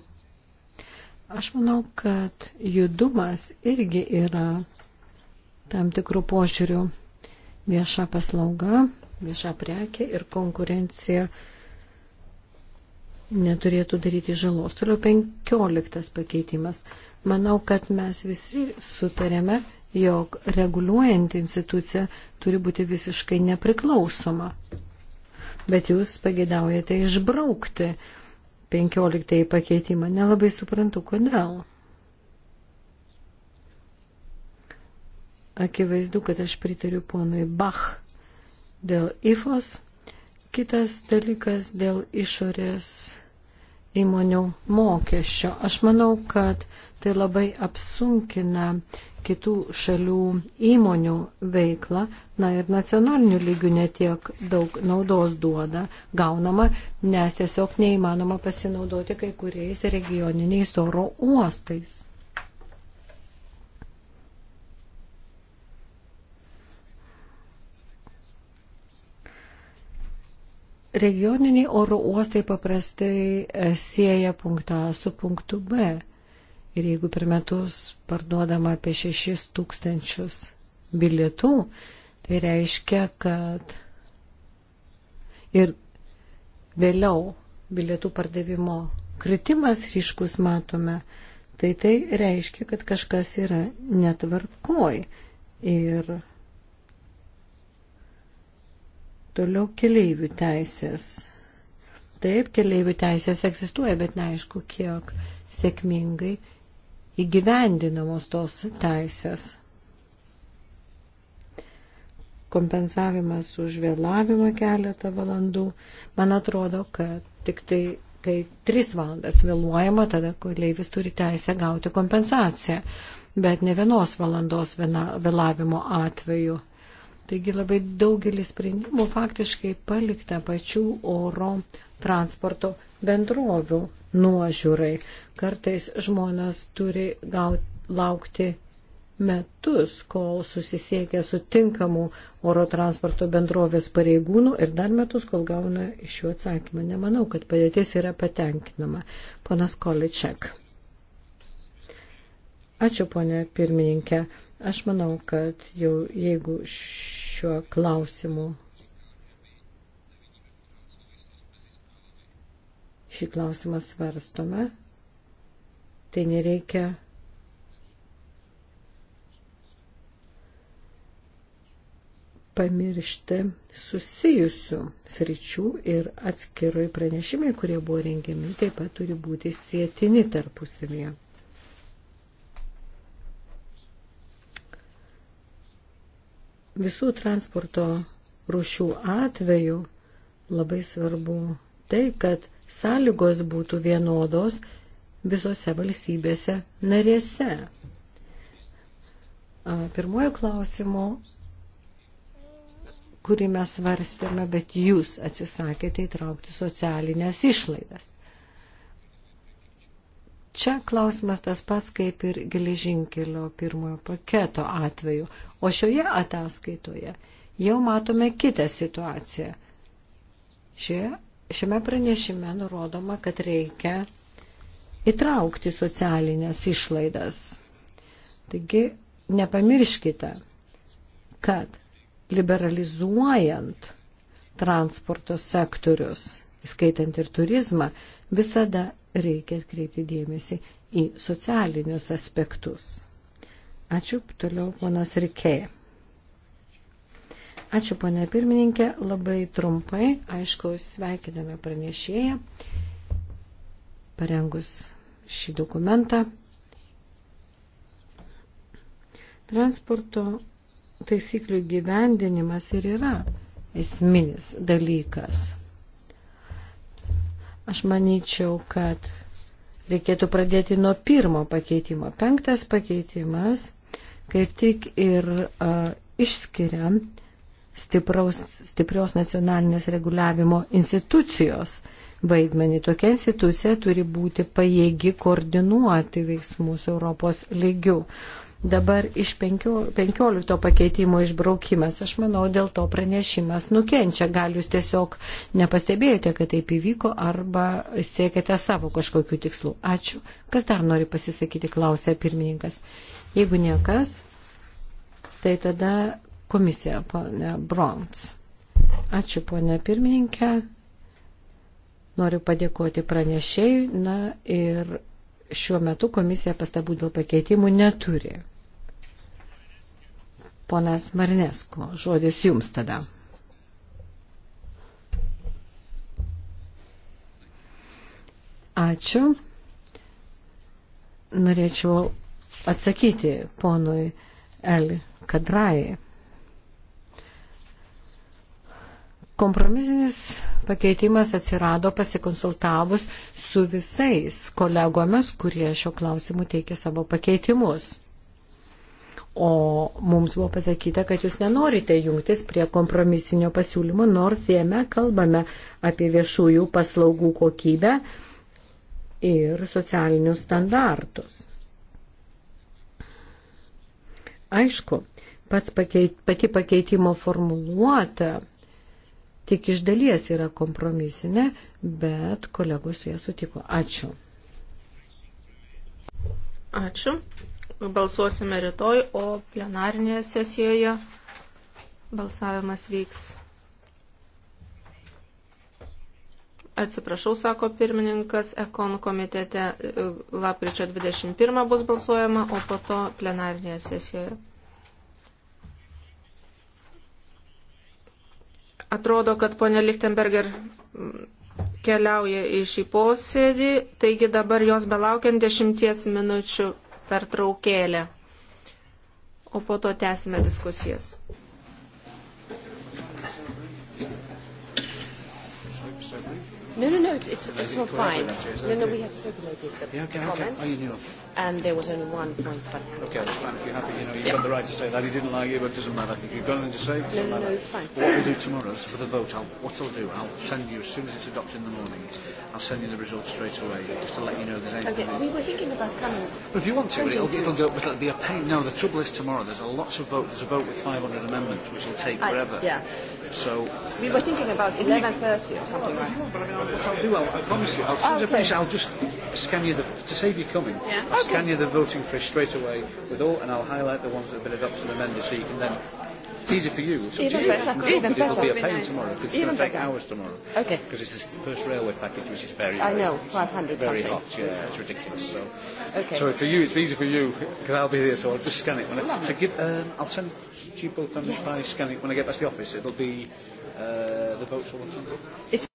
Aš manau, kad judumas irgi yra tam tikrų požiūrių vieša paslauga, vieša prekė ir konkurencija neturėtų daryti žalos. Toliau penkioliktas pakeitimas. Manau, kad mes visi sutarėme, jog reguliuojanti institucija turi būti visiškai nepriklausoma. Bet jūs pagėdaujate išbraukti penkioliktąjį pakeitimą. Nelabai suprantu, kodėl. Akivaizdu, kad aš pritariu ponui Bach dėl IFOS Kitas dalykas dėl išorės įmonių mokesčio. Aš manau, kad tai labai apsunkina kitų šalių įmonių veiklą, na ir nacionalinių lygių netiek daug naudos duoda, gaunama, nes tiesiog neįmanoma pasinaudoti kai kuriais regioniniais oro uostais. Regioniniai oro uostai paprastai e, sieja punktą A su punktu B. Ir jeigu per metus parduodama apie 6 tūkstančius bilietų, tai reiškia, kad ir vėliau bilietų pardavimo kritimas ryškus matome, tai tai reiškia, kad kažkas yra netvarkoj. Ir Toliau keleivių teisės. Taip, keleivių teisės egzistuoja, bet neaišku, kiek sėkmingai įgyvendinamos tos teisės. Kompensavimas už vėlavimą keletą valandų. Man atrodo, kad tik tai, kai tris valandas vėluojama, tada keleivis turi teisę gauti kompensaciją, bet ne vienos valandos vėlavimo atveju Taigi labai daugelis sprendimų faktiškai palikta pačių oro transporto bendrovių nuožiūrai. Kartais žmonės turi gauti, laukti metus, kol susisiekia su tinkamu oro transporto bendrovės pareigūnų ir dar metus, kol gauna iš jų atsakymą. Nemanau, kad padėtis yra patenkinama. Ponas Količek. Ačiū, ponė pirmininkė. Aš manau, kad jau jeigu šiuo klausimu šį klausimą svarstome, tai nereikia pamiršti susijusių sričių ir atskirui pranešimai, kurie buvo rengiami, taip pat turi būti sėtini tarpusavyje. visų transporto rūšių atveju labai svarbu tai, kad sąlygos būtų vienodos visose valstybėse narėse. Pirmojo klausimo, kurį mes svarstėme, bet jūs atsisakėte įtraukti socialinės išlaidas. Čia klausimas tas pats kaip ir geležinkelio pirmojo paketo atveju. O šioje ataskaitoje jau matome kitą situaciją. Šioje, šiame pranešime nurodoma, kad reikia įtraukti socialinės išlaidas. Taigi nepamirškite, kad liberalizuojant transporto sektorius, įskaitant ir turizmą, visada reikia atkreipti dėmesį į socialinius aspektus. Ačiū toliau, ponas Rikėja. Ačiū, ponė pirmininkė, labai trumpai, aišku, sveikiname pranešėją, parengus šį dokumentą. Transporto taisyklių gyvendinimas ir yra esminis dalykas. Aš manyčiau, kad reikėtų pradėti nuo pirmo pakeitimo. Penktas pakeitimas kaip tik ir uh, išskiria stipraus, stiprios nacionalinės reguliavimo institucijos vaidmenį. Tokia institucija turi būti pajėgi koordinuoti veiksmus Europos lygių dabar iš 15 pakeitimo išbraukimas. Aš manau, dėl to pranešimas nukenčia. Gal jūs tiesiog nepastebėjote, kad taip įvyko arba siekite savo kažkokių tikslų. Ačiū. Kas dar nori pasisakyti, klausė pirmininkas. Jeigu niekas, tai tada komisija, ponė Brons. Ačiū, ponė pirmininkė. Noriu padėkoti pranešėjui. Na ir šiuo metu komisija pastabų dėl pakeitimų neturi. Ponas Marinesko, žodis jums tada. Ačiū. Norėčiau atsakyti ponui L. Kadrai. Kompromisinis pakeitimas atsirado pasikonsultavus su visais kolegomis, kurie šio klausimu teikė savo pakeitimus. O mums buvo pasakyta, kad jūs nenorite jungtis prie kompromisinio pasiūlymo, nors jame kalbame apie viešųjų paslaugų kokybę ir socialinius standartus. Aišku, pats pakeit, pati pakeitimo formuluota tik iš dalies yra kompromisinė, bet kolegos su jie sutiko. Ačiū. Ačiū balsuosime rytoj, o plenarinėje sesijoje balsavimas vyks. Atsiprašau, sako pirmininkas, Ekon komitete e, lapkričio 21 bus balsuojama, o po to plenarinėje sesijoje. Atrodo, kad ponė Lichtenberger keliauja į šį posėdį, taigi dabar jos belaukiant dešimties minučių per traukėlę, o po to tęsime diskusijas. No, no, no, it's, it's all fine. No, no, we have circulated the yeah, okay, comments. Okay. Oh, you knew and there was only one point. But okay, that's fine. If you're happy, you know, you've yeah. got the right to say that. He didn't like you, but it doesn't matter. If you've got anything to say, it doesn't no, no, matter. No, it's fine. But what we'll do tomorrow is for the vote, I'll, what I'll do, I'll send you, as soon as it's adopted in the morning, I'll send you the results straight away, just to let you know there's anything. Okay, that... we were thinking about coming. But if you want to, it'll, it'll, it'll go, it'll be a pain. No, the trouble is tomorrow, there's a lots of vote. There's a vote with 500 amendments, which will take I, forever. I, yeah. So we were thinking about 11:30 or something like. That. But I mean, I'll, what I'll do, I'll, I promise you, I'll, as soon as okay. I finish, I'll just scan you the to save you coming. Yeah. I'll okay. scan you the voting fish straight away with all, and I'll highlight the ones that have been adopted and amended, so you can then It's easy for you. It's even better. Even, even better. It'll be a pain nice. tomorrow. It's even going to take better. hours tomorrow. Okay. Because it's the first railway package, which is very, very I know, 500 Very hot, yeah. Yes. It's ridiculous. So. Okay. So for you, it's easy for you, because I'll be here, so I'll just scan it. When I, Lovely. so give, um, I'll send you both on yes. by scan it when I get back to the office. It'll be, uh, the votes will come. It's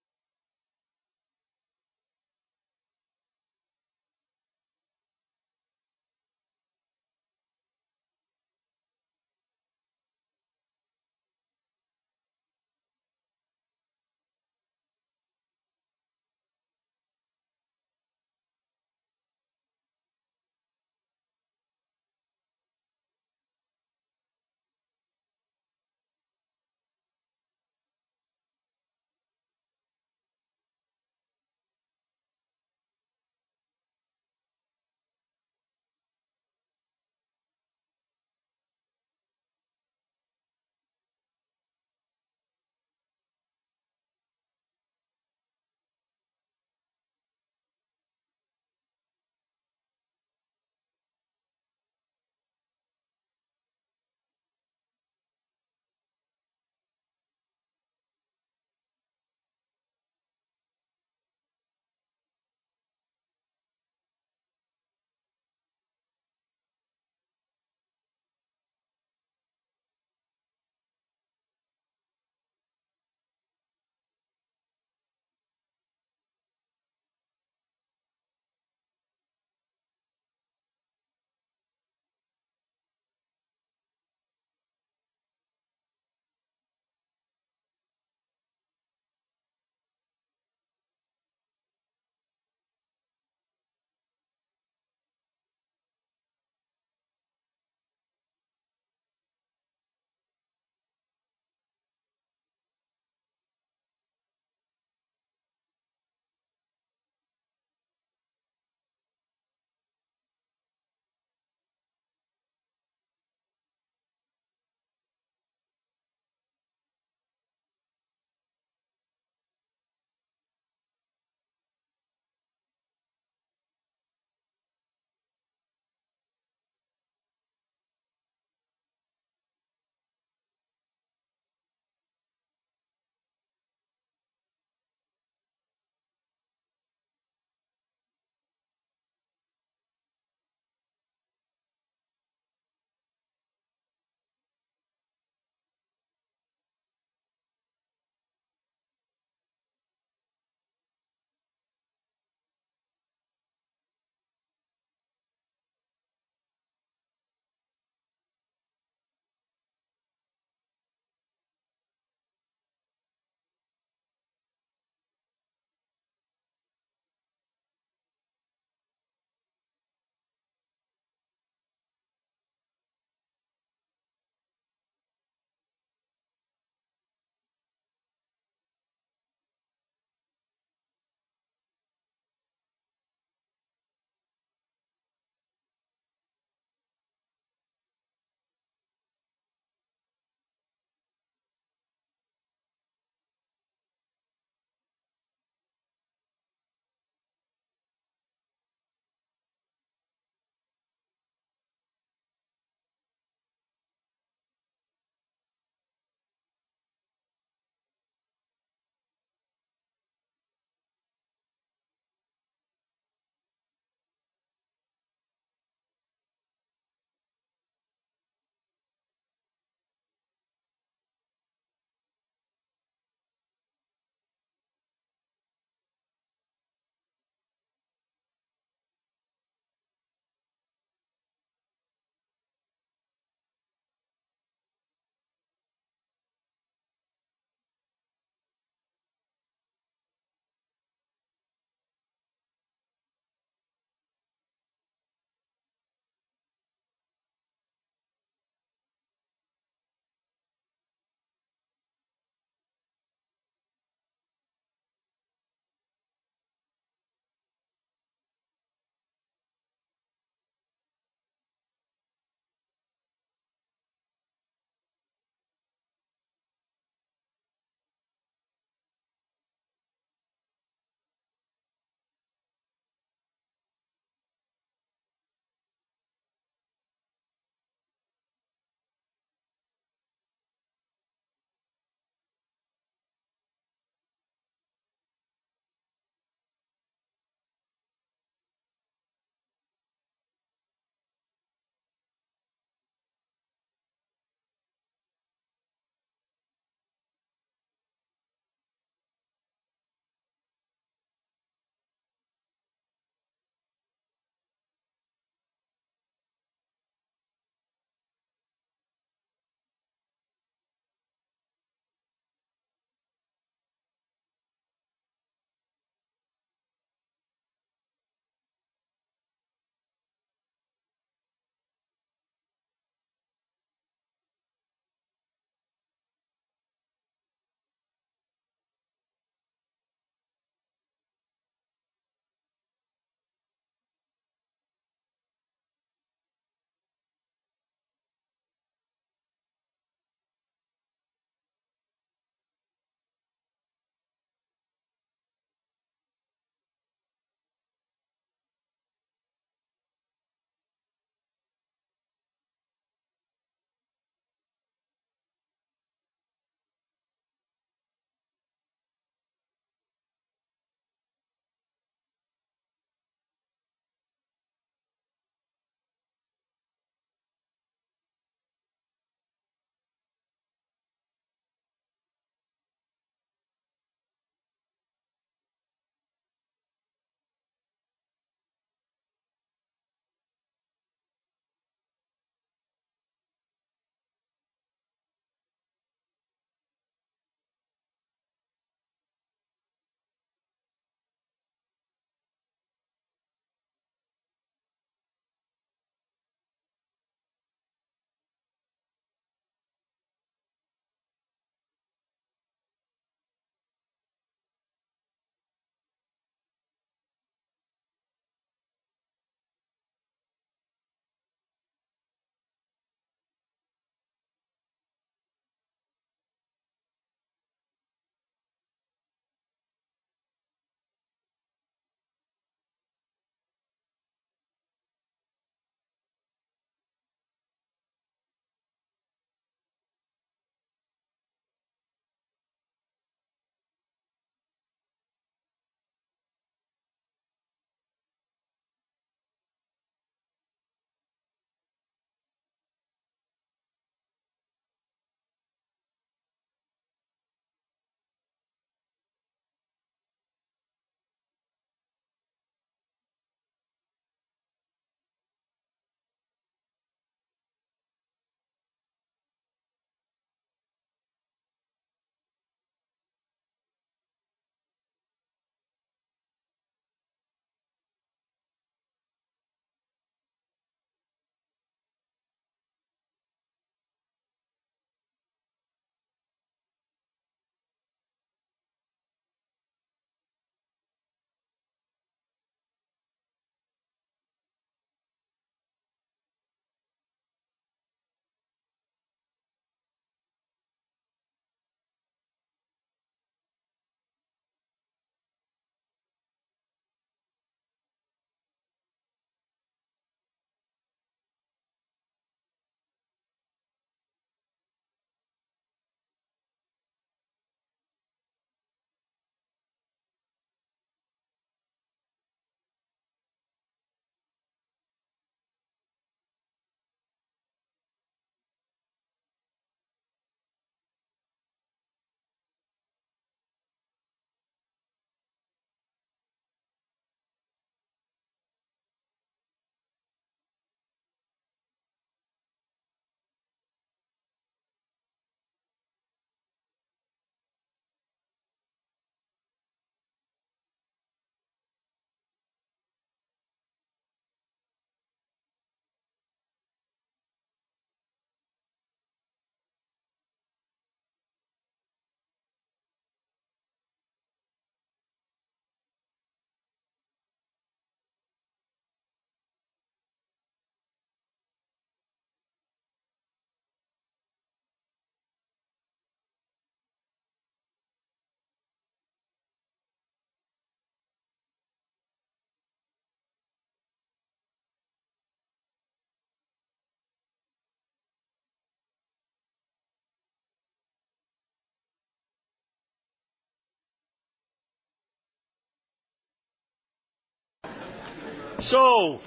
So,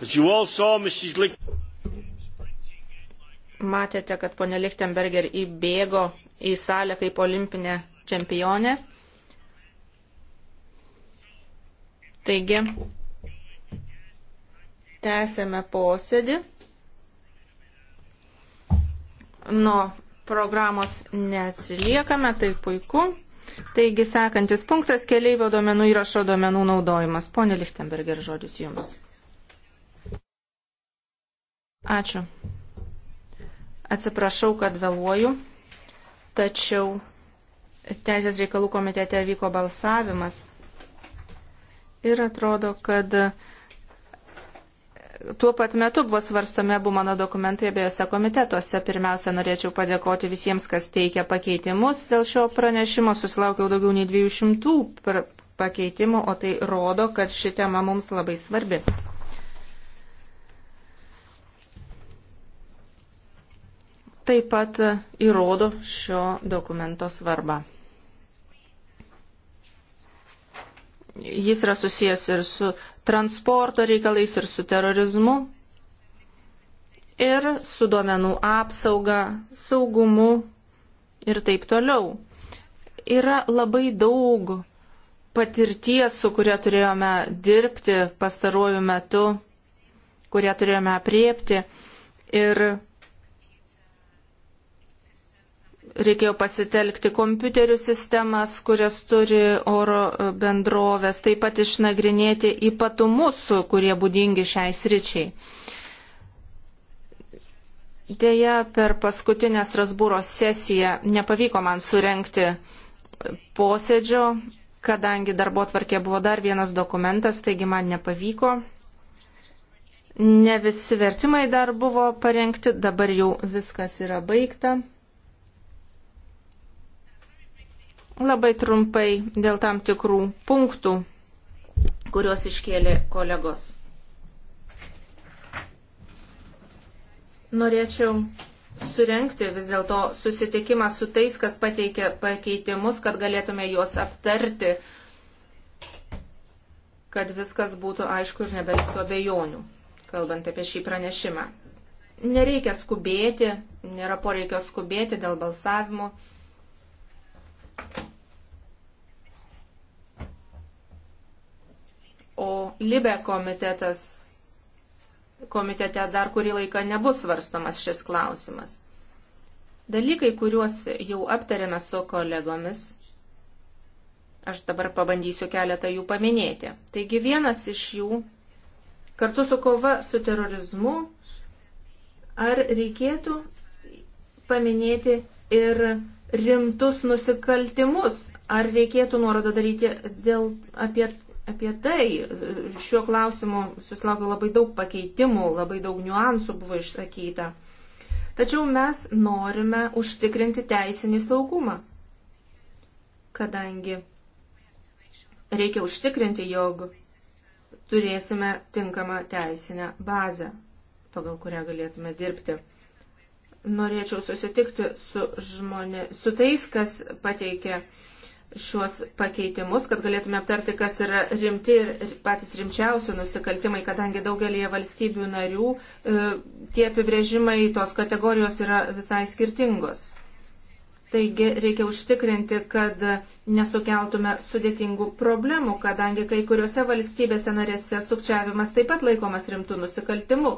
as you all saw, Mrs. Lick... Matėte, kad ponė Lichtenberger įbėgo į salę kaip olimpinė čempionė. Taigi, tęsėme posėdį. Nuo programos neatsiliekame, tai puiku. Taigi sekantis punktas - keleivio duomenų įrašo duomenų naudojimas. Pone Lichtenberger, žodis jums. Ačiū. Atsiprašau, kad vėluoju, tačiau Teisės reikalų komitete vyko balsavimas ir atrodo, kad tuo pat metu buvo svarstomi abu mano dokumentai abiejose komitetuose. Pirmiausia, norėčiau padėkoti visiems, kas teikia pakeitimus dėl šio pranešimo. Susilaukiau daugiau nei 200 pakeitimų, o tai rodo, kad ši tema mums labai svarbi. Taip pat įrodo šio dokumento svarbą. Jis yra susijęs ir su transporto reikalais, ir su terorizmu, ir su duomenų apsauga, saugumu ir taip toliau. Yra labai daug patirties, su kuria turėjome dirbti pastaruoju metu, kurie turėjome apriepti. Ir reikėjo pasitelkti kompiuterių sistemas, kurias turi oro bendrovės, taip pat išnagrinėti ypatumus, kurie būdingi šiai sričiai. Deja, per paskutinę Strasbūro sesiją nepavyko man surenkti posėdžio, kadangi darbo tvarkė buvo dar vienas dokumentas, taigi man nepavyko. Ne visi vertimai dar buvo parengti, dabar jau viskas yra baigta. Labai trumpai dėl tam tikrų punktų, kuriuos iškėlė kolegos. Norėčiau surenkti vis dėlto susitikimą su tais, kas pateikė pakeitimus, kad galėtume juos aptarti, kad viskas būtų aišku ir nebeliktų abejonių, kalbant apie šį pranešimą. Nereikia skubėti, nėra poreikio skubėti dėl balsavimo. O Libe komitetas komitete dar kurį laiką nebus svarstomas šis klausimas. Dalykai, kuriuos jau aptarėme su kolegomis, aš dabar pabandysiu keletą jų paminėti. Taigi vienas iš jų, kartu su kova su terorizmu, ar reikėtų paminėti ir rimtus nusikaltimus. Ar reikėtų nuorodą daryti dėl, apie, apie tai? Šiuo klausimu susilaukiu labai daug pakeitimų, labai daug niuansų buvo išsakyta. Tačiau mes norime užtikrinti teisinį saugumą, kadangi reikia užtikrinti, jog turėsime tinkamą teisinę bazę, pagal kurią galėtume dirbti norėčiau susitikti su, žmonė, su tais, kas pateikė šiuos pakeitimus, kad galėtume aptarti, kas yra rimti ir patys rimčiausi nusikaltimai, kadangi daugelie valstybių narių e, tie apibrėžimai, tos kategorijos yra visai skirtingos. Taigi reikia užtikrinti, kad nesukeltume sudėtingų problemų, kadangi kai kuriuose valstybėse narėse sukčiavimas taip pat laikomas rimtų nusikaltimų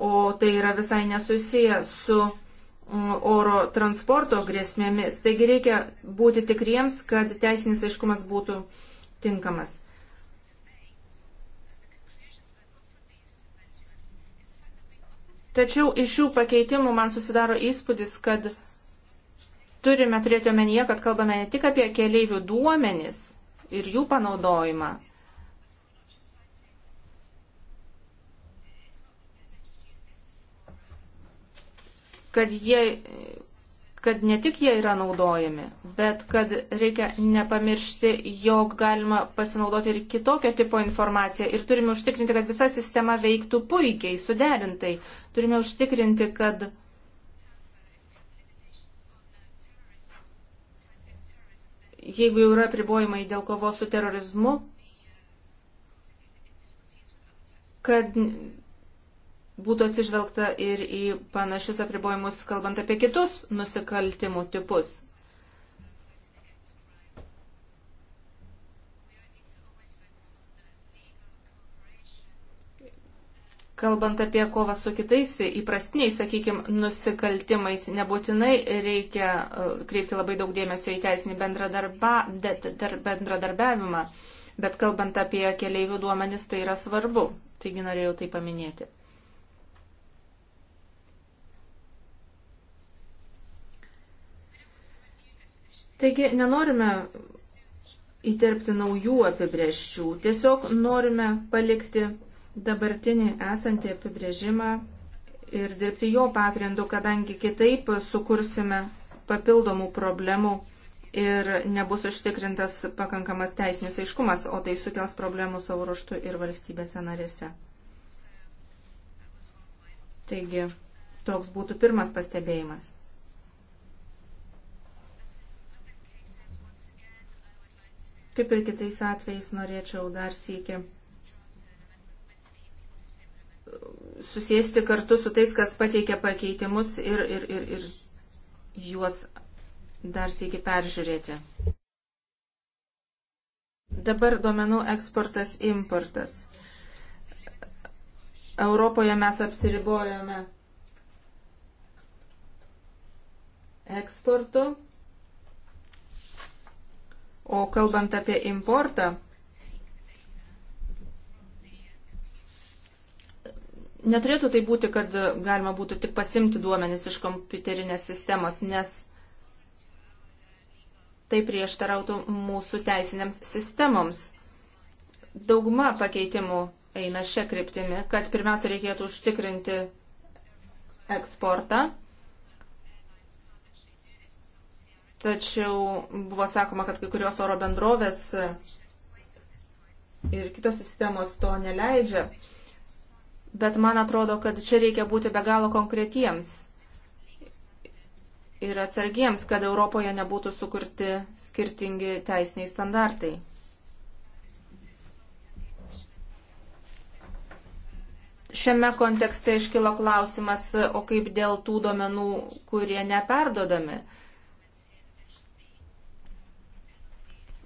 o tai yra visai nesusiję su mm, oro transporto grėsmėmis. Taigi reikia būti tikriems, kad teisinis aiškumas būtų tinkamas. Tačiau iš šių pakeitimų man susidaro įspūdis, kad turime turėti omenyje, kad kalbame ne tik apie keleivių duomenis ir jų panaudojimą, kad, jie, kad ne tik jie yra naudojami, bet kad reikia nepamiršti, jog galima pasinaudoti ir kitokio tipo informaciją ir turime užtikrinti, kad visa sistema veiktų puikiai, suderintai. Turime užtikrinti, kad jeigu jau yra pribojimai dėl kovos su terorizmu, kad būtų atsižvelgta ir į panašius apribojimus, kalbant apie kitus nusikaltimų tipus. Kalbant apie kovą su kitais įprastiniais, sakykime, nusikaltimais, nebūtinai reikia uh, kreipti labai daug dėmesio į teisinį bendradarba, dar, bendradarbiavimą, bet kalbant apie keliaivių duomenis, tai yra svarbu. Taigi norėjau tai paminėti. Taigi nenorime įterpti naujų apibrėžčių, tiesiog norime palikti dabartinį esantį apibrėžimą ir dirbti jo pagrindu, kadangi kitaip sukursime papildomų problemų ir nebus užtikrintas pakankamas teisinis aiškumas, o tai sukels problemų savo ruoštų ir valstybėse narėse. Taigi, toks būtų pirmas pastebėjimas. Kaip ir kitais atvejais norėčiau dar sėki susėsti kartu su tais, kas pateikė pakeitimus ir, ir, ir, ir juos dar sėki peržiūrėti. Dabar duomenų eksportas, importas. Europoje mes apsiribojame eksportu O kalbant apie importą, neturėtų tai būti, kad galima būtų tik pasimti duomenis iš kompiuterinės sistemos, nes tai prieštarautų mūsų teisiniams sistemoms. Dauguma pakeitimų eina šią kryptimį, kad pirmiausia reikėtų užtikrinti eksportą Tačiau buvo sakoma, kad kai kurios oro bendrovės ir kitos sistemos to neleidžia. Bet man atrodo, kad čia reikia būti be galo konkretiems ir atsargiems, kad Europoje nebūtų sukurti skirtingi teisiniai standartai. Šiame kontekste iškilo klausimas, o kaip dėl tų duomenų, kurie neperdodami?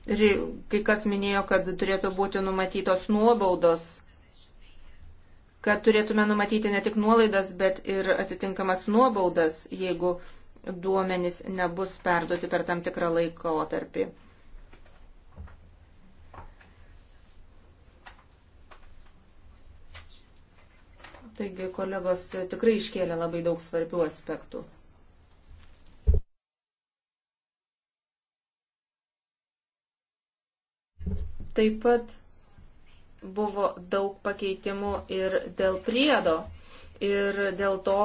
kai kas minėjo, kad turėtų būti numatytos nuobaudos, kad turėtume numatyti ne tik nuolaidas, bet ir atitinkamas nuobaudas, jeigu duomenys nebus perduoti per tam tikrą laikotarpį. Taigi kolegos tikrai iškėlė labai daug svarbių aspektų. Taip pat buvo daug pakeitimų ir dėl priedo, ir dėl to,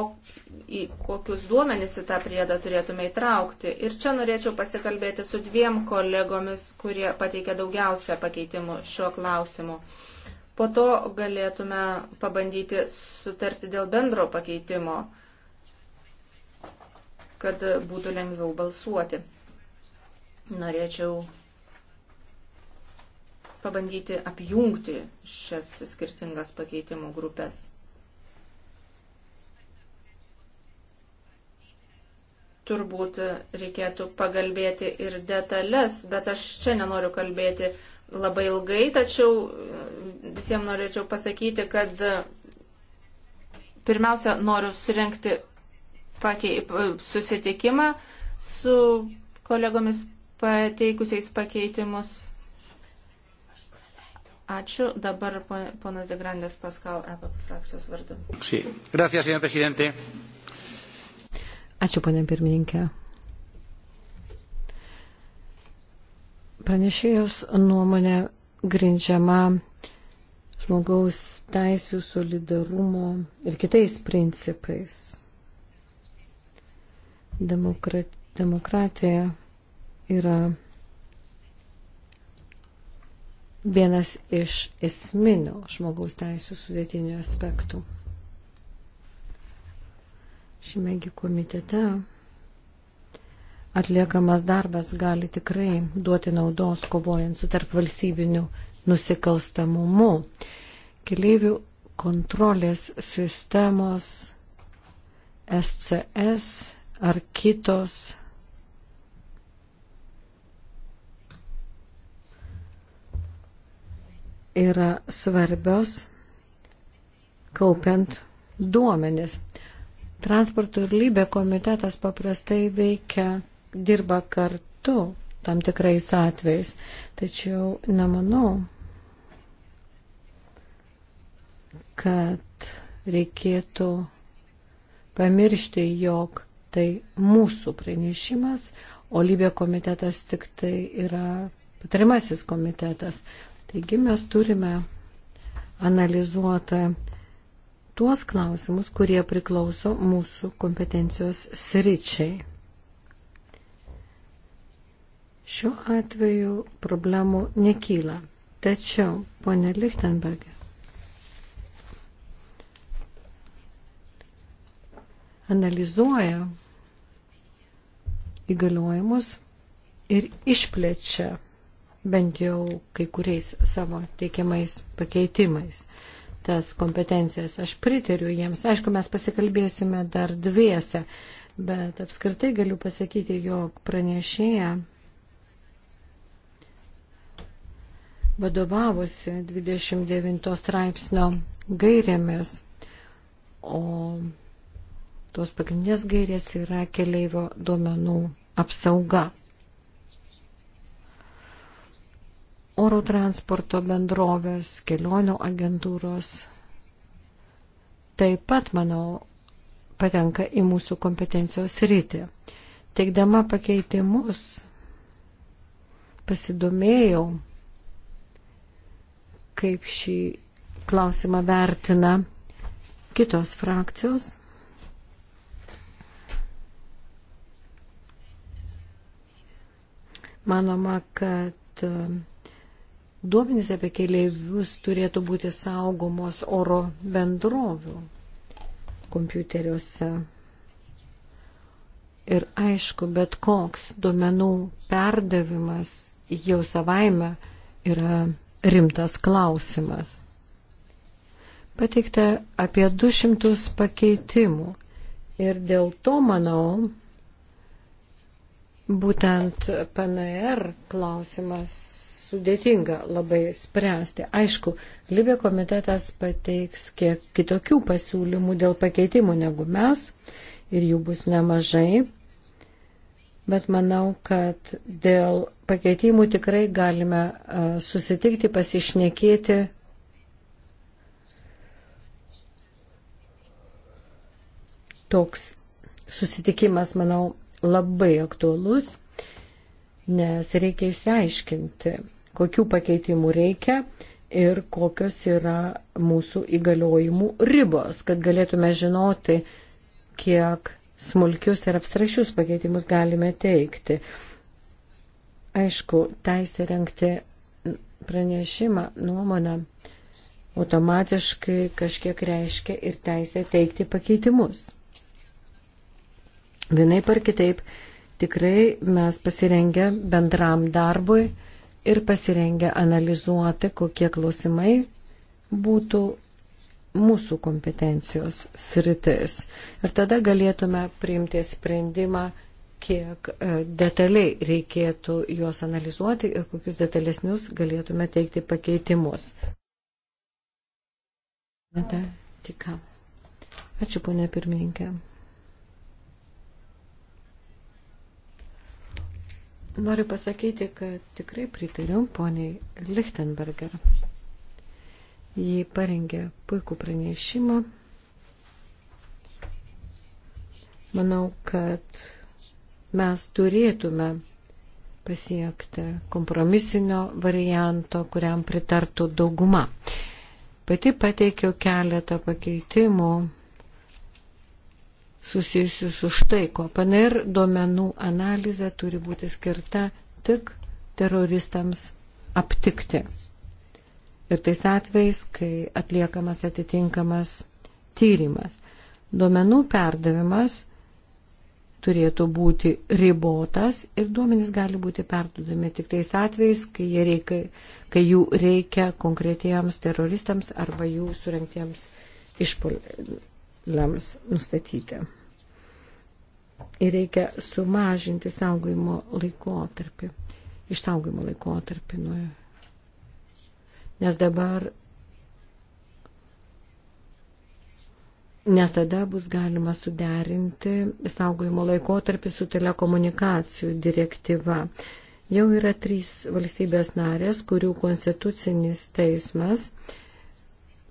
į kokius duomenys į tą priedą turėtume įtraukti. Ir čia norėčiau pasikalbėti su dviem kolegomis, kurie pateikė daugiausia pakeitimų šiuo klausimu. Po to galėtume pabandyti sutarti dėl bendro pakeitimo, kad būtų lengviau balsuoti. Norėčiau pabandyti apjungti šias skirtingas pakeitimų grupės. Turbūt reikėtų pagalbėti ir detalės, bet aš čia nenoriu kalbėti labai ilgai, tačiau e, visiems norėčiau pasakyti, kad e, pirmiausia noriu surenkti pakei, e, susitikimą su kolegomis pateikusiais pakeitimus Ačiū. Dabar ponas Degrandės Paskal, EPA frakcijos vardu. Sí. Gracias, señor presidente. Ačiū, ponė pirmininkė. Pranešėjos nuomonė grindžiama žmogaus teisų solidarumo ir kitais principais. Demokrat, demokratija yra vienas iš esminių žmogaus teisų sudėtinių aspektų. Šimegi komitete atliekamas darbas gali tikrai duoti naudos kovojant su tarpvalstybiniu nusikalstamumu. Keleivių kontrolės sistemos SCS ar kitos yra svarbios kaupiant duomenis. Transporto ir lybė komitetas paprastai veikia, dirba kartu tam tikrais atvejais, tačiau nemanau, kad reikėtų pamiršti, jog tai mūsų pranešimas, o lybė komitetas tik tai yra patarimasis komitetas. Taigi mes turime analizuoti tuos klausimus, kurie priklauso mūsų kompetencijos sričiai. Šiuo atveju problemų nekyla. Tačiau, ponė Lichtenbergė, analizuoja įgaliojimus ir išplečia bent jau kai kuriais savo teikiamais pakeitimais tas kompetencijas. Aš pritariu jiems. Aišku, mes pasikalbėsime dar dviese, bet apskritai galiu pasakyti, jog pranešėja vadovavosi 29 straipsnio gairėmis, o tos pagrindinės gairės yra keleivio duomenų apsauga. oro transporto bendrovės, kelionių agentūros taip pat, manau, patenka į mūsų kompetencijos rytį. Teikdama pakeitimus, pasidomėjau, kaip šį klausimą vertina kitos frakcijos. Manoma, kad duomenys apie keleivius turėtų būti saugomos oro bendrovių kompiuteriuose. Ir aišku, bet koks duomenų perdavimas jau savaime yra rimtas klausimas. Pateikta apie 200 pakeitimų ir dėl to, manau, būtent PNR klausimas sudėtinga labai spręsti. Aišku, Libė komitetas pateiks kiek kitokių pasiūlymų dėl pakeitimų negu mes ir jų bus nemažai, bet manau, kad dėl pakeitimų tikrai galime susitikti, pasišnekėti. Toks susitikimas, manau, labai aktuolus, nes reikia įsiaiškinti, kokių pakeitimų reikia ir kokios yra mūsų įgaliojimų ribos, kad galėtume žinoti, kiek smulkius ir abstrakčius pakeitimus galime teikti. Aišku, teisė renkti pranešimą, nuomonę automatiškai kažkiek reiškia ir teisė teikti pakeitimus. Vienai par kitaip, tikrai mes pasirengę bendram darbui ir pasirengę analizuoti, kokie klausimai būtų mūsų kompetencijos sritis. Ir tada galėtume priimti sprendimą, kiek e, detaliai reikėtų juos analizuoti ir kokius detalesnius galėtume teikti pakeitimus. Ačiū, ponė pirmininkė. Noriu pasakyti, kad tikrai pritariu poniai Lichtenberger. Ji parengė puikų pranešimą. Manau, kad mes turėtume pasiekti kompromisinio varianto, kuriam pritartų dauguma. Pati pateikiau keletą pakeitimų susijusių su štai ko. PNR duomenų analizė turi būti skirta tik teroristams aptikti. Ir tais atvejais, kai atliekamas atitinkamas tyrimas. Duomenų perdavimas turėtų būti ribotas ir duomenys gali būti perdudami tik tais atvejais, kai, reikia, kai jų reikia konkretiems teroristams arba jų surinktiems išpol, lems nustatyti. Ir reikia sumažinti saugojimo laikotarpį, išsaugojimo laikotarpį. Nu, nes dabar, nes tada bus galima suderinti saugojimo laikotarpį su telekomunikacijų direktyva. Jau yra trys valstybės narės, kurių konstitucinis teismas uh,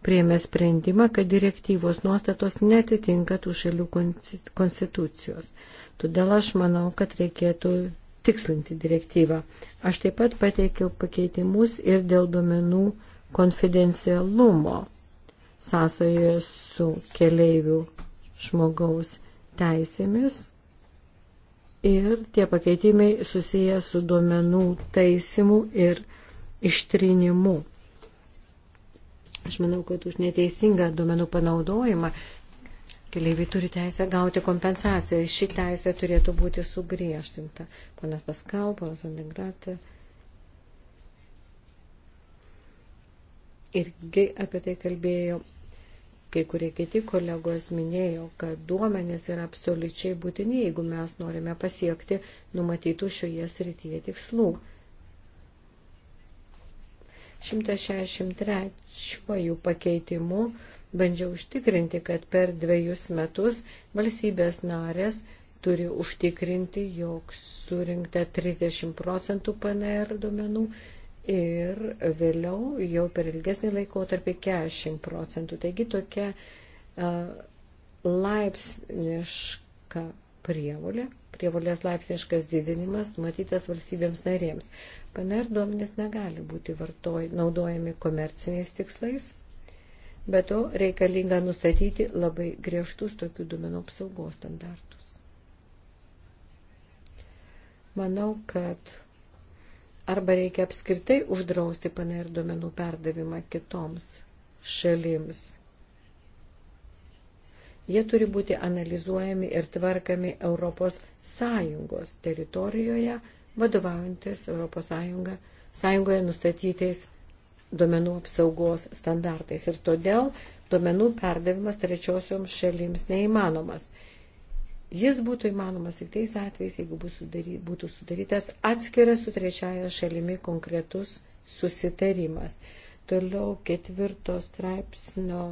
prieėmė sprendimą, kad direktyvos nuostatos netitinka tų šalių konstitucijos. Todėl aš manau, kad reikėtų tikslinti direktyvą. Aš taip pat pateikiau pakeitimus ir dėl duomenų konfidencialumo sąsojoje su keleivių žmogaus teisėmis ir tie pakeitimai susiję su duomenų taisimu ir ištrinimu. Aš manau, kad už neteisingą duomenų panaudojimą keliaiviai turi teisę gauti kompensaciją. Ši teisė turėtų būti sugriežtinta. Ponas Paskal, ponas Vandegratė. Irgi apie tai kalbėjo. Kai kurie kiti kolegos minėjo, kad duomenys yra absoliučiai būtini, jeigu mes norime pasiekti numatytų šioje srityje tikslų. 163 pakeitimu bandžiau užtikrinti, kad per dviejus metus valstybės narės turi užtikrinti, jog surinkta 30 procentų PNR duomenų ir vėliau jau per ilgesnį laikotarpį 40 procentų. Taigi tokia uh, laipsniška prievolė, prievolės laipsniškas didinimas matytas valstybėms narėms. PNR duomenys negali būti vartoj, naudojami komerciniais tikslais, bet to reikalinga nustatyti labai griežtus tokių duomenų apsaugos standartus. Manau, kad arba reikia apskritai uždrausti PNR duomenų perdavimą kitoms šalims Jie turi būti analizuojami ir tvarkami Europos Sąjungos teritorijoje, vadovaujantis Europos Sąjunga, Sąjungoje nustatytais duomenų apsaugos standartais. Ir todėl duomenų perdavimas trečiosioms šalims neįmanomas. Jis būtų įmanomas tik tais atvejais, jeigu būtų sudarytas atskiras su trečiaja šalimi konkretus susitarimas. Toliau ketvirto straipsnio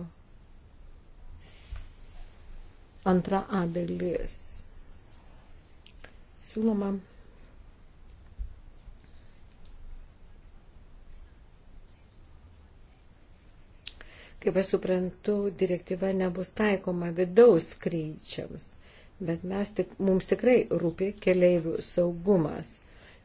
Antra A dalis. Siūloma. Kaip aš suprantu, direktyva nebus taikoma vidaus skryčiams, bet mes tik, mums tikrai rūpi keleivių saugumas.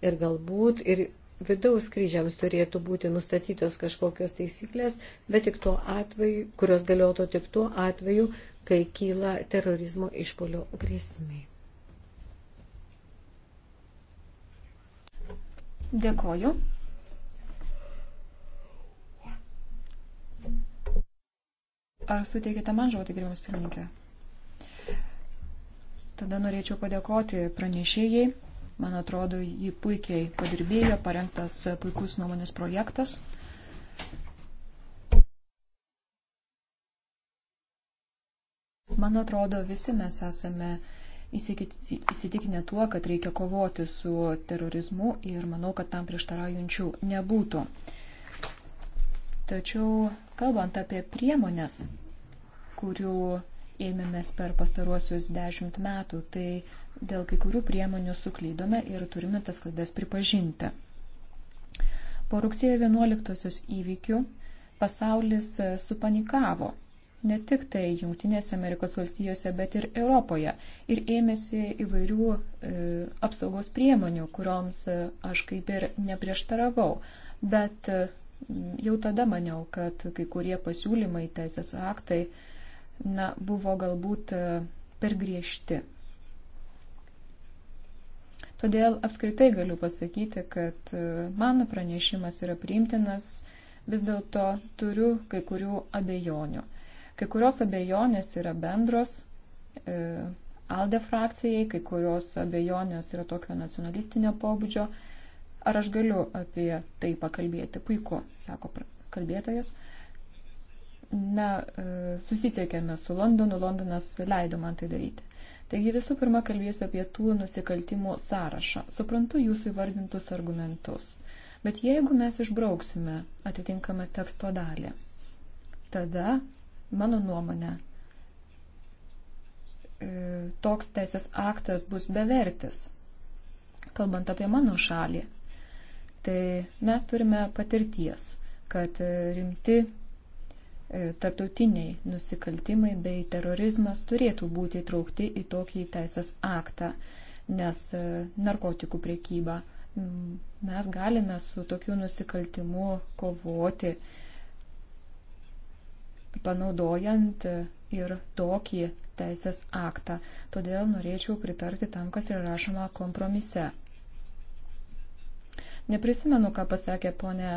Ir galbūt ir vidaus skrydžiams turėtų būti nustatytos kažkokios taisyklės, bet tik tuo atveju, kurios galiotų tik tuo atveju, kai kyla terorizmo išpolio grėsmė. Dėkoju. Ar suteikite man žodį, gerbiamas pirmininkė? Tada norėčiau padėkoti pranešėjai. Man atrodo, jį puikiai padirbėjo, parengtas puikus nuomonės projektas. man atrodo, visi mes esame įsitikinę tuo, kad reikia kovoti su terorizmu ir manau, kad tam prieštaraujančių nebūtų. Tačiau, kalbant apie priemonės, kurių ėmėmės per pastaruosius dešimt metų, tai dėl kai kurių priemonių suklydome ir turime tas klaidas pripažinti. Po rugsėjo 11 įvykių pasaulis supanikavo ne tik tai Junktinėse Amerikos valstijose, bet ir Europoje ir ėmėsi įvairių e, apsaugos priemonių, kurioms e, aš kaip ir neprieštaravau. Bet e, jau tada maniau, kad kai kurie pasiūlymai teisės aktai na, buvo galbūt e, per griežti. Todėl apskritai galiu pasakyti, kad e, mano pranešimas yra priimtinas, vis dėlto turiu kai kurių abejonių. Kai kurios abejonės yra bendros e, ALDE frakcijai, kai kurios abejonės yra tokio nacionalistinio pobūdžio. Ar aš galiu apie tai pakalbėti? Puiku, sako kalbėtojas. Na, e, susisiekėme su Londonu, Londonas leido man tai daryti. Taigi visų pirma kalbėsiu apie tų nusikaltimų sąrašą. Suprantu jūsų įvardintus argumentus. Bet jeigu mes išbrauksime atitinkamą teksto dalį, tada Mano nuomonė, e, toks teisės aktas bus bevertis. Kalbant apie mano šalį, tai mes turime patirties, kad rimti e, tarptautiniai nusikaltimai bei terorizmas turėtų būti įtraukti į tokį teisės aktą, nes e, narkotikų priekyba mes galime su tokiu nusikaltimu kovoti panaudojant ir tokį teisės aktą. Todėl norėčiau pritarti tam, kas yra rašoma kompromise. Neprisimenu, ką pasakė ponė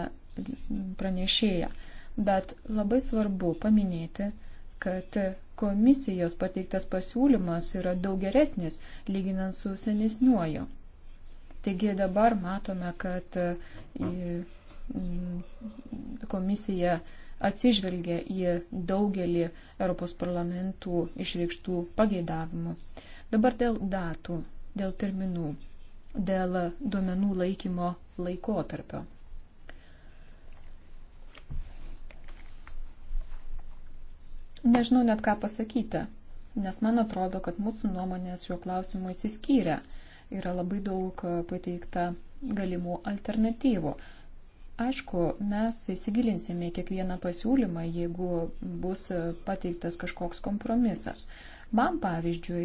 pranešėja, bet labai svarbu paminėti, kad komisijos pateiktas pasiūlymas yra daug geresnis lyginant su senesniuoju. Taigi dabar matome, kad mm, komisija uh, atsižvelgia į daugelį Europos parlamentų išreikštų pageidavimų. Dabar dėl datų, dėl terminų, dėl duomenų laikymo laikotarpio. Nežinau net ką pasakyti, nes man atrodo, kad mūsų nuomonės šiuo klausimu įsiskyrė. Yra labai daug pateikta galimų alternatyvų. Aišku, mes įsigilinsime į kiekvieną pasiūlymą, jeigu bus pateiktas kažkoks kompromisas. Man, pavyzdžiui,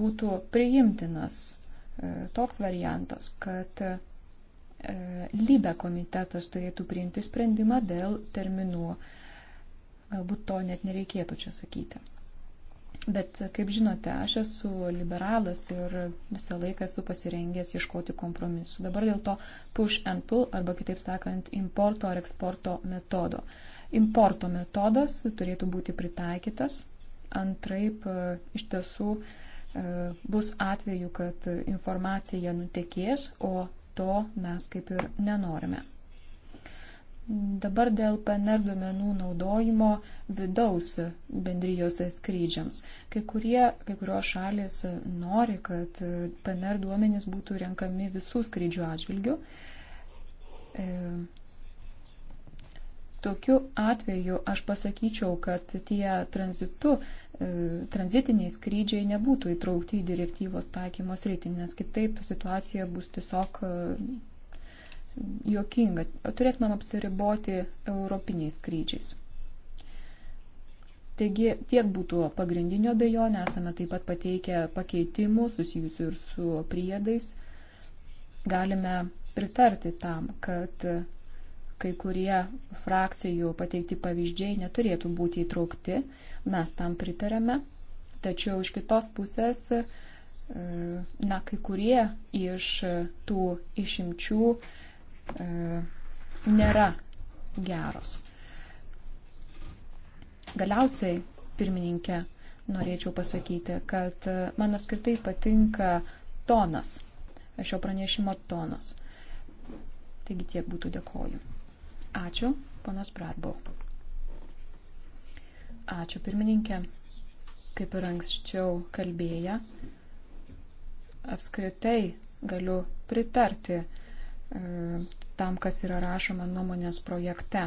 būtų priimtinas e, toks variantas, kad e, lybe komitetas turėtų priimti sprendimą dėl terminų. Galbūt to net nereikėtų čia sakyti. Bet, kaip žinote, aš esu liberalas ir visą laiką esu pasirengęs ieškoti kompromisų. Dabar dėl to push and pull arba kitaip sakant importo ar eksporto metodo. Importo metodas turėtų būti pritaikytas, antraip e, iš tiesų e, bus atveju, kad informacija nutekės, o to mes kaip ir nenorime. Dabar dėl PNR duomenų naudojimo vidaus bendrijos skrydžiams. Kai, kurie, kai kurios šalis nori, kad PNR duomenys būtų renkami visų skrydžių atžvilgių. E, tokiu atveju aš pasakyčiau, kad tie tranzitu, e, tranzitiniai skrydžiai nebūtų įtraukti į direktyvos taikymos rytį, nes kitaip situacija bus tiesiog. E, juokinga. Turėtumėm apsiriboti europiniais skrydžiais. Taigi tiek būtų pagrindinio bejonė, esame taip pat pateikę pakeitimų susijusių ir su priedais. Galime pritarti tam, kad kai kurie frakcijų pateikti pavyzdžiai neturėtų būti įtraukti, mes tam pritarėme, tačiau iš kitos pusės, e, na, kai kurie iš tų išimčių E, nėra geros. Galiausiai, pirmininkė, norėčiau pasakyti, kad e, man apskritai patinka tonas, šio pranešimo tonas. Taigi tiek būtų dėkoju. Ačiū, ponas Bradbau. Ačiū, pirmininkė. Kaip ir anksčiau kalbėję, apskritai galiu pritarti E, tam, kas yra rašoma nuomonės projekte.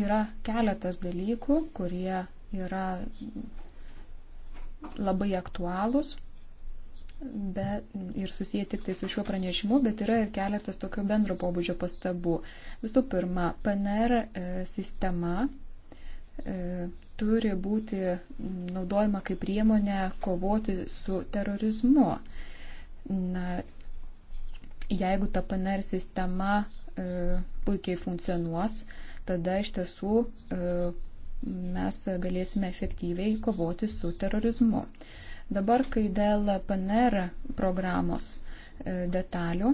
Yra keletas dalykų, kurie yra labai aktualūs bet, ir susiję tik tai su šiuo pranešimu, bet yra ir keletas tokio bendro pobūdžio pastabų. Visų pirma, PNR e, sistema e, turi būti naudojama kaip priemonė kovoti su terorizmu. Na, jeigu ta PNR sistema e, puikiai funkcionuos, tada iš tiesų e, mes galėsime efektyviai kovoti su terorizmu. Dabar, kai dėl PNR programos e, detalių,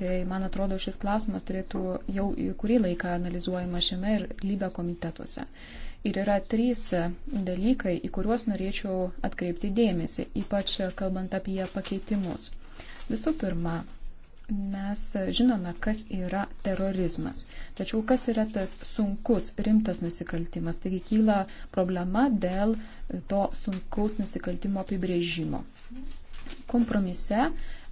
tai man atrodo šis klausimas turėtų jau kurį laiką analizuojama šiame ir lybe komitetuose. Ir yra trys dalykai, į kuriuos norėčiau atkreipti dėmesį, ypač kalbant apie pakeitimus. Visų pirma, mes žinome, kas yra terorizmas. Tačiau kas yra tas sunkus, rimtas nusikaltimas? Taigi kyla problema dėl to sunkaus nusikaltimo apibrėžimo. Kompromise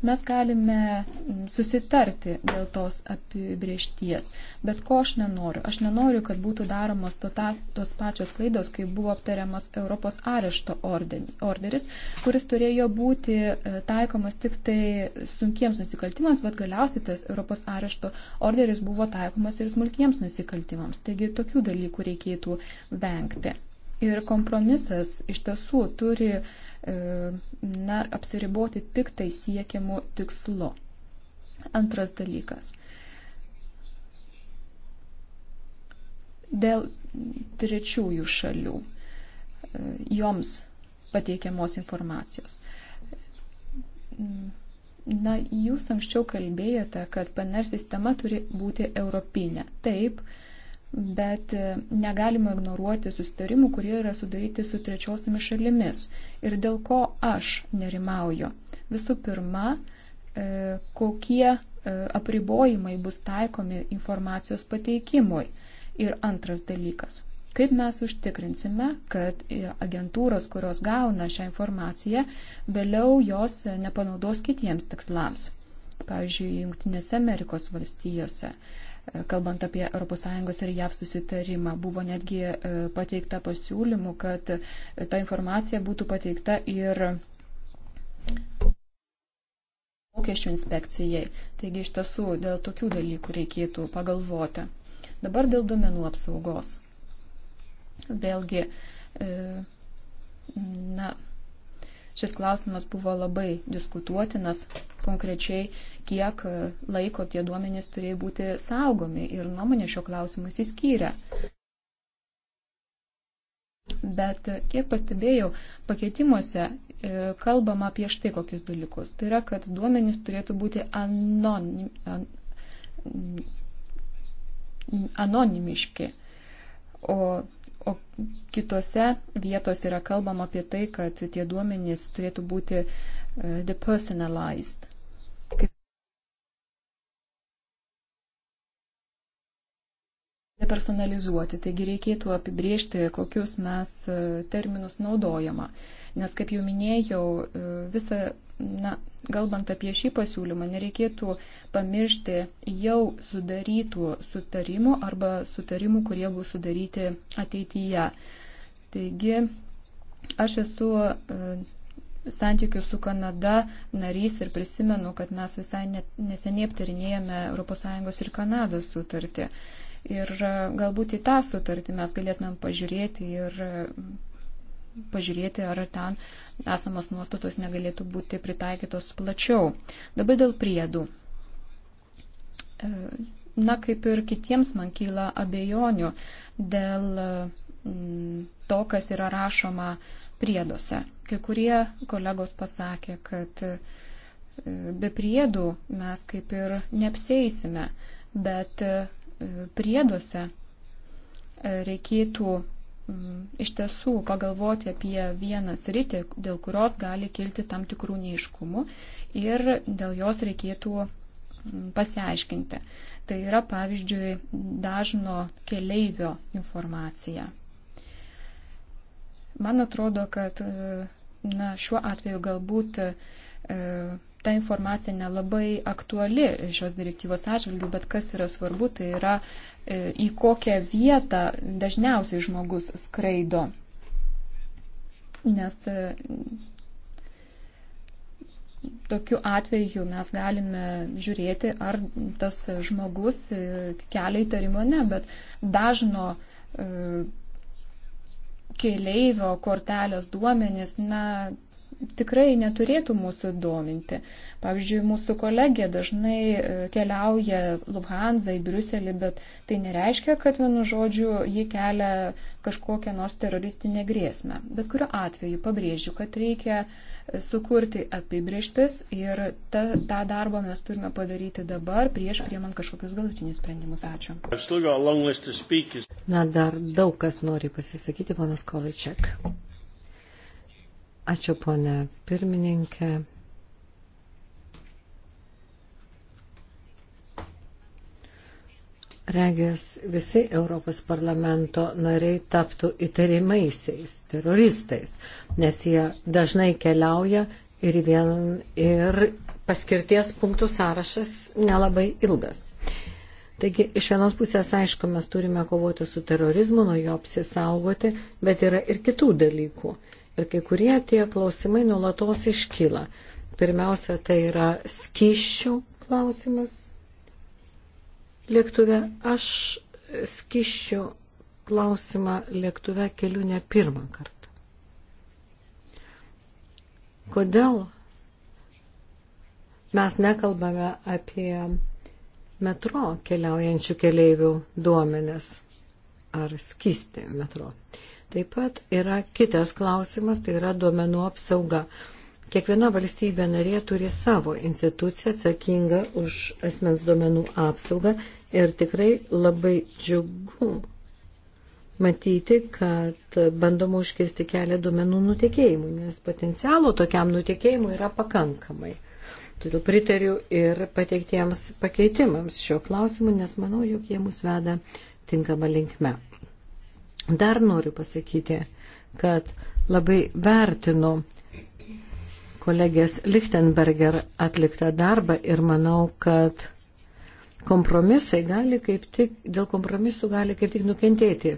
Mes galime mm, susitarti dėl tos apibriešties. Bet ko aš nenoriu? Aš nenoriu, kad būtų daromos to ta, tos pačios klaidos, kai buvo aptariamas Europos arešto orderis, kuris turėjo būti e, taikomas tik tai sunkiems nusikaltimams, bet galiausiai tas Europos arešto orderis buvo taikomas ir smulkiems nusikaltimams. Taigi tokių dalykų reikėtų vengti. Ir kompromisas iš tiesų turi e, na, apsiriboti tik tai siekiamu tikslu. Antras dalykas. Dėl trečiųjų šalių e, joms pateikiamos informacijos. Na, jūs anksčiau kalbėjote, kad PNR sistema turi būti europinė. Taip, uh, bet e, negalima ignoruoti susitarimų, kurie yra sudaryti su trečiosiomis šalimis. Ir dėl ko aš nerimauju? Visų pirma, e, kokie e, apribojimai bus taikomi informacijos pateikimui. Ir antras dalykas. Kaip mes užtikrinsime, kad agentūros, kurios gauna šią informaciją, vėliau jos nepanaudos kitiems tikslams. Pavyzdžiui, Junktinėse Amerikos valstijose. Uh, kalbant apie ES ir JAV susitarimą. Buvo netgi e, pateikta pasiūlymų, kad ta informacija būtų pateikta ir mokesčių inspekcijai. Taigi iš tiesų dėl tokių dalykų reikėtų pagalvoti. Dabar dėl duomenų apsaugos. Vėlgi, e, na, Šis klausimas buvo labai diskutuotinas, konkrečiai kiek e, laiko tie duomenys turėjo būti saugomi ir nuomonė šio klausimu įsiskyrė. Bet e, kiek pastebėjau, pakeitimuose e, kalbama apie štai kokius dalykus. Tai yra, kad duomenys turėtų būti anonim, an, anonimiški. O O kitose vietose yra kalbama apie tai, kad tie duomenys turėtų būti e, depersonalized. Kaip personalizuoti, taigi reikėtų apibriežti, kokius mes e, terminus naudojama. Nes, kaip jau minėjau, e, visą, na, galbant apie šį pasiūlymą, nereikėtų pamiršti jau sudarytų sutarimų arba sutarimų, kurie bus sudaryti ateityje. Taigi, aš esu e, santykių su Kanada narys ir prisimenu, kad mes visai neseniai aptarinėjome ES ir Kanados sutartį. Ir e, galbūt į tą sutartį mes galėtumėm pažiūrėti ir e, pažiūrėti, ar ten esamos nuostatos negalėtų būti pritaikytos plačiau. Dabar dėl priedų. E, na, kaip ir kitiems man kyla abejonių dėl to, kas yra rašoma prieduose. Kai kurie kolegos pasakė, kad be priedų mes kaip ir neapsėsime, bet prieduose e, reikėtų mm, iš tiesų pagalvoti apie vieną sritį, dėl kurios gali kilti tam tikrų neiškumų ir dėl jos reikėtų mm, pasiaiškinti. Tai yra, pavyzdžiui, dažno keleivio informacija. Man atrodo, kad e, na, šiuo atveju galbūt e, ta informacija nelabai aktuali šios direktyvos atžvilgių, bet kas yra svarbu, tai yra e, į kokią vietą dažniausiai žmogus skraido. Nes e, tokiu atveju mes galime žiūrėti, ar tas žmogus e, kelia įtarimo ne, bet dažno keleivio kortelės duomenys, na, tikrai neturėtų mūsų dominti. Pavyzdžiui, mūsų kolegė dažnai e, keliauja Lufthansa į Briuselį, bet tai nereiškia, kad vienu žodžiu ji kelia kažkokią nors teroristinę grėsmę. Bet kuriuo atveju pabrėžiu, kad reikia sukurti apibrieštis ir ta, tą darbą mes turime padaryti dabar, prieš priemant kažkokius galutinius sprendimus. Ačiū. Na, dar daug kas nori pasisakyti, ponas Količiak. Ačiū, ponė pirmininkė. Regės visi Europos parlamento nariai taptų įtarimaisiais, teroristais, nes jie dažnai keliauja ir, vien, ir paskirties punktų sąrašas nelabai ilgas. Taigi, iš vienos pusės, aišku, mes turime kovoti su terorizmu, nuo jo apsisaugoti, bet yra ir kitų dalykų. Ir kai kurie tie klausimai nulatos iškyla. Pirmiausia, tai yra skyšių klausimas lėktuve. Aš skyšių klausimą lėktuve keliu ne pirmą kartą. Kodėl mes nekalbame apie metro keliaujančių keleivių duomenis ar skysti metro? Taip pat yra kitas klausimas, tai yra duomenų apsauga. Kiekviena valstybė narė turi savo instituciją atsakingą už asmens duomenų apsaugą ir tikrai labai džiugu matyti, kad bandoma užkirsti kelią duomenų nutekėjimui, nes potencialo tokiam nutekėjimui yra pakankamai. Todėl pritariu ir pateiktiems pakeitimams šio klausimu, nes manau, jog jie mus veda tinkama linkme. Dar noriu pasakyti, kad labai vertinu kolegės Lichtenberger atliktą darbą ir manau, kad kompromisai gali kaip tik, dėl kompromisų gali kaip tik nukentėti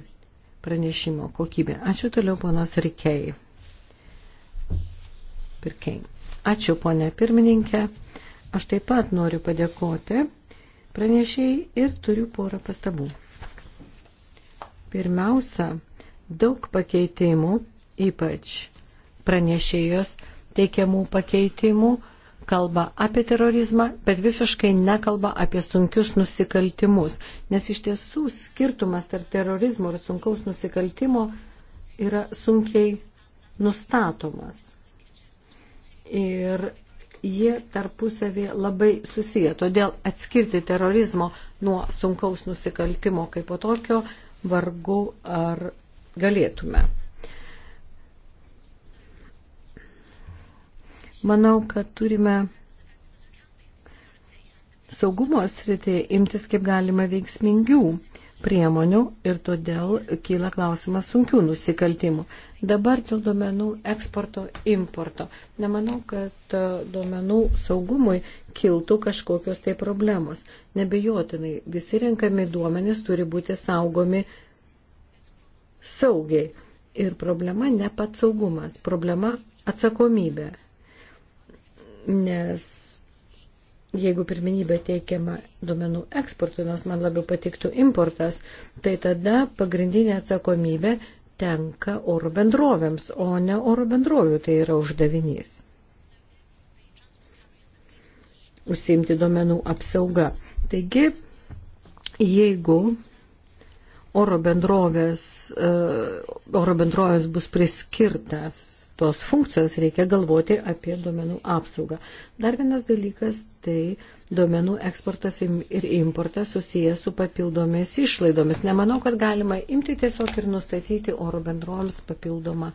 pranešimo kokybė. Ačiū toliau, ponas Rikei. Pirkei. Ačiū, ponė pirmininkė. Aš taip pat noriu padėkoti pranešėjai ir turiu porą pastabų. Pirmiausia, daug pakeitimų, ypač pranešėjos teikiamų pakeitimų, kalba apie terorizmą, bet visiškai nekalba apie sunkius nusikaltimus, nes iš tiesų skirtumas tarp terorizmo ir sunkaus nusikaltimo yra sunkiai nustatomas. Ir jie tarpusavį labai susiję, todėl atskirti terorizmo nuo sunkaus nusikaltimo kaip po tokio vargu ar galėtume. Manau, kad turime saugumo srityje imtis kaip galima veiksmingių priemonių ir todėl kyla klausimas sunkių nusikaltimų. Dabar dėl duomenų eksporto importo. Nemanau, kad e, duomenų saugumui kiltų kažkokios tai problemos. Nebejotinai, visi renkami duomenys turi būti saugomi saugiai. Ir problema ne pats saugumas, problema atsakomybė. Nes jeigu pirminybė teikiama duomenų eksportui, nors man labiau patiktų importas, tai tada pagrindinė atsakomybė tenka oro bendrovėms, o ne oro bendrovių tai yra uždavinys. Užsiimti duomenų apsauga. Taigi, jeigu oro bendrovės, e, oro bendrovės bus priskirtas tos funkcijos, reikia galvoti apie duomenų apsaugą. Dar vienas dalykas tai duomenų eksportas ir importas susijęs su papildomis išlaidomis. Nemanau, kad galima imti tiesiog ir nustatyti oro bendrovams papildomą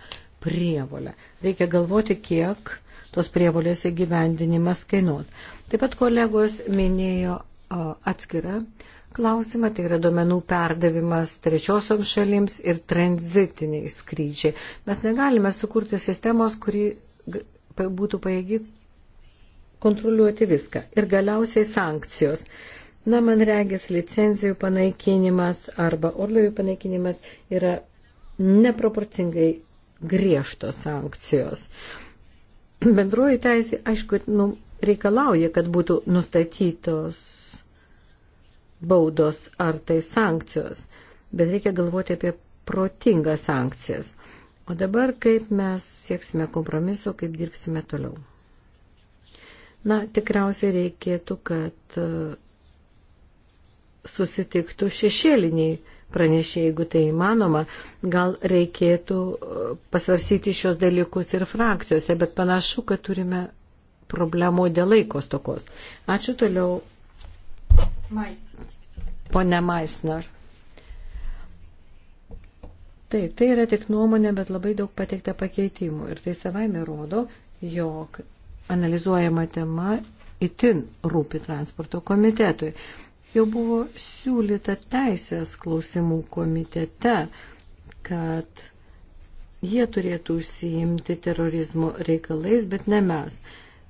prievolę. Reikia galvoti, kiek tos prievolės įgyvendinimas kainuot. Taip pat kolegos minėjo atskirą klausimą, tai yra duomenų perdavimas trečiosioms šalims ir tranzitiniai skrydžiai. Mes negalime sukurti sistemos, kuri būtų paėgi kontroliuoti viską. Ir galiausiai sankcijos. Na, man regis, licenzijų panaikinimas arba orlaivių panaikinimas yra neproporcingai griežtos sankcijos. Bendroji teisė, aišku, nu, reikalauja, kad būtų nustatytos baudos ar tai sankcijos, bet reikia galvoti apie protingas sankcijas. O dabar kaip mes sieksime kompromiso, kaip dirbsime toliau. Na, tikriausiai reikėtų, kad e, susitiktų šešėliniai pranešė, jeigu tai įmanoma, gal reikėtų e, pasvarsyti šios dalykus ir frakcijose, bet panašu, kad turime problemų dėl laikos tokos. Ačiū toliau. Pone Maisnar. Taip, tai yra tik nuomonė, bet labai daug pateikta pakeitimų ir tai savaime rodo, jog analizuojama tema itin rūpi transporto komitetui. Jau buvo siūlyta teisės klausimų komitete, kad jie turėtų užsiimti terorizmo reikalais, bet ne mes.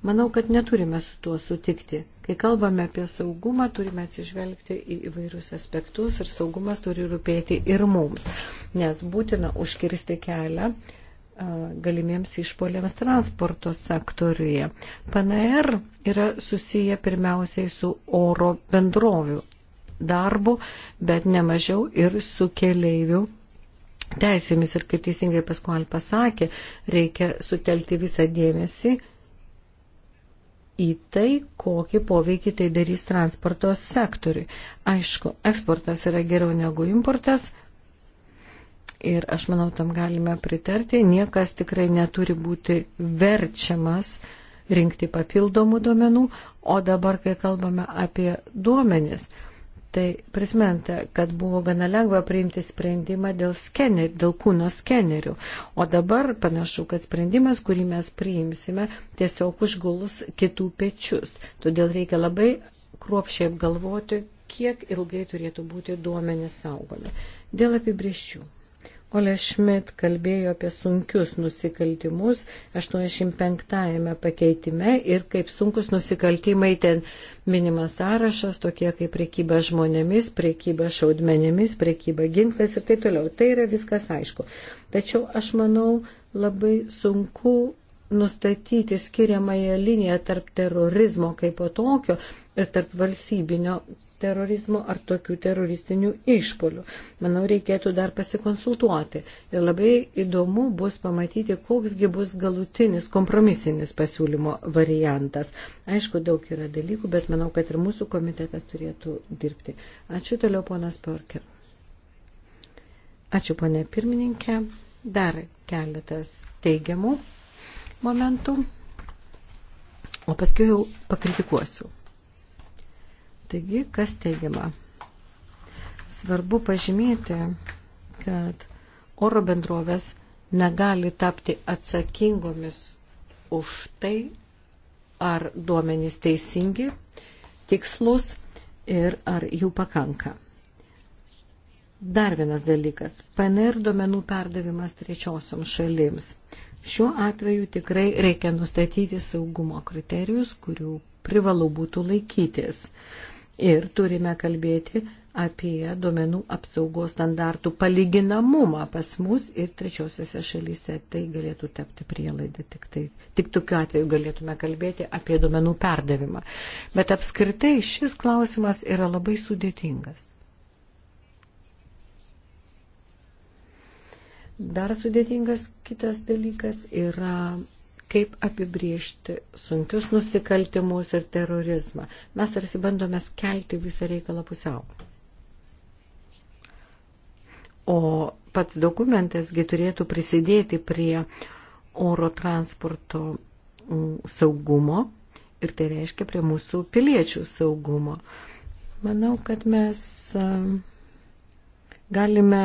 Manau, kad neturime su tuo sutikti. Kai kalbame apie saugumą, turime atsižvelgti į įvairius aspektus ir saugumas turi rūpėti ir mums, nes būtina užkirsti kelią galimiems išpoliams transporto sektoriuje. PNR yra susiję pirmiausiai su oro bendrovių darbu, bet nemažiau ir su keleivių teisėmis. Ir kaip teisingai paskual pasakė, reikia sutelkti visą dėmesį į tai, kokį poveikį tai darys transporto sektoriui. Aišku, eksportas yra geriau negu importas, ir aš manau, tam galime pritarti. Niekas tikrai neturi būti verčiamas rinkti papildomų duomenų, o dabar, kai kalbame apie duomenis, tai prisimenta, kad buvo gana lengva priimti sprendimą dėl, skener, dėl kūno skenerių, o dabar panašu, kad sprendimas, kurį mes priimsime, tiesiog užgulus kitų pečius. Todėl reikia labai kruopšiai apgalvoti, kiek ilgai turėtų būti duomenys saugomi. Dėl apibrieščių. Ole Schmidt kalbėjo apie sunkius nusikaltimus 85-ame pakeitime ir kaip sunkus nusikaltimai ten minimas sąrašas, tokie kaip priekyba žmonėmis, priekyba šaudmenėmis, priekyba ginklais ir taip toliau. Tai yra viskas aišku. Tačiau aš manau labai sunku nustatyti skiriamąją liniją tarp terorizmo kaip po tokio ir tarp valstybinio terorizmo ar tokių teroristinių išpolių. Manau, reikėtų dar pasikonsultuoti. Ir labai įdomu bus pamatyti, koksgi bus galutinis kompromisinis pasiūlymo variantas. Aišku, daug yra dalykų, bet manau, kad ir mūsų komitetas turėtų dirbti. Ačiū toliau, ponas Parker. Ačiū, ponė pirmininkė. Dar keletas teigiamų momentų, o paskui jau pakritikuosiu. Taigi, kas teigiama? Svarbu pažymėti, kad oro bendrovės negali tapti atsakingomis už tai, ar duomenys teisingi, tikslus ir ar jų pakanka. Dar vienas dalykas - PNR duomenų perdavimas trečiosioms šalims. Šiuo atveju tikrai reikia nustatyti saugumo kriterijus, kurių privalu būtų laikytis. Ir turime kalbėti apie duomenų apsaugos standartų palyginamumą pas mus ir trečiosiuose šalyse. Tai galėtų tapti prielaidą. Tik, tai, tik tokiu atveju galėtume kalbėti apie duomenų perdavimą. Bet apskritai šis klausimas yra labai sudėtingas. Dar sudėtingas kitas dalykas yra kaip apibriežti sunkius nusikaltimus ir terorizmą. Mes tarsi bandome skelti visą reikalą pusiau. O pats dokumentasgi turėtų prisidėti prie oro transporto mm, saugumo ir tai reiškia prie mūsų piliečių saugumo. Manau, kad mes mm, galime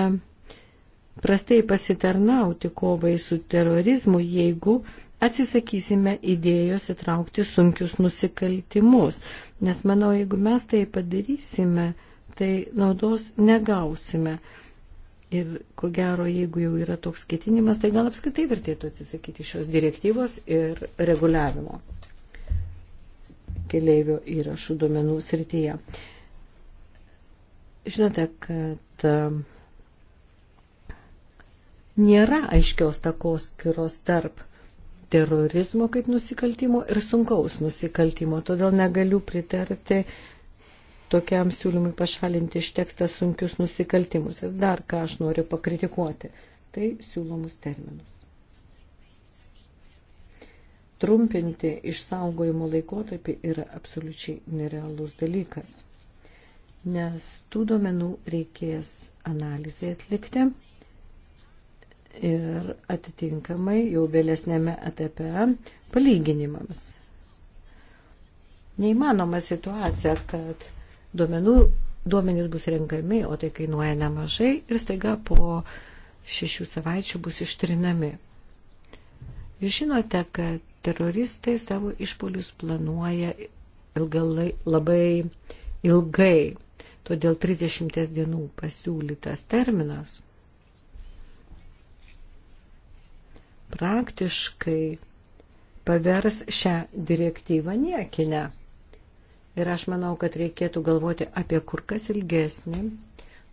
prastai pasitarnauti kovai su terorizmu, jeigu atsisakysime idėjos įtraukti sunkius nusikaltimus. Nes manau, jeigu mes tai padarysime, tai naudos negausime. Ir ko gero, jeigu jau yra toks ketinimas, tai gal apskritai vertėtų atsisakyti šios direktyvos ir reguliavimo keleivio įrašų duomenų srityje. Žinote, kad nėra aiškios takos skiros tarp terorizmo kaip nusikaltimo ir sunkaus nusikaltimo. Todėl negaliu pritarti tokiam siūlymui pašalinti iš tekstą sunkius nusikaltimus. Ir dar ką aš noriu pakritikuoti, tai siūlomus terminus. Trumpinti išsaugojimo laikotarpį yra absoliučiai nerealus dalykas, nes tų duomenų reikės analizai atlikti ir atitinkamai jau vėlesnėme etape palyginimams. Neįmanoma situacija, kad duomenų, duomenys bus renkami, o tai kainuoja nemažai ir staiga po šešių savaičių bus ištrinami. Jūs žinote, kad teroristai savo išpolius planuoja ilgalai, labai ilgai, todėl 30 dienų pasiūlytas terminas – praktiškai pavers šią direktyvą niekinę. Ir aš manau, kad reikėtų galvoti apie kur kas ilgesnį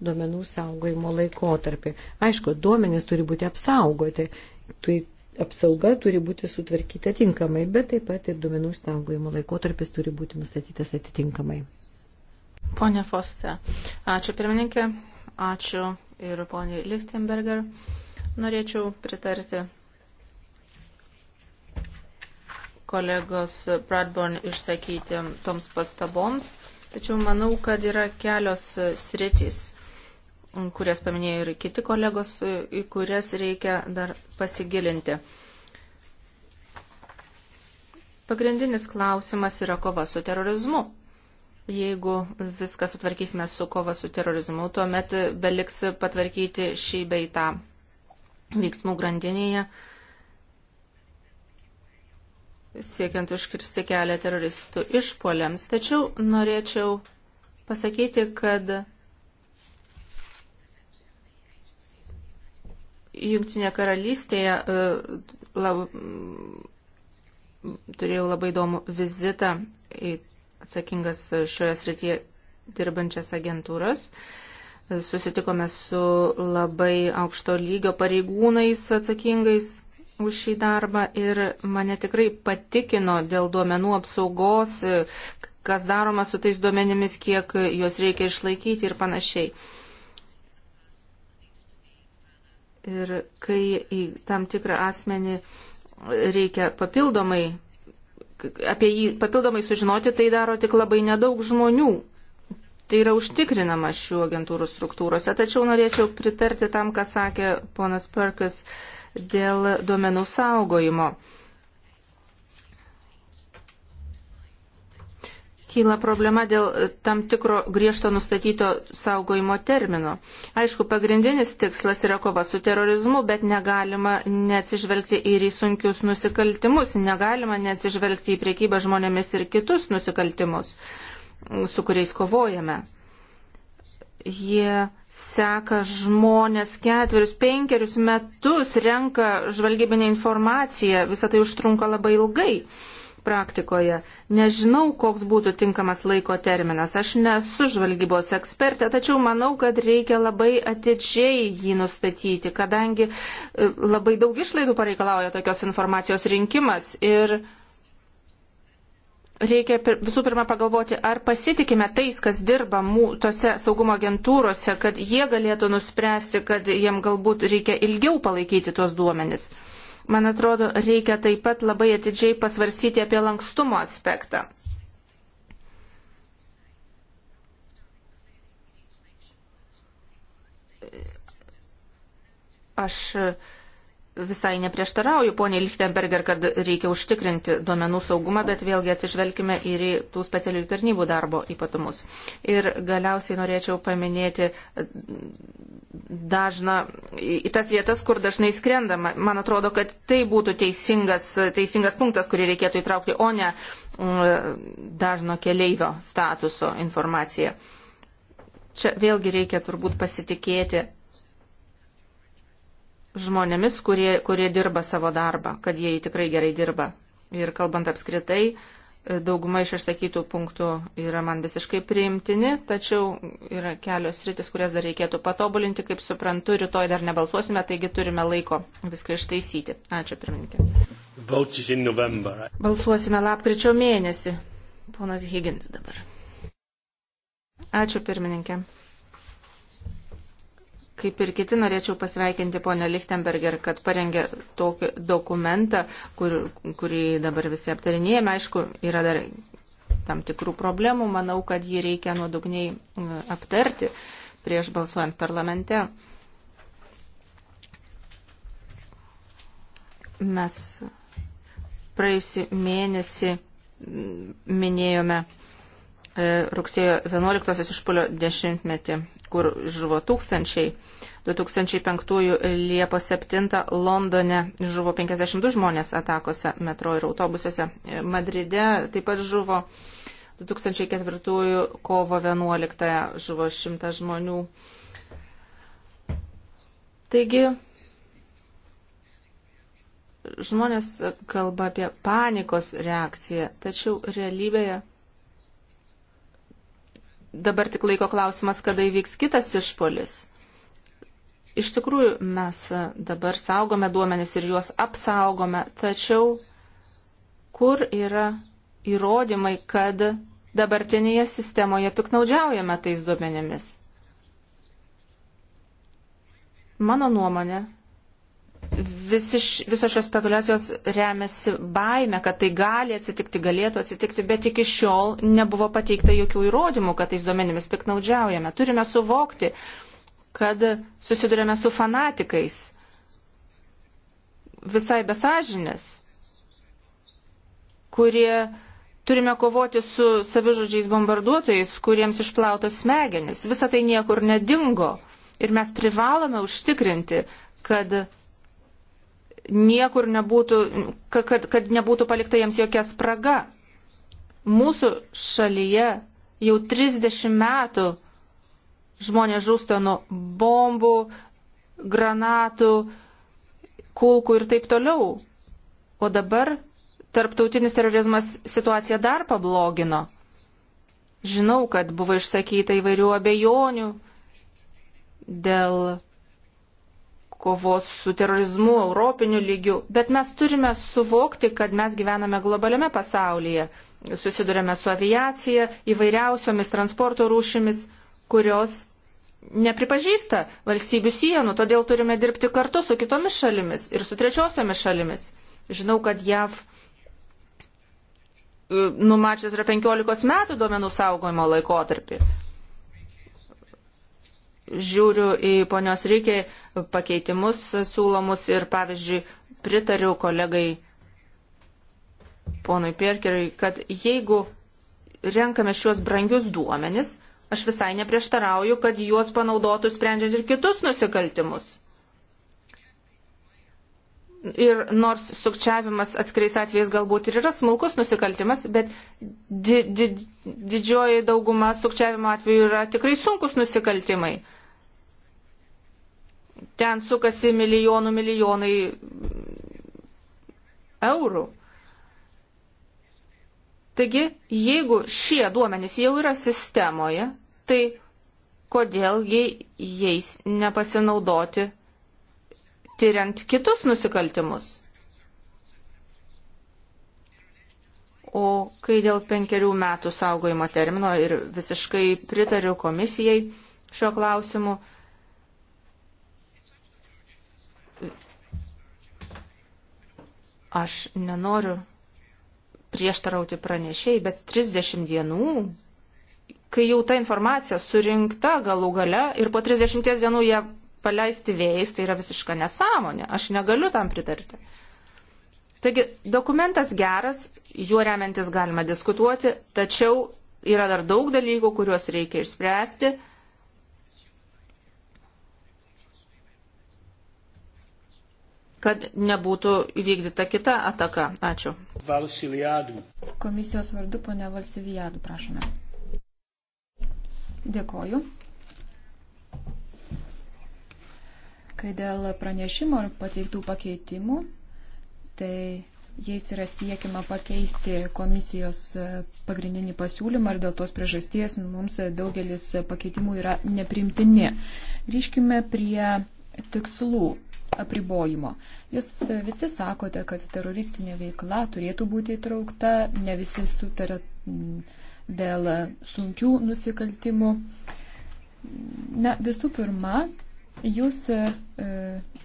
duomenų saugojimo laikotarpį. Aišku, duomenys turi būti apsaugoti, turi, apsauga turi būti sutvarkyta tinkamai, bet taip pat ir duomenų saugojimo laikotarpis turi būti nustatytas atitinkamai. Pone Fosse, ačiū pirmininkė, ačiū ir poniai Lichtenberger. Norėčiau pritarti kolegos Bradburn išsakyti toms pastaboms, tačiau manau, kad yra kelios sritys, kurias paminėjo ir kiti kolegos, į kurias reikia dar pasigilinti. Pagrindinis klausimas yra kova su terorizmu. Jeigu viską sutvarkysime su kova su terorizmu, tuomet beliks patvarkyti šį beitą veiksmų grandinėje siekiant užkirsti kelią teroristų išpoliams. Tačiau norėčiau pasakyti, kad Junktinė karalystėje e, lab, turėjau labai įdomų vizitą į atsakingas šioje srityje dirbančias agentūras. Susitikome su labai aukšto lygio pareigūnais atsakingais už šį darbą ir mane tikrai patikino dėl duomenų apsaugos, kas daroma su tais duomenimis, kiek juos reikia išlaikyti ir panašiai. Ir kai į tam tikrą asmenį reikia papildomai, apie jį papildomai sužinoti, tai daro tik labai nedaug žmonių. Tai yra užtikrinama šių agentūrų struktūrose. Tačiau norėčiau pritarti tam, ką sakė ponas Perkas. Uh, dėl duomenų saugojimo. kyla problema dėl tam tikro griežto nustatyto saugojimo termino. Aišku, pagrindinis tikslas yra kova su terorizmu, bet negalima neatsižvelgti ir į sunkius nusikaltimus, negalima neatsižvelgti į priekybą žmonėmis ir kitus nusikaltimus, su kuriais kovojame. Jie seka žmonės ketverius, penkerius metus, renka žvalgybinę informaciją, visą tai užtrunka labai ilgai praktikoje. Nežinau, koks būtų tinkamas laiko terminas. Aš nesu žvalgybos ekspertė, tačiau manau, kad reikia labai atidžiai jį nustatyti, kadangi e, labai daug išlaidų pareikalauja tokios informacijos rinkimas ir reikia visų pirma pagalvoti, ar pasitikime tais, kas dirba mū, tose saugumo agentūrose, kad jie galėtų nuspręsti, kad jiem galbūt reikia ilgiau palaikyti tuos duomenis. Man atrodo, reikia taip pat labai atidžiai pasvarstyti apie lankstumo aspektą. Aš visai neprieštarauju, ponė Lichtenberger, kad reikia užtikrinti duomenų saugumą, bet vėlgi atsižvelgime ir į tų specialiųjų tarnybų darbo ypatumus. Ir galiausiai norėčiau paminėti dažna, į tas vietas, kur dažnai skrendama. Man atrodo, kad tai būtų teisingas, teisingas punktas, kurį reikėtų įtraukti, o ne mm, dažno keleivio statuso informacija. Čia vėlgi reikia turbūt pasitikėti žmonėmis, kurie, kurie dirba savo darbą, kad jie tikrai gerai dirba. Ir kalbant apskritai, dauguma iš išsakytų punktų yra man visiškai priimtini, tačiau yra kelios rytis, kurias dar reikėtų patobulinti. Kaip suprantu, rytoj dar nebalsuosime, taigi turime laiko viską ištaisyti. Ačiū, pirmininkė. Balsuosime lapkričio mėnesį. Ponas Higgins dabar. Ačiū, pirmininkė. Kaip ir kiti, norėčiau pasveikinti ponę Lichtenberger, kad parengė tokį dokumentą, kur, kurį dabar visi aptarinėjame. Aišku, yra dar tam tikrų problemų. Manau, kad jį reikia nuodugniai e, aptarti prieš balsuojant parlamente. Mes praėjusį mėnesį minėjome e, rugsėjo 11-osios išpolio dešimtmetį, kur žuvo tūkstančiai 2005 Liepos 7 Londone žuvo 52 žmonės atakose metro ir autobusuose. Madride taip pat žuvo 2004 kovo 11 žuvo 100 žmonių. Taigi, žmonės kalba apie panikos reakciją, tačiau realybėje dabar tik laiko klausimas, kada įvyks kitas išpolis. Iš tikrųjų, mes dabar saugome duomenis ir juos apsaugome, tačiau kur yra įrodymai, kad dabartinėje sistemoje piknaudžiaujame tais duomenimis? Mano nuomonė, visi, visos šios spekulacijos remiasi baime, kad tai gali atsitikti, galėtų atsitikti, bet iki šiol nebuvo pateikta jokių įrodymų, kad tais duomenimis piknaudžiaujame. Turime suvokti, kad susidurėme su fanatikais, visai besažinės, kurie turime kovoti su savižudžiais bombarduotojais, kuriems išplautos smegenis. Visa tai niekur nedingo ir mes privalome užtikrinti, kad niekur nebūtų, kad, kad nebūtų palikta jiems jokia spraga. Mūsų šalyje jau 30 metų Žmonės žūsta nuo bombų, granatų, kulkų ir taip toliau. O dabar tarptautinis terorizmas situaciją dar pablogino. Žinau, kad buvo išsakyta įvairių abejonių dėl kovos su terorizmu europiniu lygiu, bet mes turime suvokti, kad mes gyvename globaliame pasaulyje, susidurėme su aviacija, įvairiausiomis transporto rūšimis, kurios nepripažįsta valstybių sienų, todėl turime dirbti kartu su kitomis šalimis ir su trečiosiomis šalimis. Žinau, kad JAV e, numačius yra 15 metų duomenų saugojimo laikotarpį. Žiūriu į ponios reikiai pakeitimus siūlomus ir, pavyzdžiui, pritariu kolegai ponui Perkeriui, kad jeigu renkame šios brangius duomenis, Aš visai neprieštarauju, kad juos panaudotų sprendžiant ir kitus nusikaltimus. Ir nors sukčiavimas atskiriais atvejais galbūt ir yra smulkus nusikaltimas, bet di di didžioji dauguma sukčiavimo atvejų yra tikrai sunkus nusikaltimai. Ten sukasi milijonų milijonai eurų. Taigi, jeigu šie duomenys jau yra sistemoje, tai kodėlgi jais nepasinaudoti tyriant kitus nusikaltimus. O kai dėl penkerių metų saugojimo termino ir visiškai pritariu komisijai šiuo klausimu, aš nenoriu prieštarauti pranešiai, bet 30 dienų kai jau ta informacija surinkta galų gale ir po 30 dienų ją paleisti vėjais, tai yra visiška nesąmonė. Aš negaliu tam pritarti. Taigi, dokumentas geras, juo remiantis galima diskutuoti, tačiau yra dar daug dalykų, kuriuos reikia išspręsti. kad nebūtų įvykdyta kita ataka. Ačiū. Valsiliadų. Komisijos vardu, ponia Valsiliadų, prašome. Dėkoju. Kai dėl pranešimo ir pateiktų pakeitimų, tai jais yra siekiama pakeisti komisijos pagrindinį pasiūlymą ir dėl tos priežasties mums daugelis pakeitimų yra neprimtini. Grįžkime prie tikslų apribojimo. Jūs visi sakote, kad teroristinė veikla turėtų būti įtraukta, ne visi sutarė dėl sunkių nusikaltimų. Na, visų pirma, Jūs e, e,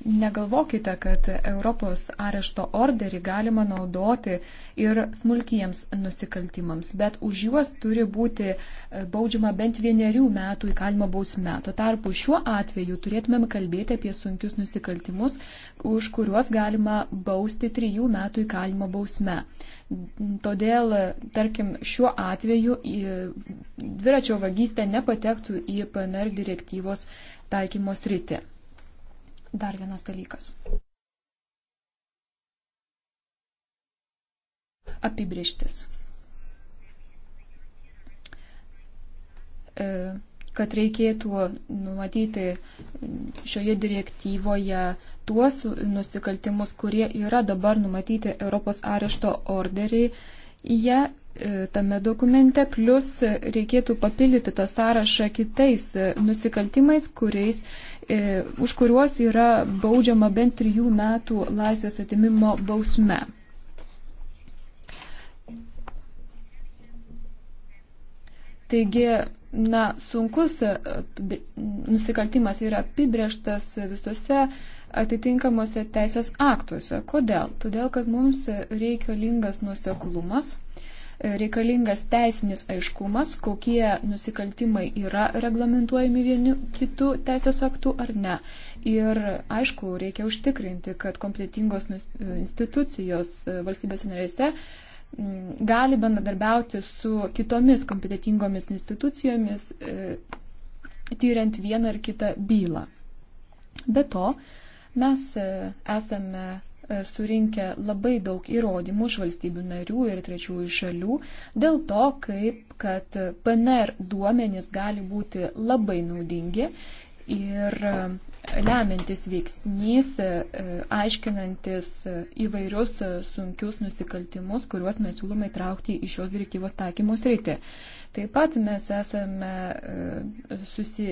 negalvokite, kad Europos arešto orderį galima naudoti ir smulkiems nusikaltimams, bet už juos turi būti e, baudžiama bent vienerių metų įkalimo bausme. Tuo tarpu šiuo atveju turėtumėm kalbėti apie sunkius nusikaltimus, už kuriuos galima bausti trijų metų įkalimo bausme. Todėl, tarkim, šiuo atveju dviračio vagystė nepatektų į PNR direktyvos taikymos rytį. Dar vienas dalykas. Apibrieštis. E, kad reikėtų numatyti šioje direktyvoje tuos nusikaltimus, kurie yra dabar numatyti Europos arešto orderiai, jie E, tame dokumente, plus reikėtų papildyti tą sąrašą kitais e, nusikaltimais, kuriais, e, už kuriuos yra baudžiama bent trijų metų laisvės atimimo bausme. Taigi, na, sunkus nusikaltimas yra apibrieštas visuose atitinkamuose teisės aktuose. Kodėl? Todėl, kad mums reikalingas nuseklumas reikalingas teisinis aiškumas, kokie nusikaltimai yra reglamentuojami vieni kitų teisės aktų ar ne. Ir aišku, reikia užtikrinti, kad kompetitingos institucijos e, valstybės narėse gali bendradarbiauti su kitomis kompetitingomis institucijomis, e, tyriant vieną ar kitą bylą. Be to, mes e, esame E, surinkę labai daug įrodymų iš valstybių narių ir trečiųjų šalių dėl to, kaip kad PNR duomenys gali būti labai naudingi ir e, lemiantis veiksnys, e, aiškinantis įvairius sunkius nusikaltimus, kuriuos mes siūlome įtraukti į šios direktyvos taikymus reitį. Taip pat mes esame e, susi,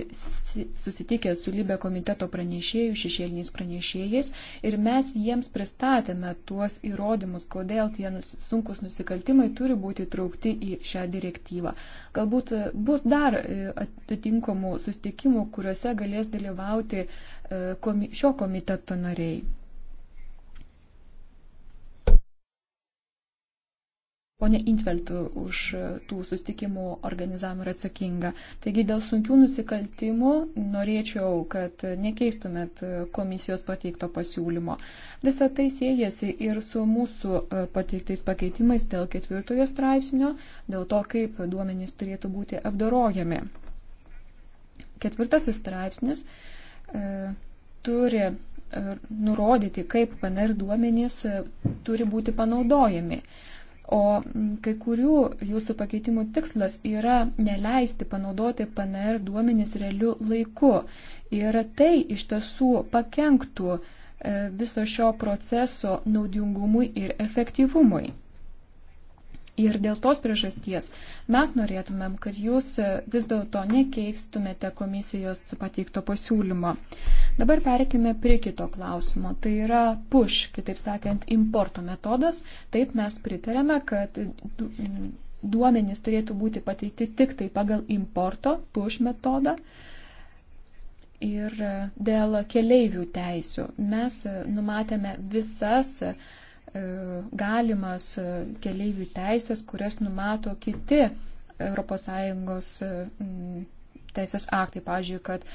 susitikę su Libė komiteto pranešėjų, šešėliniais pranešėjais ir mes jiems pristatėme tuos įrodymus, kodėl tie sunkus nusikaltimai turi būti traukti į šią direktyvą. Galbūt bus dar e, atitinkamų sustikimų, kuriuose galės dalyvauti e, šio komiteto nariai. Pone Intveltų už e, tų sustikimų organizavimą yra atsakinga. Taigi dėl sunkių nusikaltimų norėčiau, kad nekeistumėt e, komisijos pateikto pasiūlymo. Visą tai siejasi ir su mūsų e, pateiktais pakeitimais dėl ketvirtojo straipsnio, dėl to, kaip duomenys turėtų būti apdorojami. Ketvirtasis straipsnis e, turi nurodyti, kaip PNR duomenys turi būti panaudojami. E, O kai kurių jūsų pakeitimų tikslas yra neleisti panaudoti PNR duomenys realiu laiku. Ir tai iš tiesų pakenktų e, viso šio proceso naudingumui ir efektyvumui. Ir dėl tos priežasties mes norėtumėm, kad jūs e, vis dėlto nekeistumėte komisijos pateikto pasiūlymo. Dabar perkime prie kito klausimo. Tai yra push, kitaip sakant, importo metodas. Taip mes pritarėme, kad duomenys turėtų būti pateikti tik tai pagal importo push metodą. Ir e, dėl keleivių teisių mes e, numatėme visas uh, E, galimas e, keleivių teisės, kurias numato kiti ES e, teisės aktai, pavyzdžiui, kad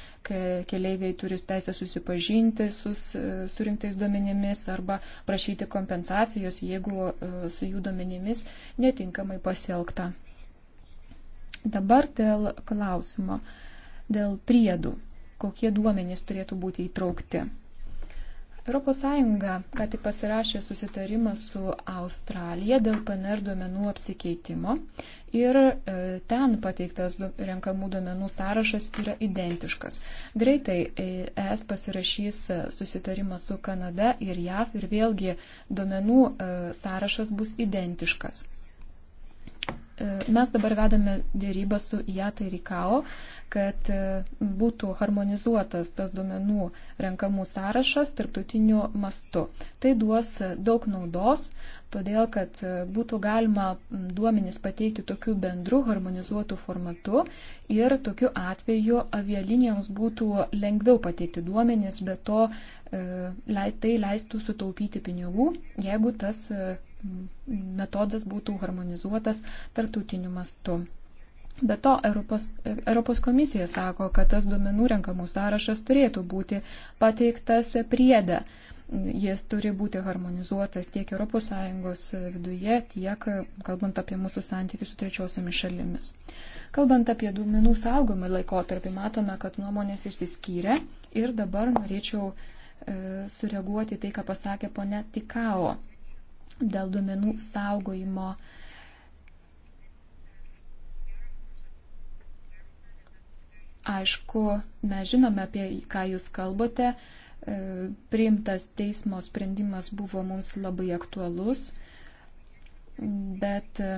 keleiviai turi teisę susipažinti su surinktais duomenimis arba prašyti kompensacijos, jeigu su jų duomenimis netinkamai pasielgta. Dabar dėl klausimo, dėl priedų, kokie duomenys turėtų būti įtraukti. ES ką tik pasirašė susitarimą su Australija dėl PNR duomenų apsikeitimo ir e, ten pateiktas renkamų duomenų sąrašas yra identiškas. Greitai e, ES pasirašys e, susitarimą su Kanada ir JAV ir vėlgi duomenų sąrašas bus identiškas. Mes dabar vedame dėrybą su IATA ir ICAO, kad e, būtų harmonizuotas tas duomenų renkamų sąrašas tarptautiniu mastu. Tai duos e, daug naudos, todėl kad e, būtų galima duomenys pateikti tokiu bendru harmonizuotu formatu ir tokiu atveju avialinijoms būtų lengviau pateikti duomenys, bet to tai leistų sutaupyti pinigų, jeigu tas metodas būtų harmonizuotas tarptautiniu mastu. Be to, Europos, Europos komisija sako, kad tas duomenų renkamų sąrašas turėtų būti pateiktas priedė. Jis turi būti harmonizuotas tiek ES viduje, tiek kalbant apie mūsų santykius su trečiosiomis šalimis. Kalbant apie duomenų saugomą laikotarpį, matome, kad nuomonės išsiskyrė ir dabar norėčiau e, sureaguoti tai, ką pasakė ponia Tikao dėl duomenų saugojimo. Aišku, mes žinome, apie ką jūs kalbate. E, priimtas teismo sprendimas buvo mums labai aktualus, bet e,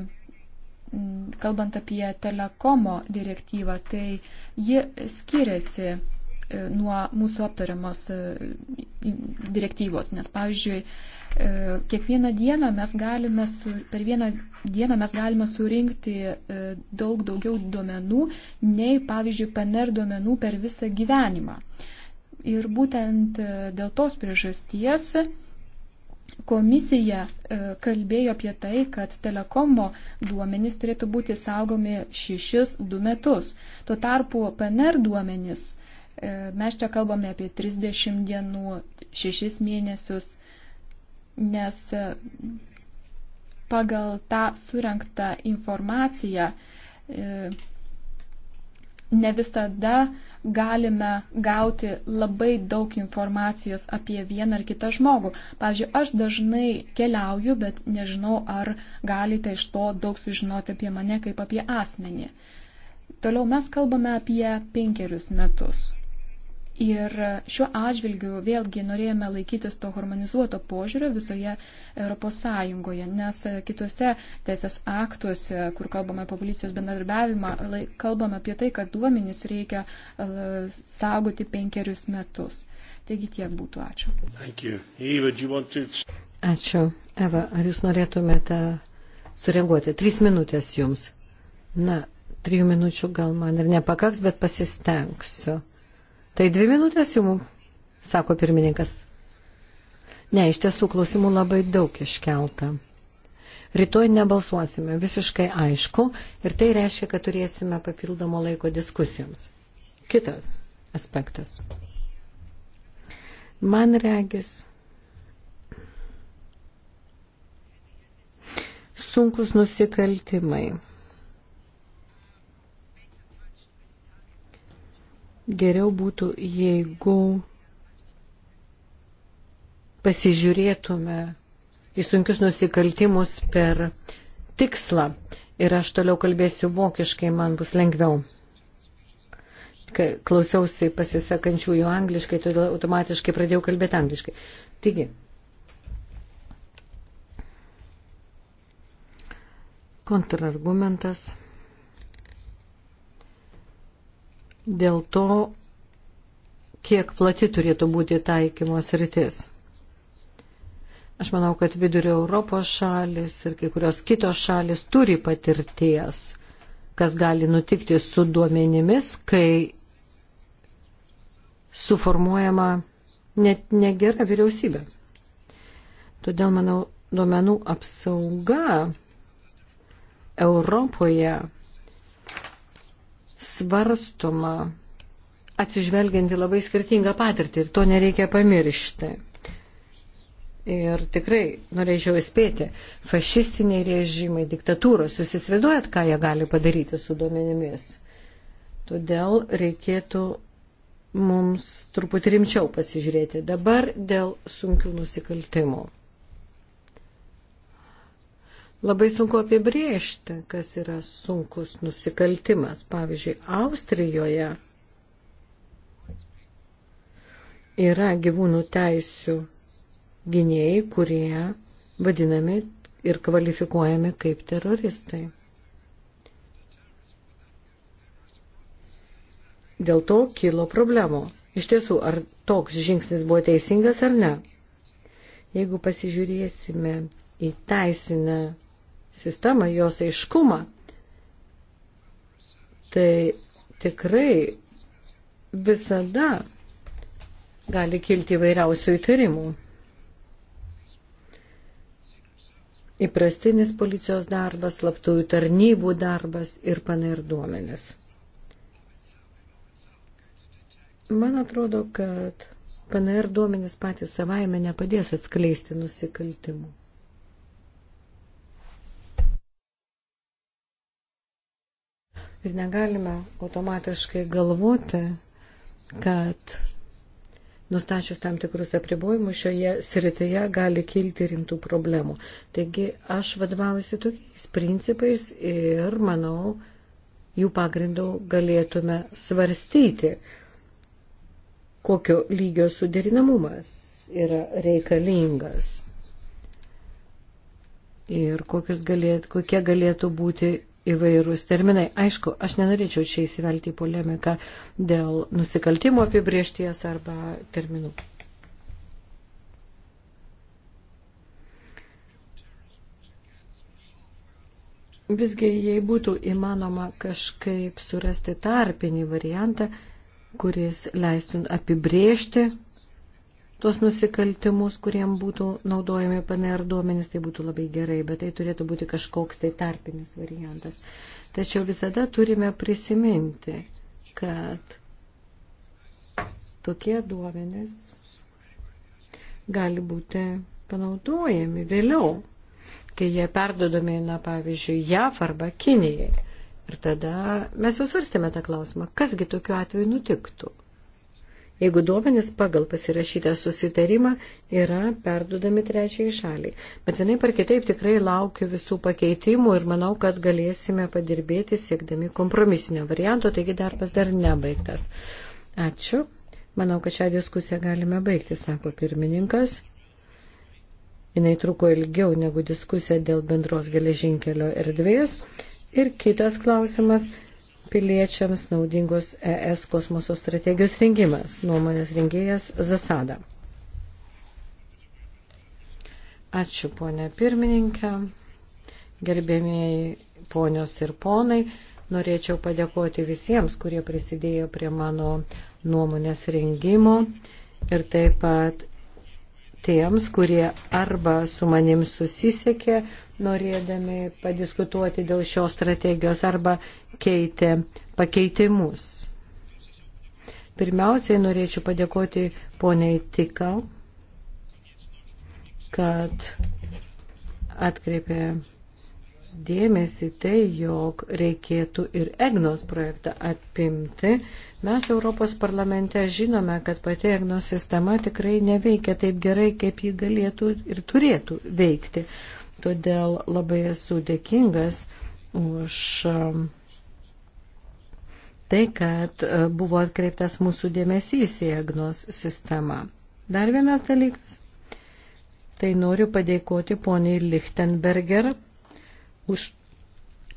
kalbant apie telekomo direktyvą, tai ji skiriasi e, nuo mūsų aptariamos direktyvos, nes, pavyzdžiui, E, kiekvieną dieną mes galime, su, per vieną dieną mes galime surinkti e, daug daugiau duomenų, nei, pavyzdžiui, PNR duomenų per visą gyvenimą. Ir būtent e, dėl tos priežasties komisija kalbėjo apie tai, kad telekomo duomenys turėtų būti saugomi 6-2 metus. Tuo tarpu PNR duomenys, mes čia kalbame apie 30 dienų, 6 mėnesius nes e, pagal tą surinktą informaciją e, ne visada galime gauti labai daug informacijos apie vieną ar kitą žmogų. Pavyzdžiui, aš dažnai keliauju, bet nežinau, ar galite iš to daug sužinoti apie mane kaip apie asmenį. Toliau mes kalbame apie penkerius metus. Ir šiuo atžvilgiu vėlgi norėjome laikytis to harmonizuoto požiūrio visoje ES, nes kitose teisės aktuose, kur kalbame apie policijos bendradarbiavimą, kalbame apie tai, kad duomenys reikia e, saugoti penkerius metus. Taigi tiek būtų. Ačiū. Eva, to... Ačiū. Eva, ar jūs norėtumėte sureaguoti? Trys minutės jums. Na, trijų minučių gal man ir nepakaks, bet pasistengsiu. Tai dvi minutės jums, sako pirmininkas. Ne, iš tiesų klausimų labai daug iškelta. Rytoj nebalsuosime, visiškai aišku, ir tai reiškia, kad turėsime papildomo laiko diskusijoms. Kitas aspektas. Man regis, sunkus nusikaltimai geriau būtų, jeigu pasižiūrėtume į sunkius nusikaltimus per tikslą. Ir aš toliau kalbėsiu vokiškai, man bus lengviau. Klausiausi pasisakančiųjų angliškai, todėl automatiškai pradėjau kalbėti angliškai. Taigi, kontrargumentas. dėl to, kiek plati turėtų būti taikymos rytis. Aš manau, kad vidurio Europos šalis ir kai kurios kitos šalis turi patirties, kas gali nutikti su duomenimis, kai suformuojama net negera vyriausybė. Todėl, manau, duomenų apsauga Europoje svarstoma atsižvelgianti labai skirtingą patirtį ir to nereikia pamiršti. Ir tikrai norėčiau įspėti, fašistiniai režimai, diktatūros, jūs įsivaizduojat, ką jie gali padaryti su duomenimis. Todėl reikėtų mums truputį rimčiau pasižiūrėti dabar dėl sunkių nusikaltimų. Labai sunku apibriežti, kas yra sunkus nusikaltimas. Pavyzdžiui, Austrijoje yra gyvūnų teisių gynėjai, kurie vadinami ir kvalifikuojami kaip teroristai. Dėl to kilo problemų. Iš tiesų, ar toks žingsnis buvo teisingas ar ne? Jeigu pasižiūrėsime į teisinę sistemą, jos aiškumą, tai tikrai visada gali kilti įvairiausių įtarimų. Įprastinis policijos darbas, slaptųjų tarnybų darbas ir panai ir duomenis. Man atrodo, kad PNR duomenys patys savaime nepadės atskleisti nusikaltimų. Ir negalime automatiškai galvoti, kad nustačius tam tikrus apribojimus šioje srityje gali kilti rimtų problemų. Taigi aš vadovaujuosi tokiais principais ir manau, jų pagrindų galėtume svarstyti, kokio lygio suderinamumas yra reikalingas ir galėtų, kokie galėtų būti įvairūs terminai. Aišku, aš nenorėčiau čia įsivelti į polemiką dėl nusikaltimo apibriešties arba terminų. Visgi, jei būtų įmanoma kažkaip surasti tarpinį variantą, kuris leistų apibriežti tuos nusikaltimus, kuriem būtų naudojami PNR duomenys, tai būtų labai gerai, bet tai turėtų būti kažkoks tai tarpinis variantas. Tačiau visada turime prisiminti, kad tokie duomenys gali būti panaudojami vėliau, kai jie perdodami, na, pavyzdžiui, JAV arba Kinijai. Ir tada mes jau svarstėme tą klausimą, kasgi tokiu atveju nutiktų jeigu duomenys pagal pasirašytą susitarimą yra perdudami trečiai šaliai. Bet vienai par kitaip tikrai laukiu visų pakeitimų ir manau, kad galėsime padirbėti siekdami kompromisinio varianto, taigi darbas dar nebaigtas. Ačiū. Manau, kad šią diskusiją galime baigti, sako pirmininkas. Jis truko ilgiau negu diskusija dėl bendros geležinkelio erdvės. Ir kitas klausimas piliečiams naudingos ES kosmoso strategijos rengimas, nuomonės rengėjas Zasada. Ačiū, ponė pirmininkė, gerbėmiai ponios ir ponai. Norėčiau padėkoti visiems, kurie prisidėjo prie mano nuomonės rengimo ir taip pat tiems, kurie arba su manim susisiekė, norėdami padiskutuoti dėl šios strategijos arba keitė pakeitimus. Pirmiausiai norėčiau padėkoti poniai Tika, kad atkreipė dėmesį tai, jog reikėtų ir EGNOS projektą apimti. Mes Europos parlamente žinome, kad pati EGNOS sistema tikrai neveikia taip gerai, kaip ji galėtų ir turėtų veikti. Todėl labai esu dėkingas už um, tai, kad uh, buvo atkreiptas mūsų dėmesys į Agnos sistemą. Dar vienas dalykas. Tai noriu padėkoti poniai Lichtenberger už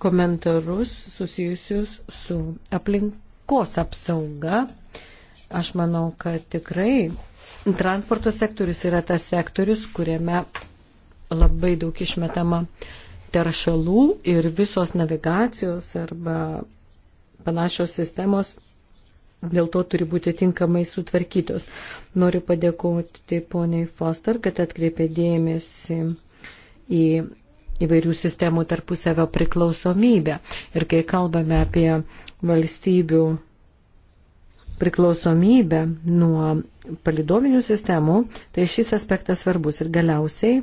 komentarus susijusius su aplinkos apsauga. Aš manau, kad tikrai transporto sektorius yra tas sektorius, kuriame labai daug išmetama teršalų ir visos navigacijos arba panašios sistemos dėl to turi būti tinkamai sutvarkytos. Noriu padėkoti poniai Foster, kad atkreipė dėmesį į įvairių sistemų tarpusavio priklausomybę. Ir kai kalbame apie valstybių priklausomybę nuo palidovinių sistemų, tai šis aspektas svarbus. Ir galiausiai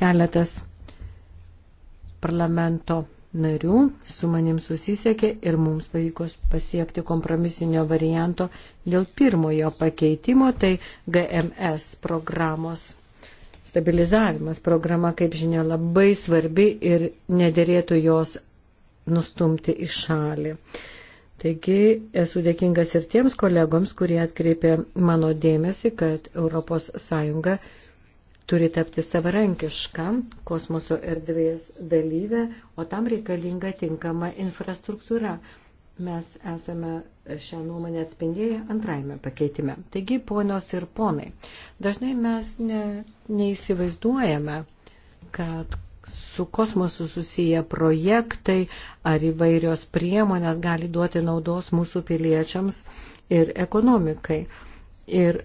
Keletas parlamento narių su manim susisiekė ir mums pavyko pasiekti kompromisinio varianto dėl pirmojo pakeitimo, tai GMS programos stabilizavimas. Programa, kaip žinia, labai svarbi ir nederėtų jos nustumti į šalį. Taigi esu dėkingas ir tiems kolegoms, kurie atkreipė mano dėmesį, kad ES turi tapti savarankišką kosmoso erdvės dalyvę, o tam reikalinga tinkama infrastruktūra. Mes esame šią nuomonę atspindėję antrajame pakeitime. Taigi, ponios ir ponai, dažnai mes ne, neįsivaizduojame, kad su kosmosu susiję projektai ar įvairios priemonės gali duoti naudos mūsų piliečiams ir ekonomikai. Ir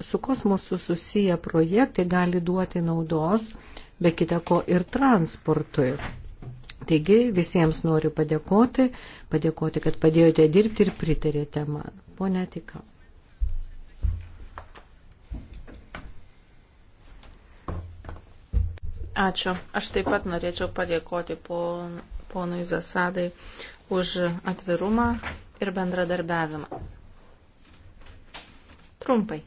su kosmosu susiję projektai gali duoti naudos, be kitako ir transportui. Taigi visiems noriu padėkoti, padėkoti, kad padėjote dirbti ir pritarėte man. Pone Tikau. Ačiū. Aš taip pat norėčiau padėkoti pon, ponui Zasadai už atvirumą ir bendradarbiavimą. Trumpai.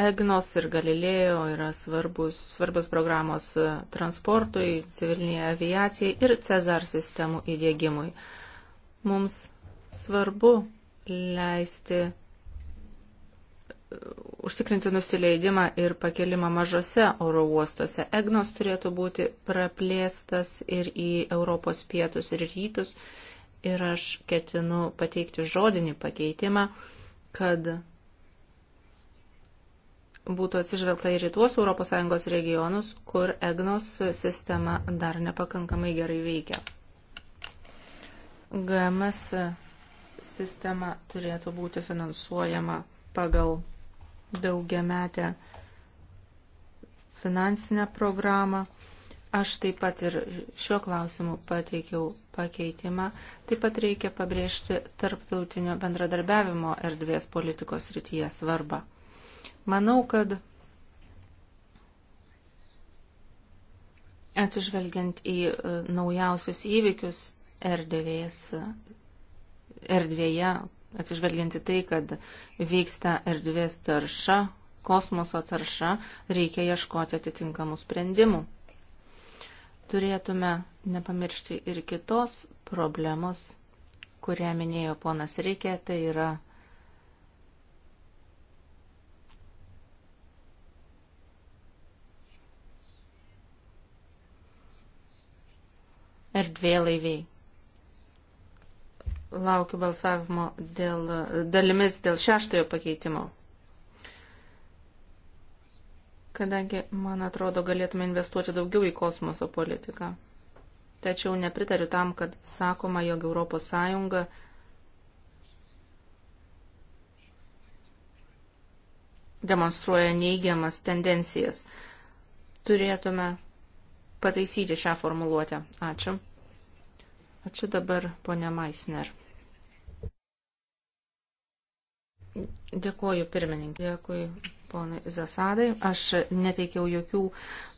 EGNOS ir Galilėjo yra svarbus, svarbios programos e, transportui, civilinėje aviacijai ir Cezar sistemų įdėgymui. Mums svarbu leisti e, užtikrinti nusileidimą ir pakelimą mažose oro uostuose. EGNOS turėtų būti praplėstas ir į Europos pietus ir rytus ir aš ketinu pateikti žodinį pakeitimą, kad būtų atsižvelgta ir į tuos ES regionus, kur EGNOS sistema dar nepakankamai gerai veikia. GMS sistema turėtų būti finansuojama pagal daugiametę finansinę programą. Aš taip pat ir šiuo klausimu pateikiau pakeitimą. Taip pat reikia pabrėžti tarptautinio bendradarbiavimo erdvės politikos rytyje svarbą. Manau, kad atsižvelgiant į e, naujausius įvykius erdvės, erdvėje, atsižvelgiant į tai, kad vyksta erdvės tarša, kosmoso tarša, reikia ieškoti atitinkamų sprendimų. Turėtume nepamiršti ir kitos problemos, kurią minėjo ponas Rikė, tai yra erdvėlaiviai. Laukiu balsavimo dėl, dalimis dėl šeštojo pakeitimo. Kadangi, man atrodo, galėtume investuoti daugiau į kosmoso politiką. Tačiau nepritariu tam, kad sakoma, jog ES demonstruoja neigiamas tendencijas. Turėtume pataisyti šią formuluotę. Ačiū. Ačiū dabar, ponia Maisner. Dėkuoju pirmininkė, dėkui ponai Zasadai. Aš neteikiau jokių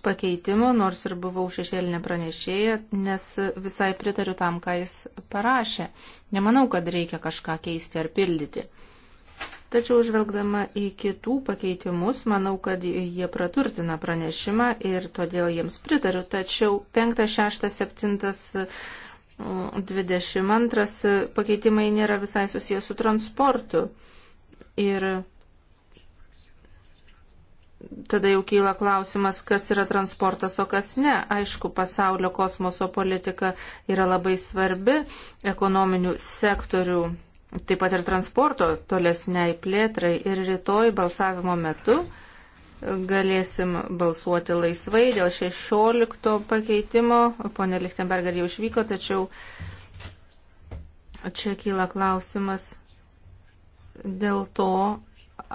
pakeitimų, nors ir buvau šešėlinė pranešėja, nes visai pritariu tam, ką jis parašė. Nemanau, kad reikia kažką keisti ar pildyti. Tačiau žvelgdama į kitų pakeitimus, manau, kad jie praturtina pranešimą ir todėl jiems pritariu. Tačiau 5, 6, 7, 22 pakeitimai nėra visai susijęs su transportu. Ir tada jau kyla klausimas, kas yra transportas, o kas ne. Aišku, pasaulio kosmoso politika yra labai svarbi ekonominių sektorių taip pat ir transporto tolesniai plėtrai ir rytoj balsavimo metu galėsim balsuoti laisvai dėl 16 pakeitimo. Pone Lichtenberger jau išvyko, tačiau čia kyla klausimas dėl to,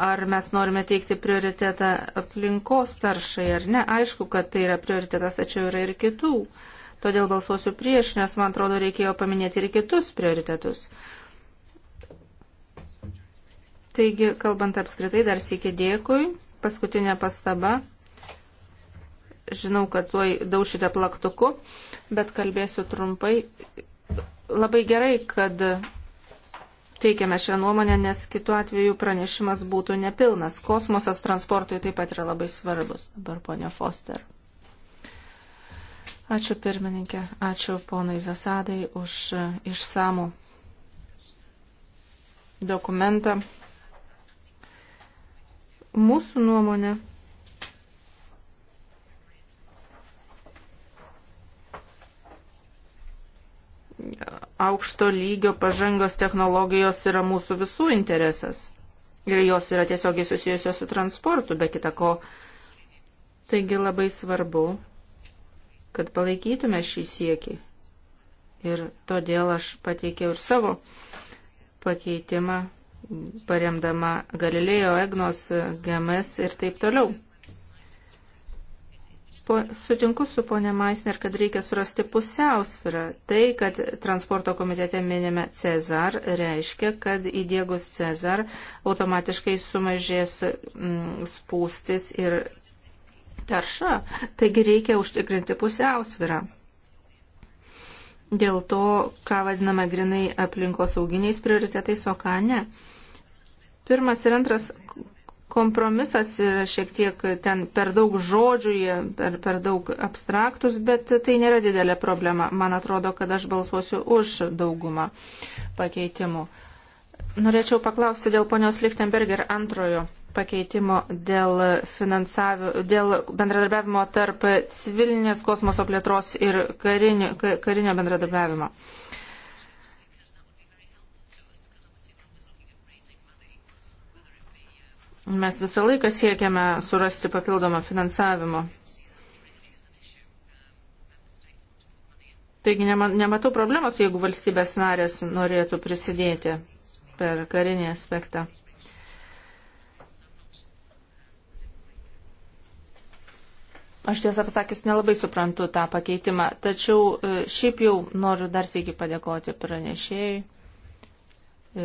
ar mes norime teikti prioritetą aplinkos taršai ar ne. Aišku, kad tai yra prioritetas, tačiau yra ir kitų. Todėl balsuosiu prieš, nes man atrodo reikėjo paminėti ir kitus prioritetus. Taigi, kalbant apskritai, dar sėki dėkui. Paskutinė pastaba. Žinau, kad tuoj daušite plaktuku, bet kalbėsiu trumpai. Labai gerai, kad teikiame šią nuomonę, nes kitu atveju pranešimas būtų nepilnas. Kosmosas transportui taip pat yra labai svarbus. Dabar ponia Foster. Ačiū pirmininkė, ačiū ponui Zasadai už išsamų dokumentą Mūsų nuomonė. Aukšto lygio pažangios technologijos yra mūsų visų interesas. Ir jos yra tiesiogiai susijusios su transportu, be kita ko. Taigi labai svarbu, kad palaikytume šį siekį. Ir todėl aš pateikiau ir savo pakeitimą paremdama Galilėjo, Egnos, GMS ir taip toliau. Po, sutinku su ponė Maisner, kad reikia surasti pusiausvyrą. Tai, kad transporto komitete minime Cezar, reiškia, kad įdėgus Cezar automatiškai sumažės mm, spūstis ir tarša. Taigi reikia užtikrinti pusiausvyrą. Dėl to, ką vadiname grinai aplinkosauginiais prioritetais, o ką ne. Mm, Pirmas ir antras kompromisas yra šiek tiek ten per daug žodžių, per, per daug abstraktus, bet tai nėra didelė problema. Man atrodo, kad aš balsuosiu už daugumą pakeitimų. Norėčiau paklausti dėl ponios Lichtenberger antrojo pakeitimo dėl, dėl bendradarbiavimo tarp civilinės kosmoso plėtros ir karinio, karinio bendradarbiavimo. Uh, Mes visą laiką siekiame surasti papildomą finansavimą. Taigi nematau problemos, jeigu valstybės narės norėtų prisidėti per karinį aspektą. Aš tiesą pasakius nelabai suprantu tą pakeitimą, tačiau e, šiaip jau noriu dar sėki padėkoti pranešėjai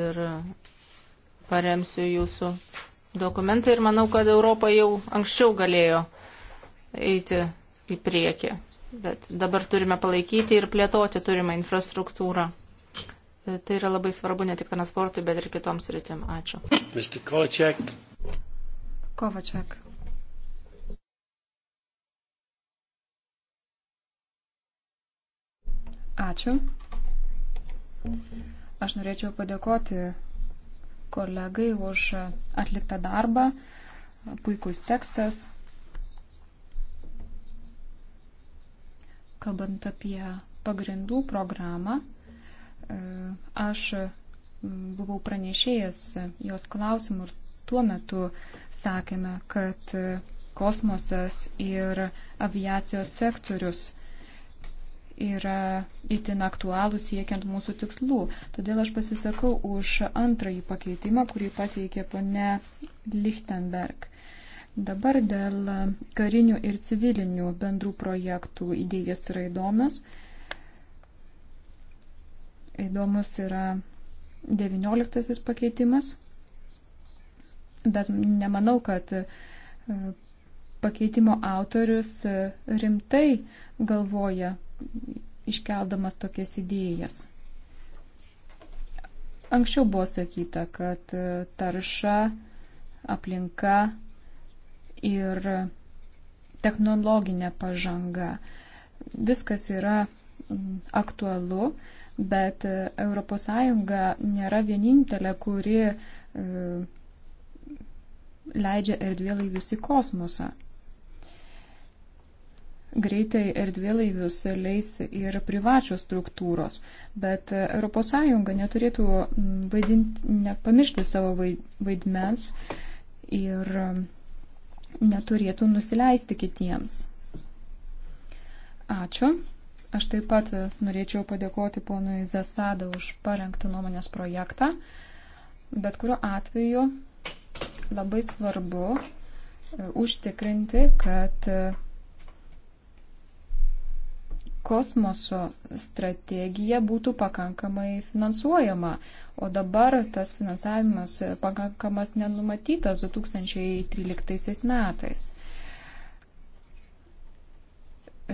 ir paremsiu jūsų dokumentą ir manau, kad Europa jau anksčiau galėjo eiti į priekį. Bet dabar turime palaikyti ir plėtoti turimą infrastruktūrą. Tai yra labai svarbu ne tik transportui, bet ir kitoms rytim. Ačiū. Mr. Kovačiak. Kovačiak. Ačiū. Aš norėčiau padėkoti kolegai už atliktą darbą. Puikus tekstas. Kalbant apie pagrindų programą, e, aš buvau pranešėjęs jos klausimų ir tuo metu sakėme, kad e, kosmosas ir aviacijos sektorius yra itin aktualūs siekiant mūsų tikslų. Todėl aš pasisakau už antrąjį pakeitimą, kurį pateikė pone Lichtenberg. Dabar dėl karinių ir civilinių bendrų projektų idėjas yra įdomios. Įdomus yra 19 pakeitimas, bet nemanau, kad e, pakeitimo autorius e, rimtai galvoja iškeldamas tokias idėjas. Anksčiau buvo sakyta, kad e, tarša, aplinka ir technologinė pažanga. Viskas yra aktualu, bet ES nėra vienintelė, kuri e, leidžia erdvėlaivius į kosmosą greitai erdvėlaivius leis ir privačios struktūros, bet ES neturėtų mm, vaidinti, nepamiršti savo vaidmens ir mm, neturėtų nusileisti kitiems. Ačiū. Aš taip pat norėčiau padėkoti ponui Zasada už parengtą nuomonės projektą. Bet kuriuo atveju labai svarbu e, užtikrinti, kad kosmoso strategija būtų pakankamai finansuojama, o dabar tas finansavimas pakankamas nenumatytas 2013 metais.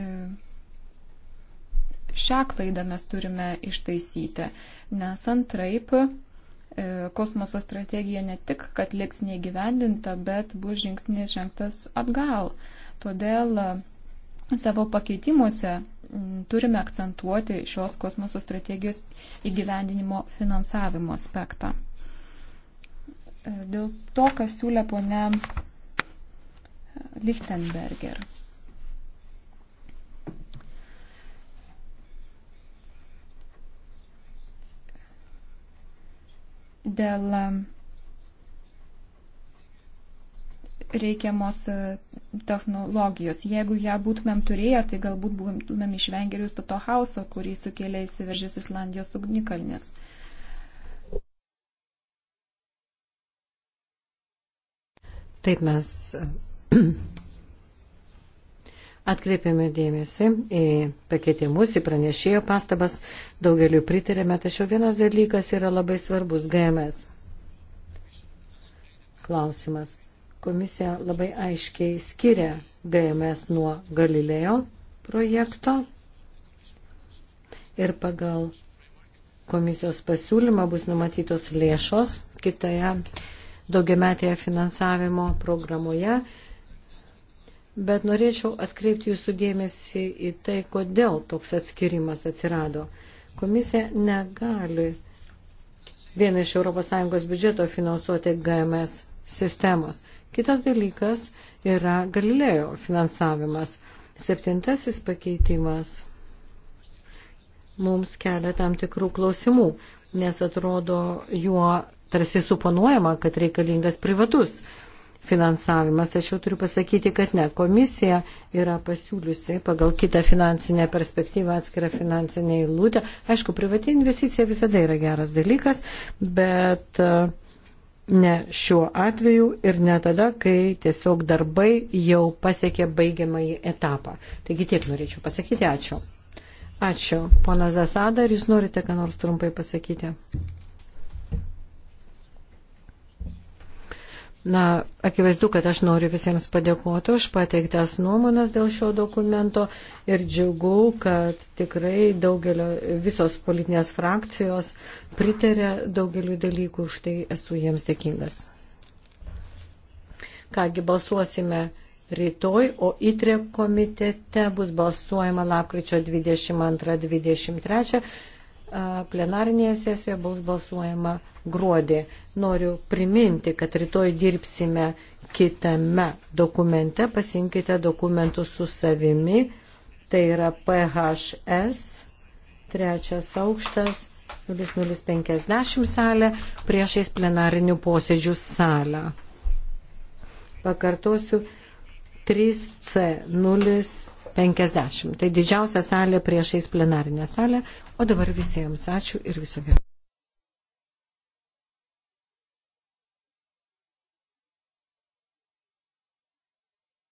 E, šią klaidą mes turime ištaisyti, nes antraip e, kosmoso strategija ne tik, kad liks neįgyvendinta, bet bus žingsnis žengtas atgal. Todėl e, savo pakeitimuose turime akcentuoti šios kosmoso strategijos įgyvendinimo finansavimo aspektą. E, dėl to, kas siūlė ponia Lichtenberger. Dėl reikiamos e, technologijos. Jeigu ją būtumėm turėję, tai galbūt būtumėm išvengę ir to hauso, kurį sukėlė įsiveržęs Islandijos ugnikalnis. Taip mes atkreipėme dėmesį į pakeitimus, į pranešėjo pastabas, daugeliu pritarėme, tačiau vienas dalykas yra labai svarbus - GMS. Klausimas. Komisija labai aiškiai skiria GMS nuo Galileo projekto ir pagal komisijos pasiūlymą bus numatytos lėšos kitoje daugiametėje finansavimo programoje. Bet norėčiau atkreipti jūsų dėmesį į tai, kodėl toks atskirimas atsirado. Komisija negali vieną iš ES biudžeto finansuoti GMS sistemos. Kitas dalykas yra Galilėjo finansavimas. Septintasis pakeitimas mums kelia tam tikrų klausimų, nes atrodo juo tarsi suponuojama, kad reikalingas privatus finansavimas. Tačiau turiu pasakyti, kad ne. Komisija yra pasiūliusi pagal kitą finansinę perspektyvą atskirą finansinę įlūtę. Aišku, privati investicija visada yra geras dalykas, bet uh, ne šiuo atveju ir ne tada, kai tiesiog darbai jau pasiekė baigiamąjį etapą. Taigi tiek norėčiau pasakyti. Ačiū. Ačiū, ponas Zasada, ar jūs norite ką nors trumpai pasakyti? Na, akivaizdu, kad aš noriu visiems padėkoti už pateiktas nuomonas dėl šio dokumento ir džiugu, kad tikrai daugelio, visos politinės frakcijos pritarė daugeliu dalykų, už tai esu jiems dėkingas. Kągi balsuosime rytoj, o ITRE komitete bus balsuojama lapkričio 22-23 plenarinėje sesijoje bus balsuojama gruodį. Noriu priminti, kad rytoj dirbsime kitame dokumente, pasimkite dokumentus su savimi, tai yra PHS, trečias aukštas, 0050 salė, priešais plenarinių posėdžių salę. Pakartosiu, 3C050. Tai didžiausia salė priešais plenarinę salę. O dabar visiems ačiū ir viso gero.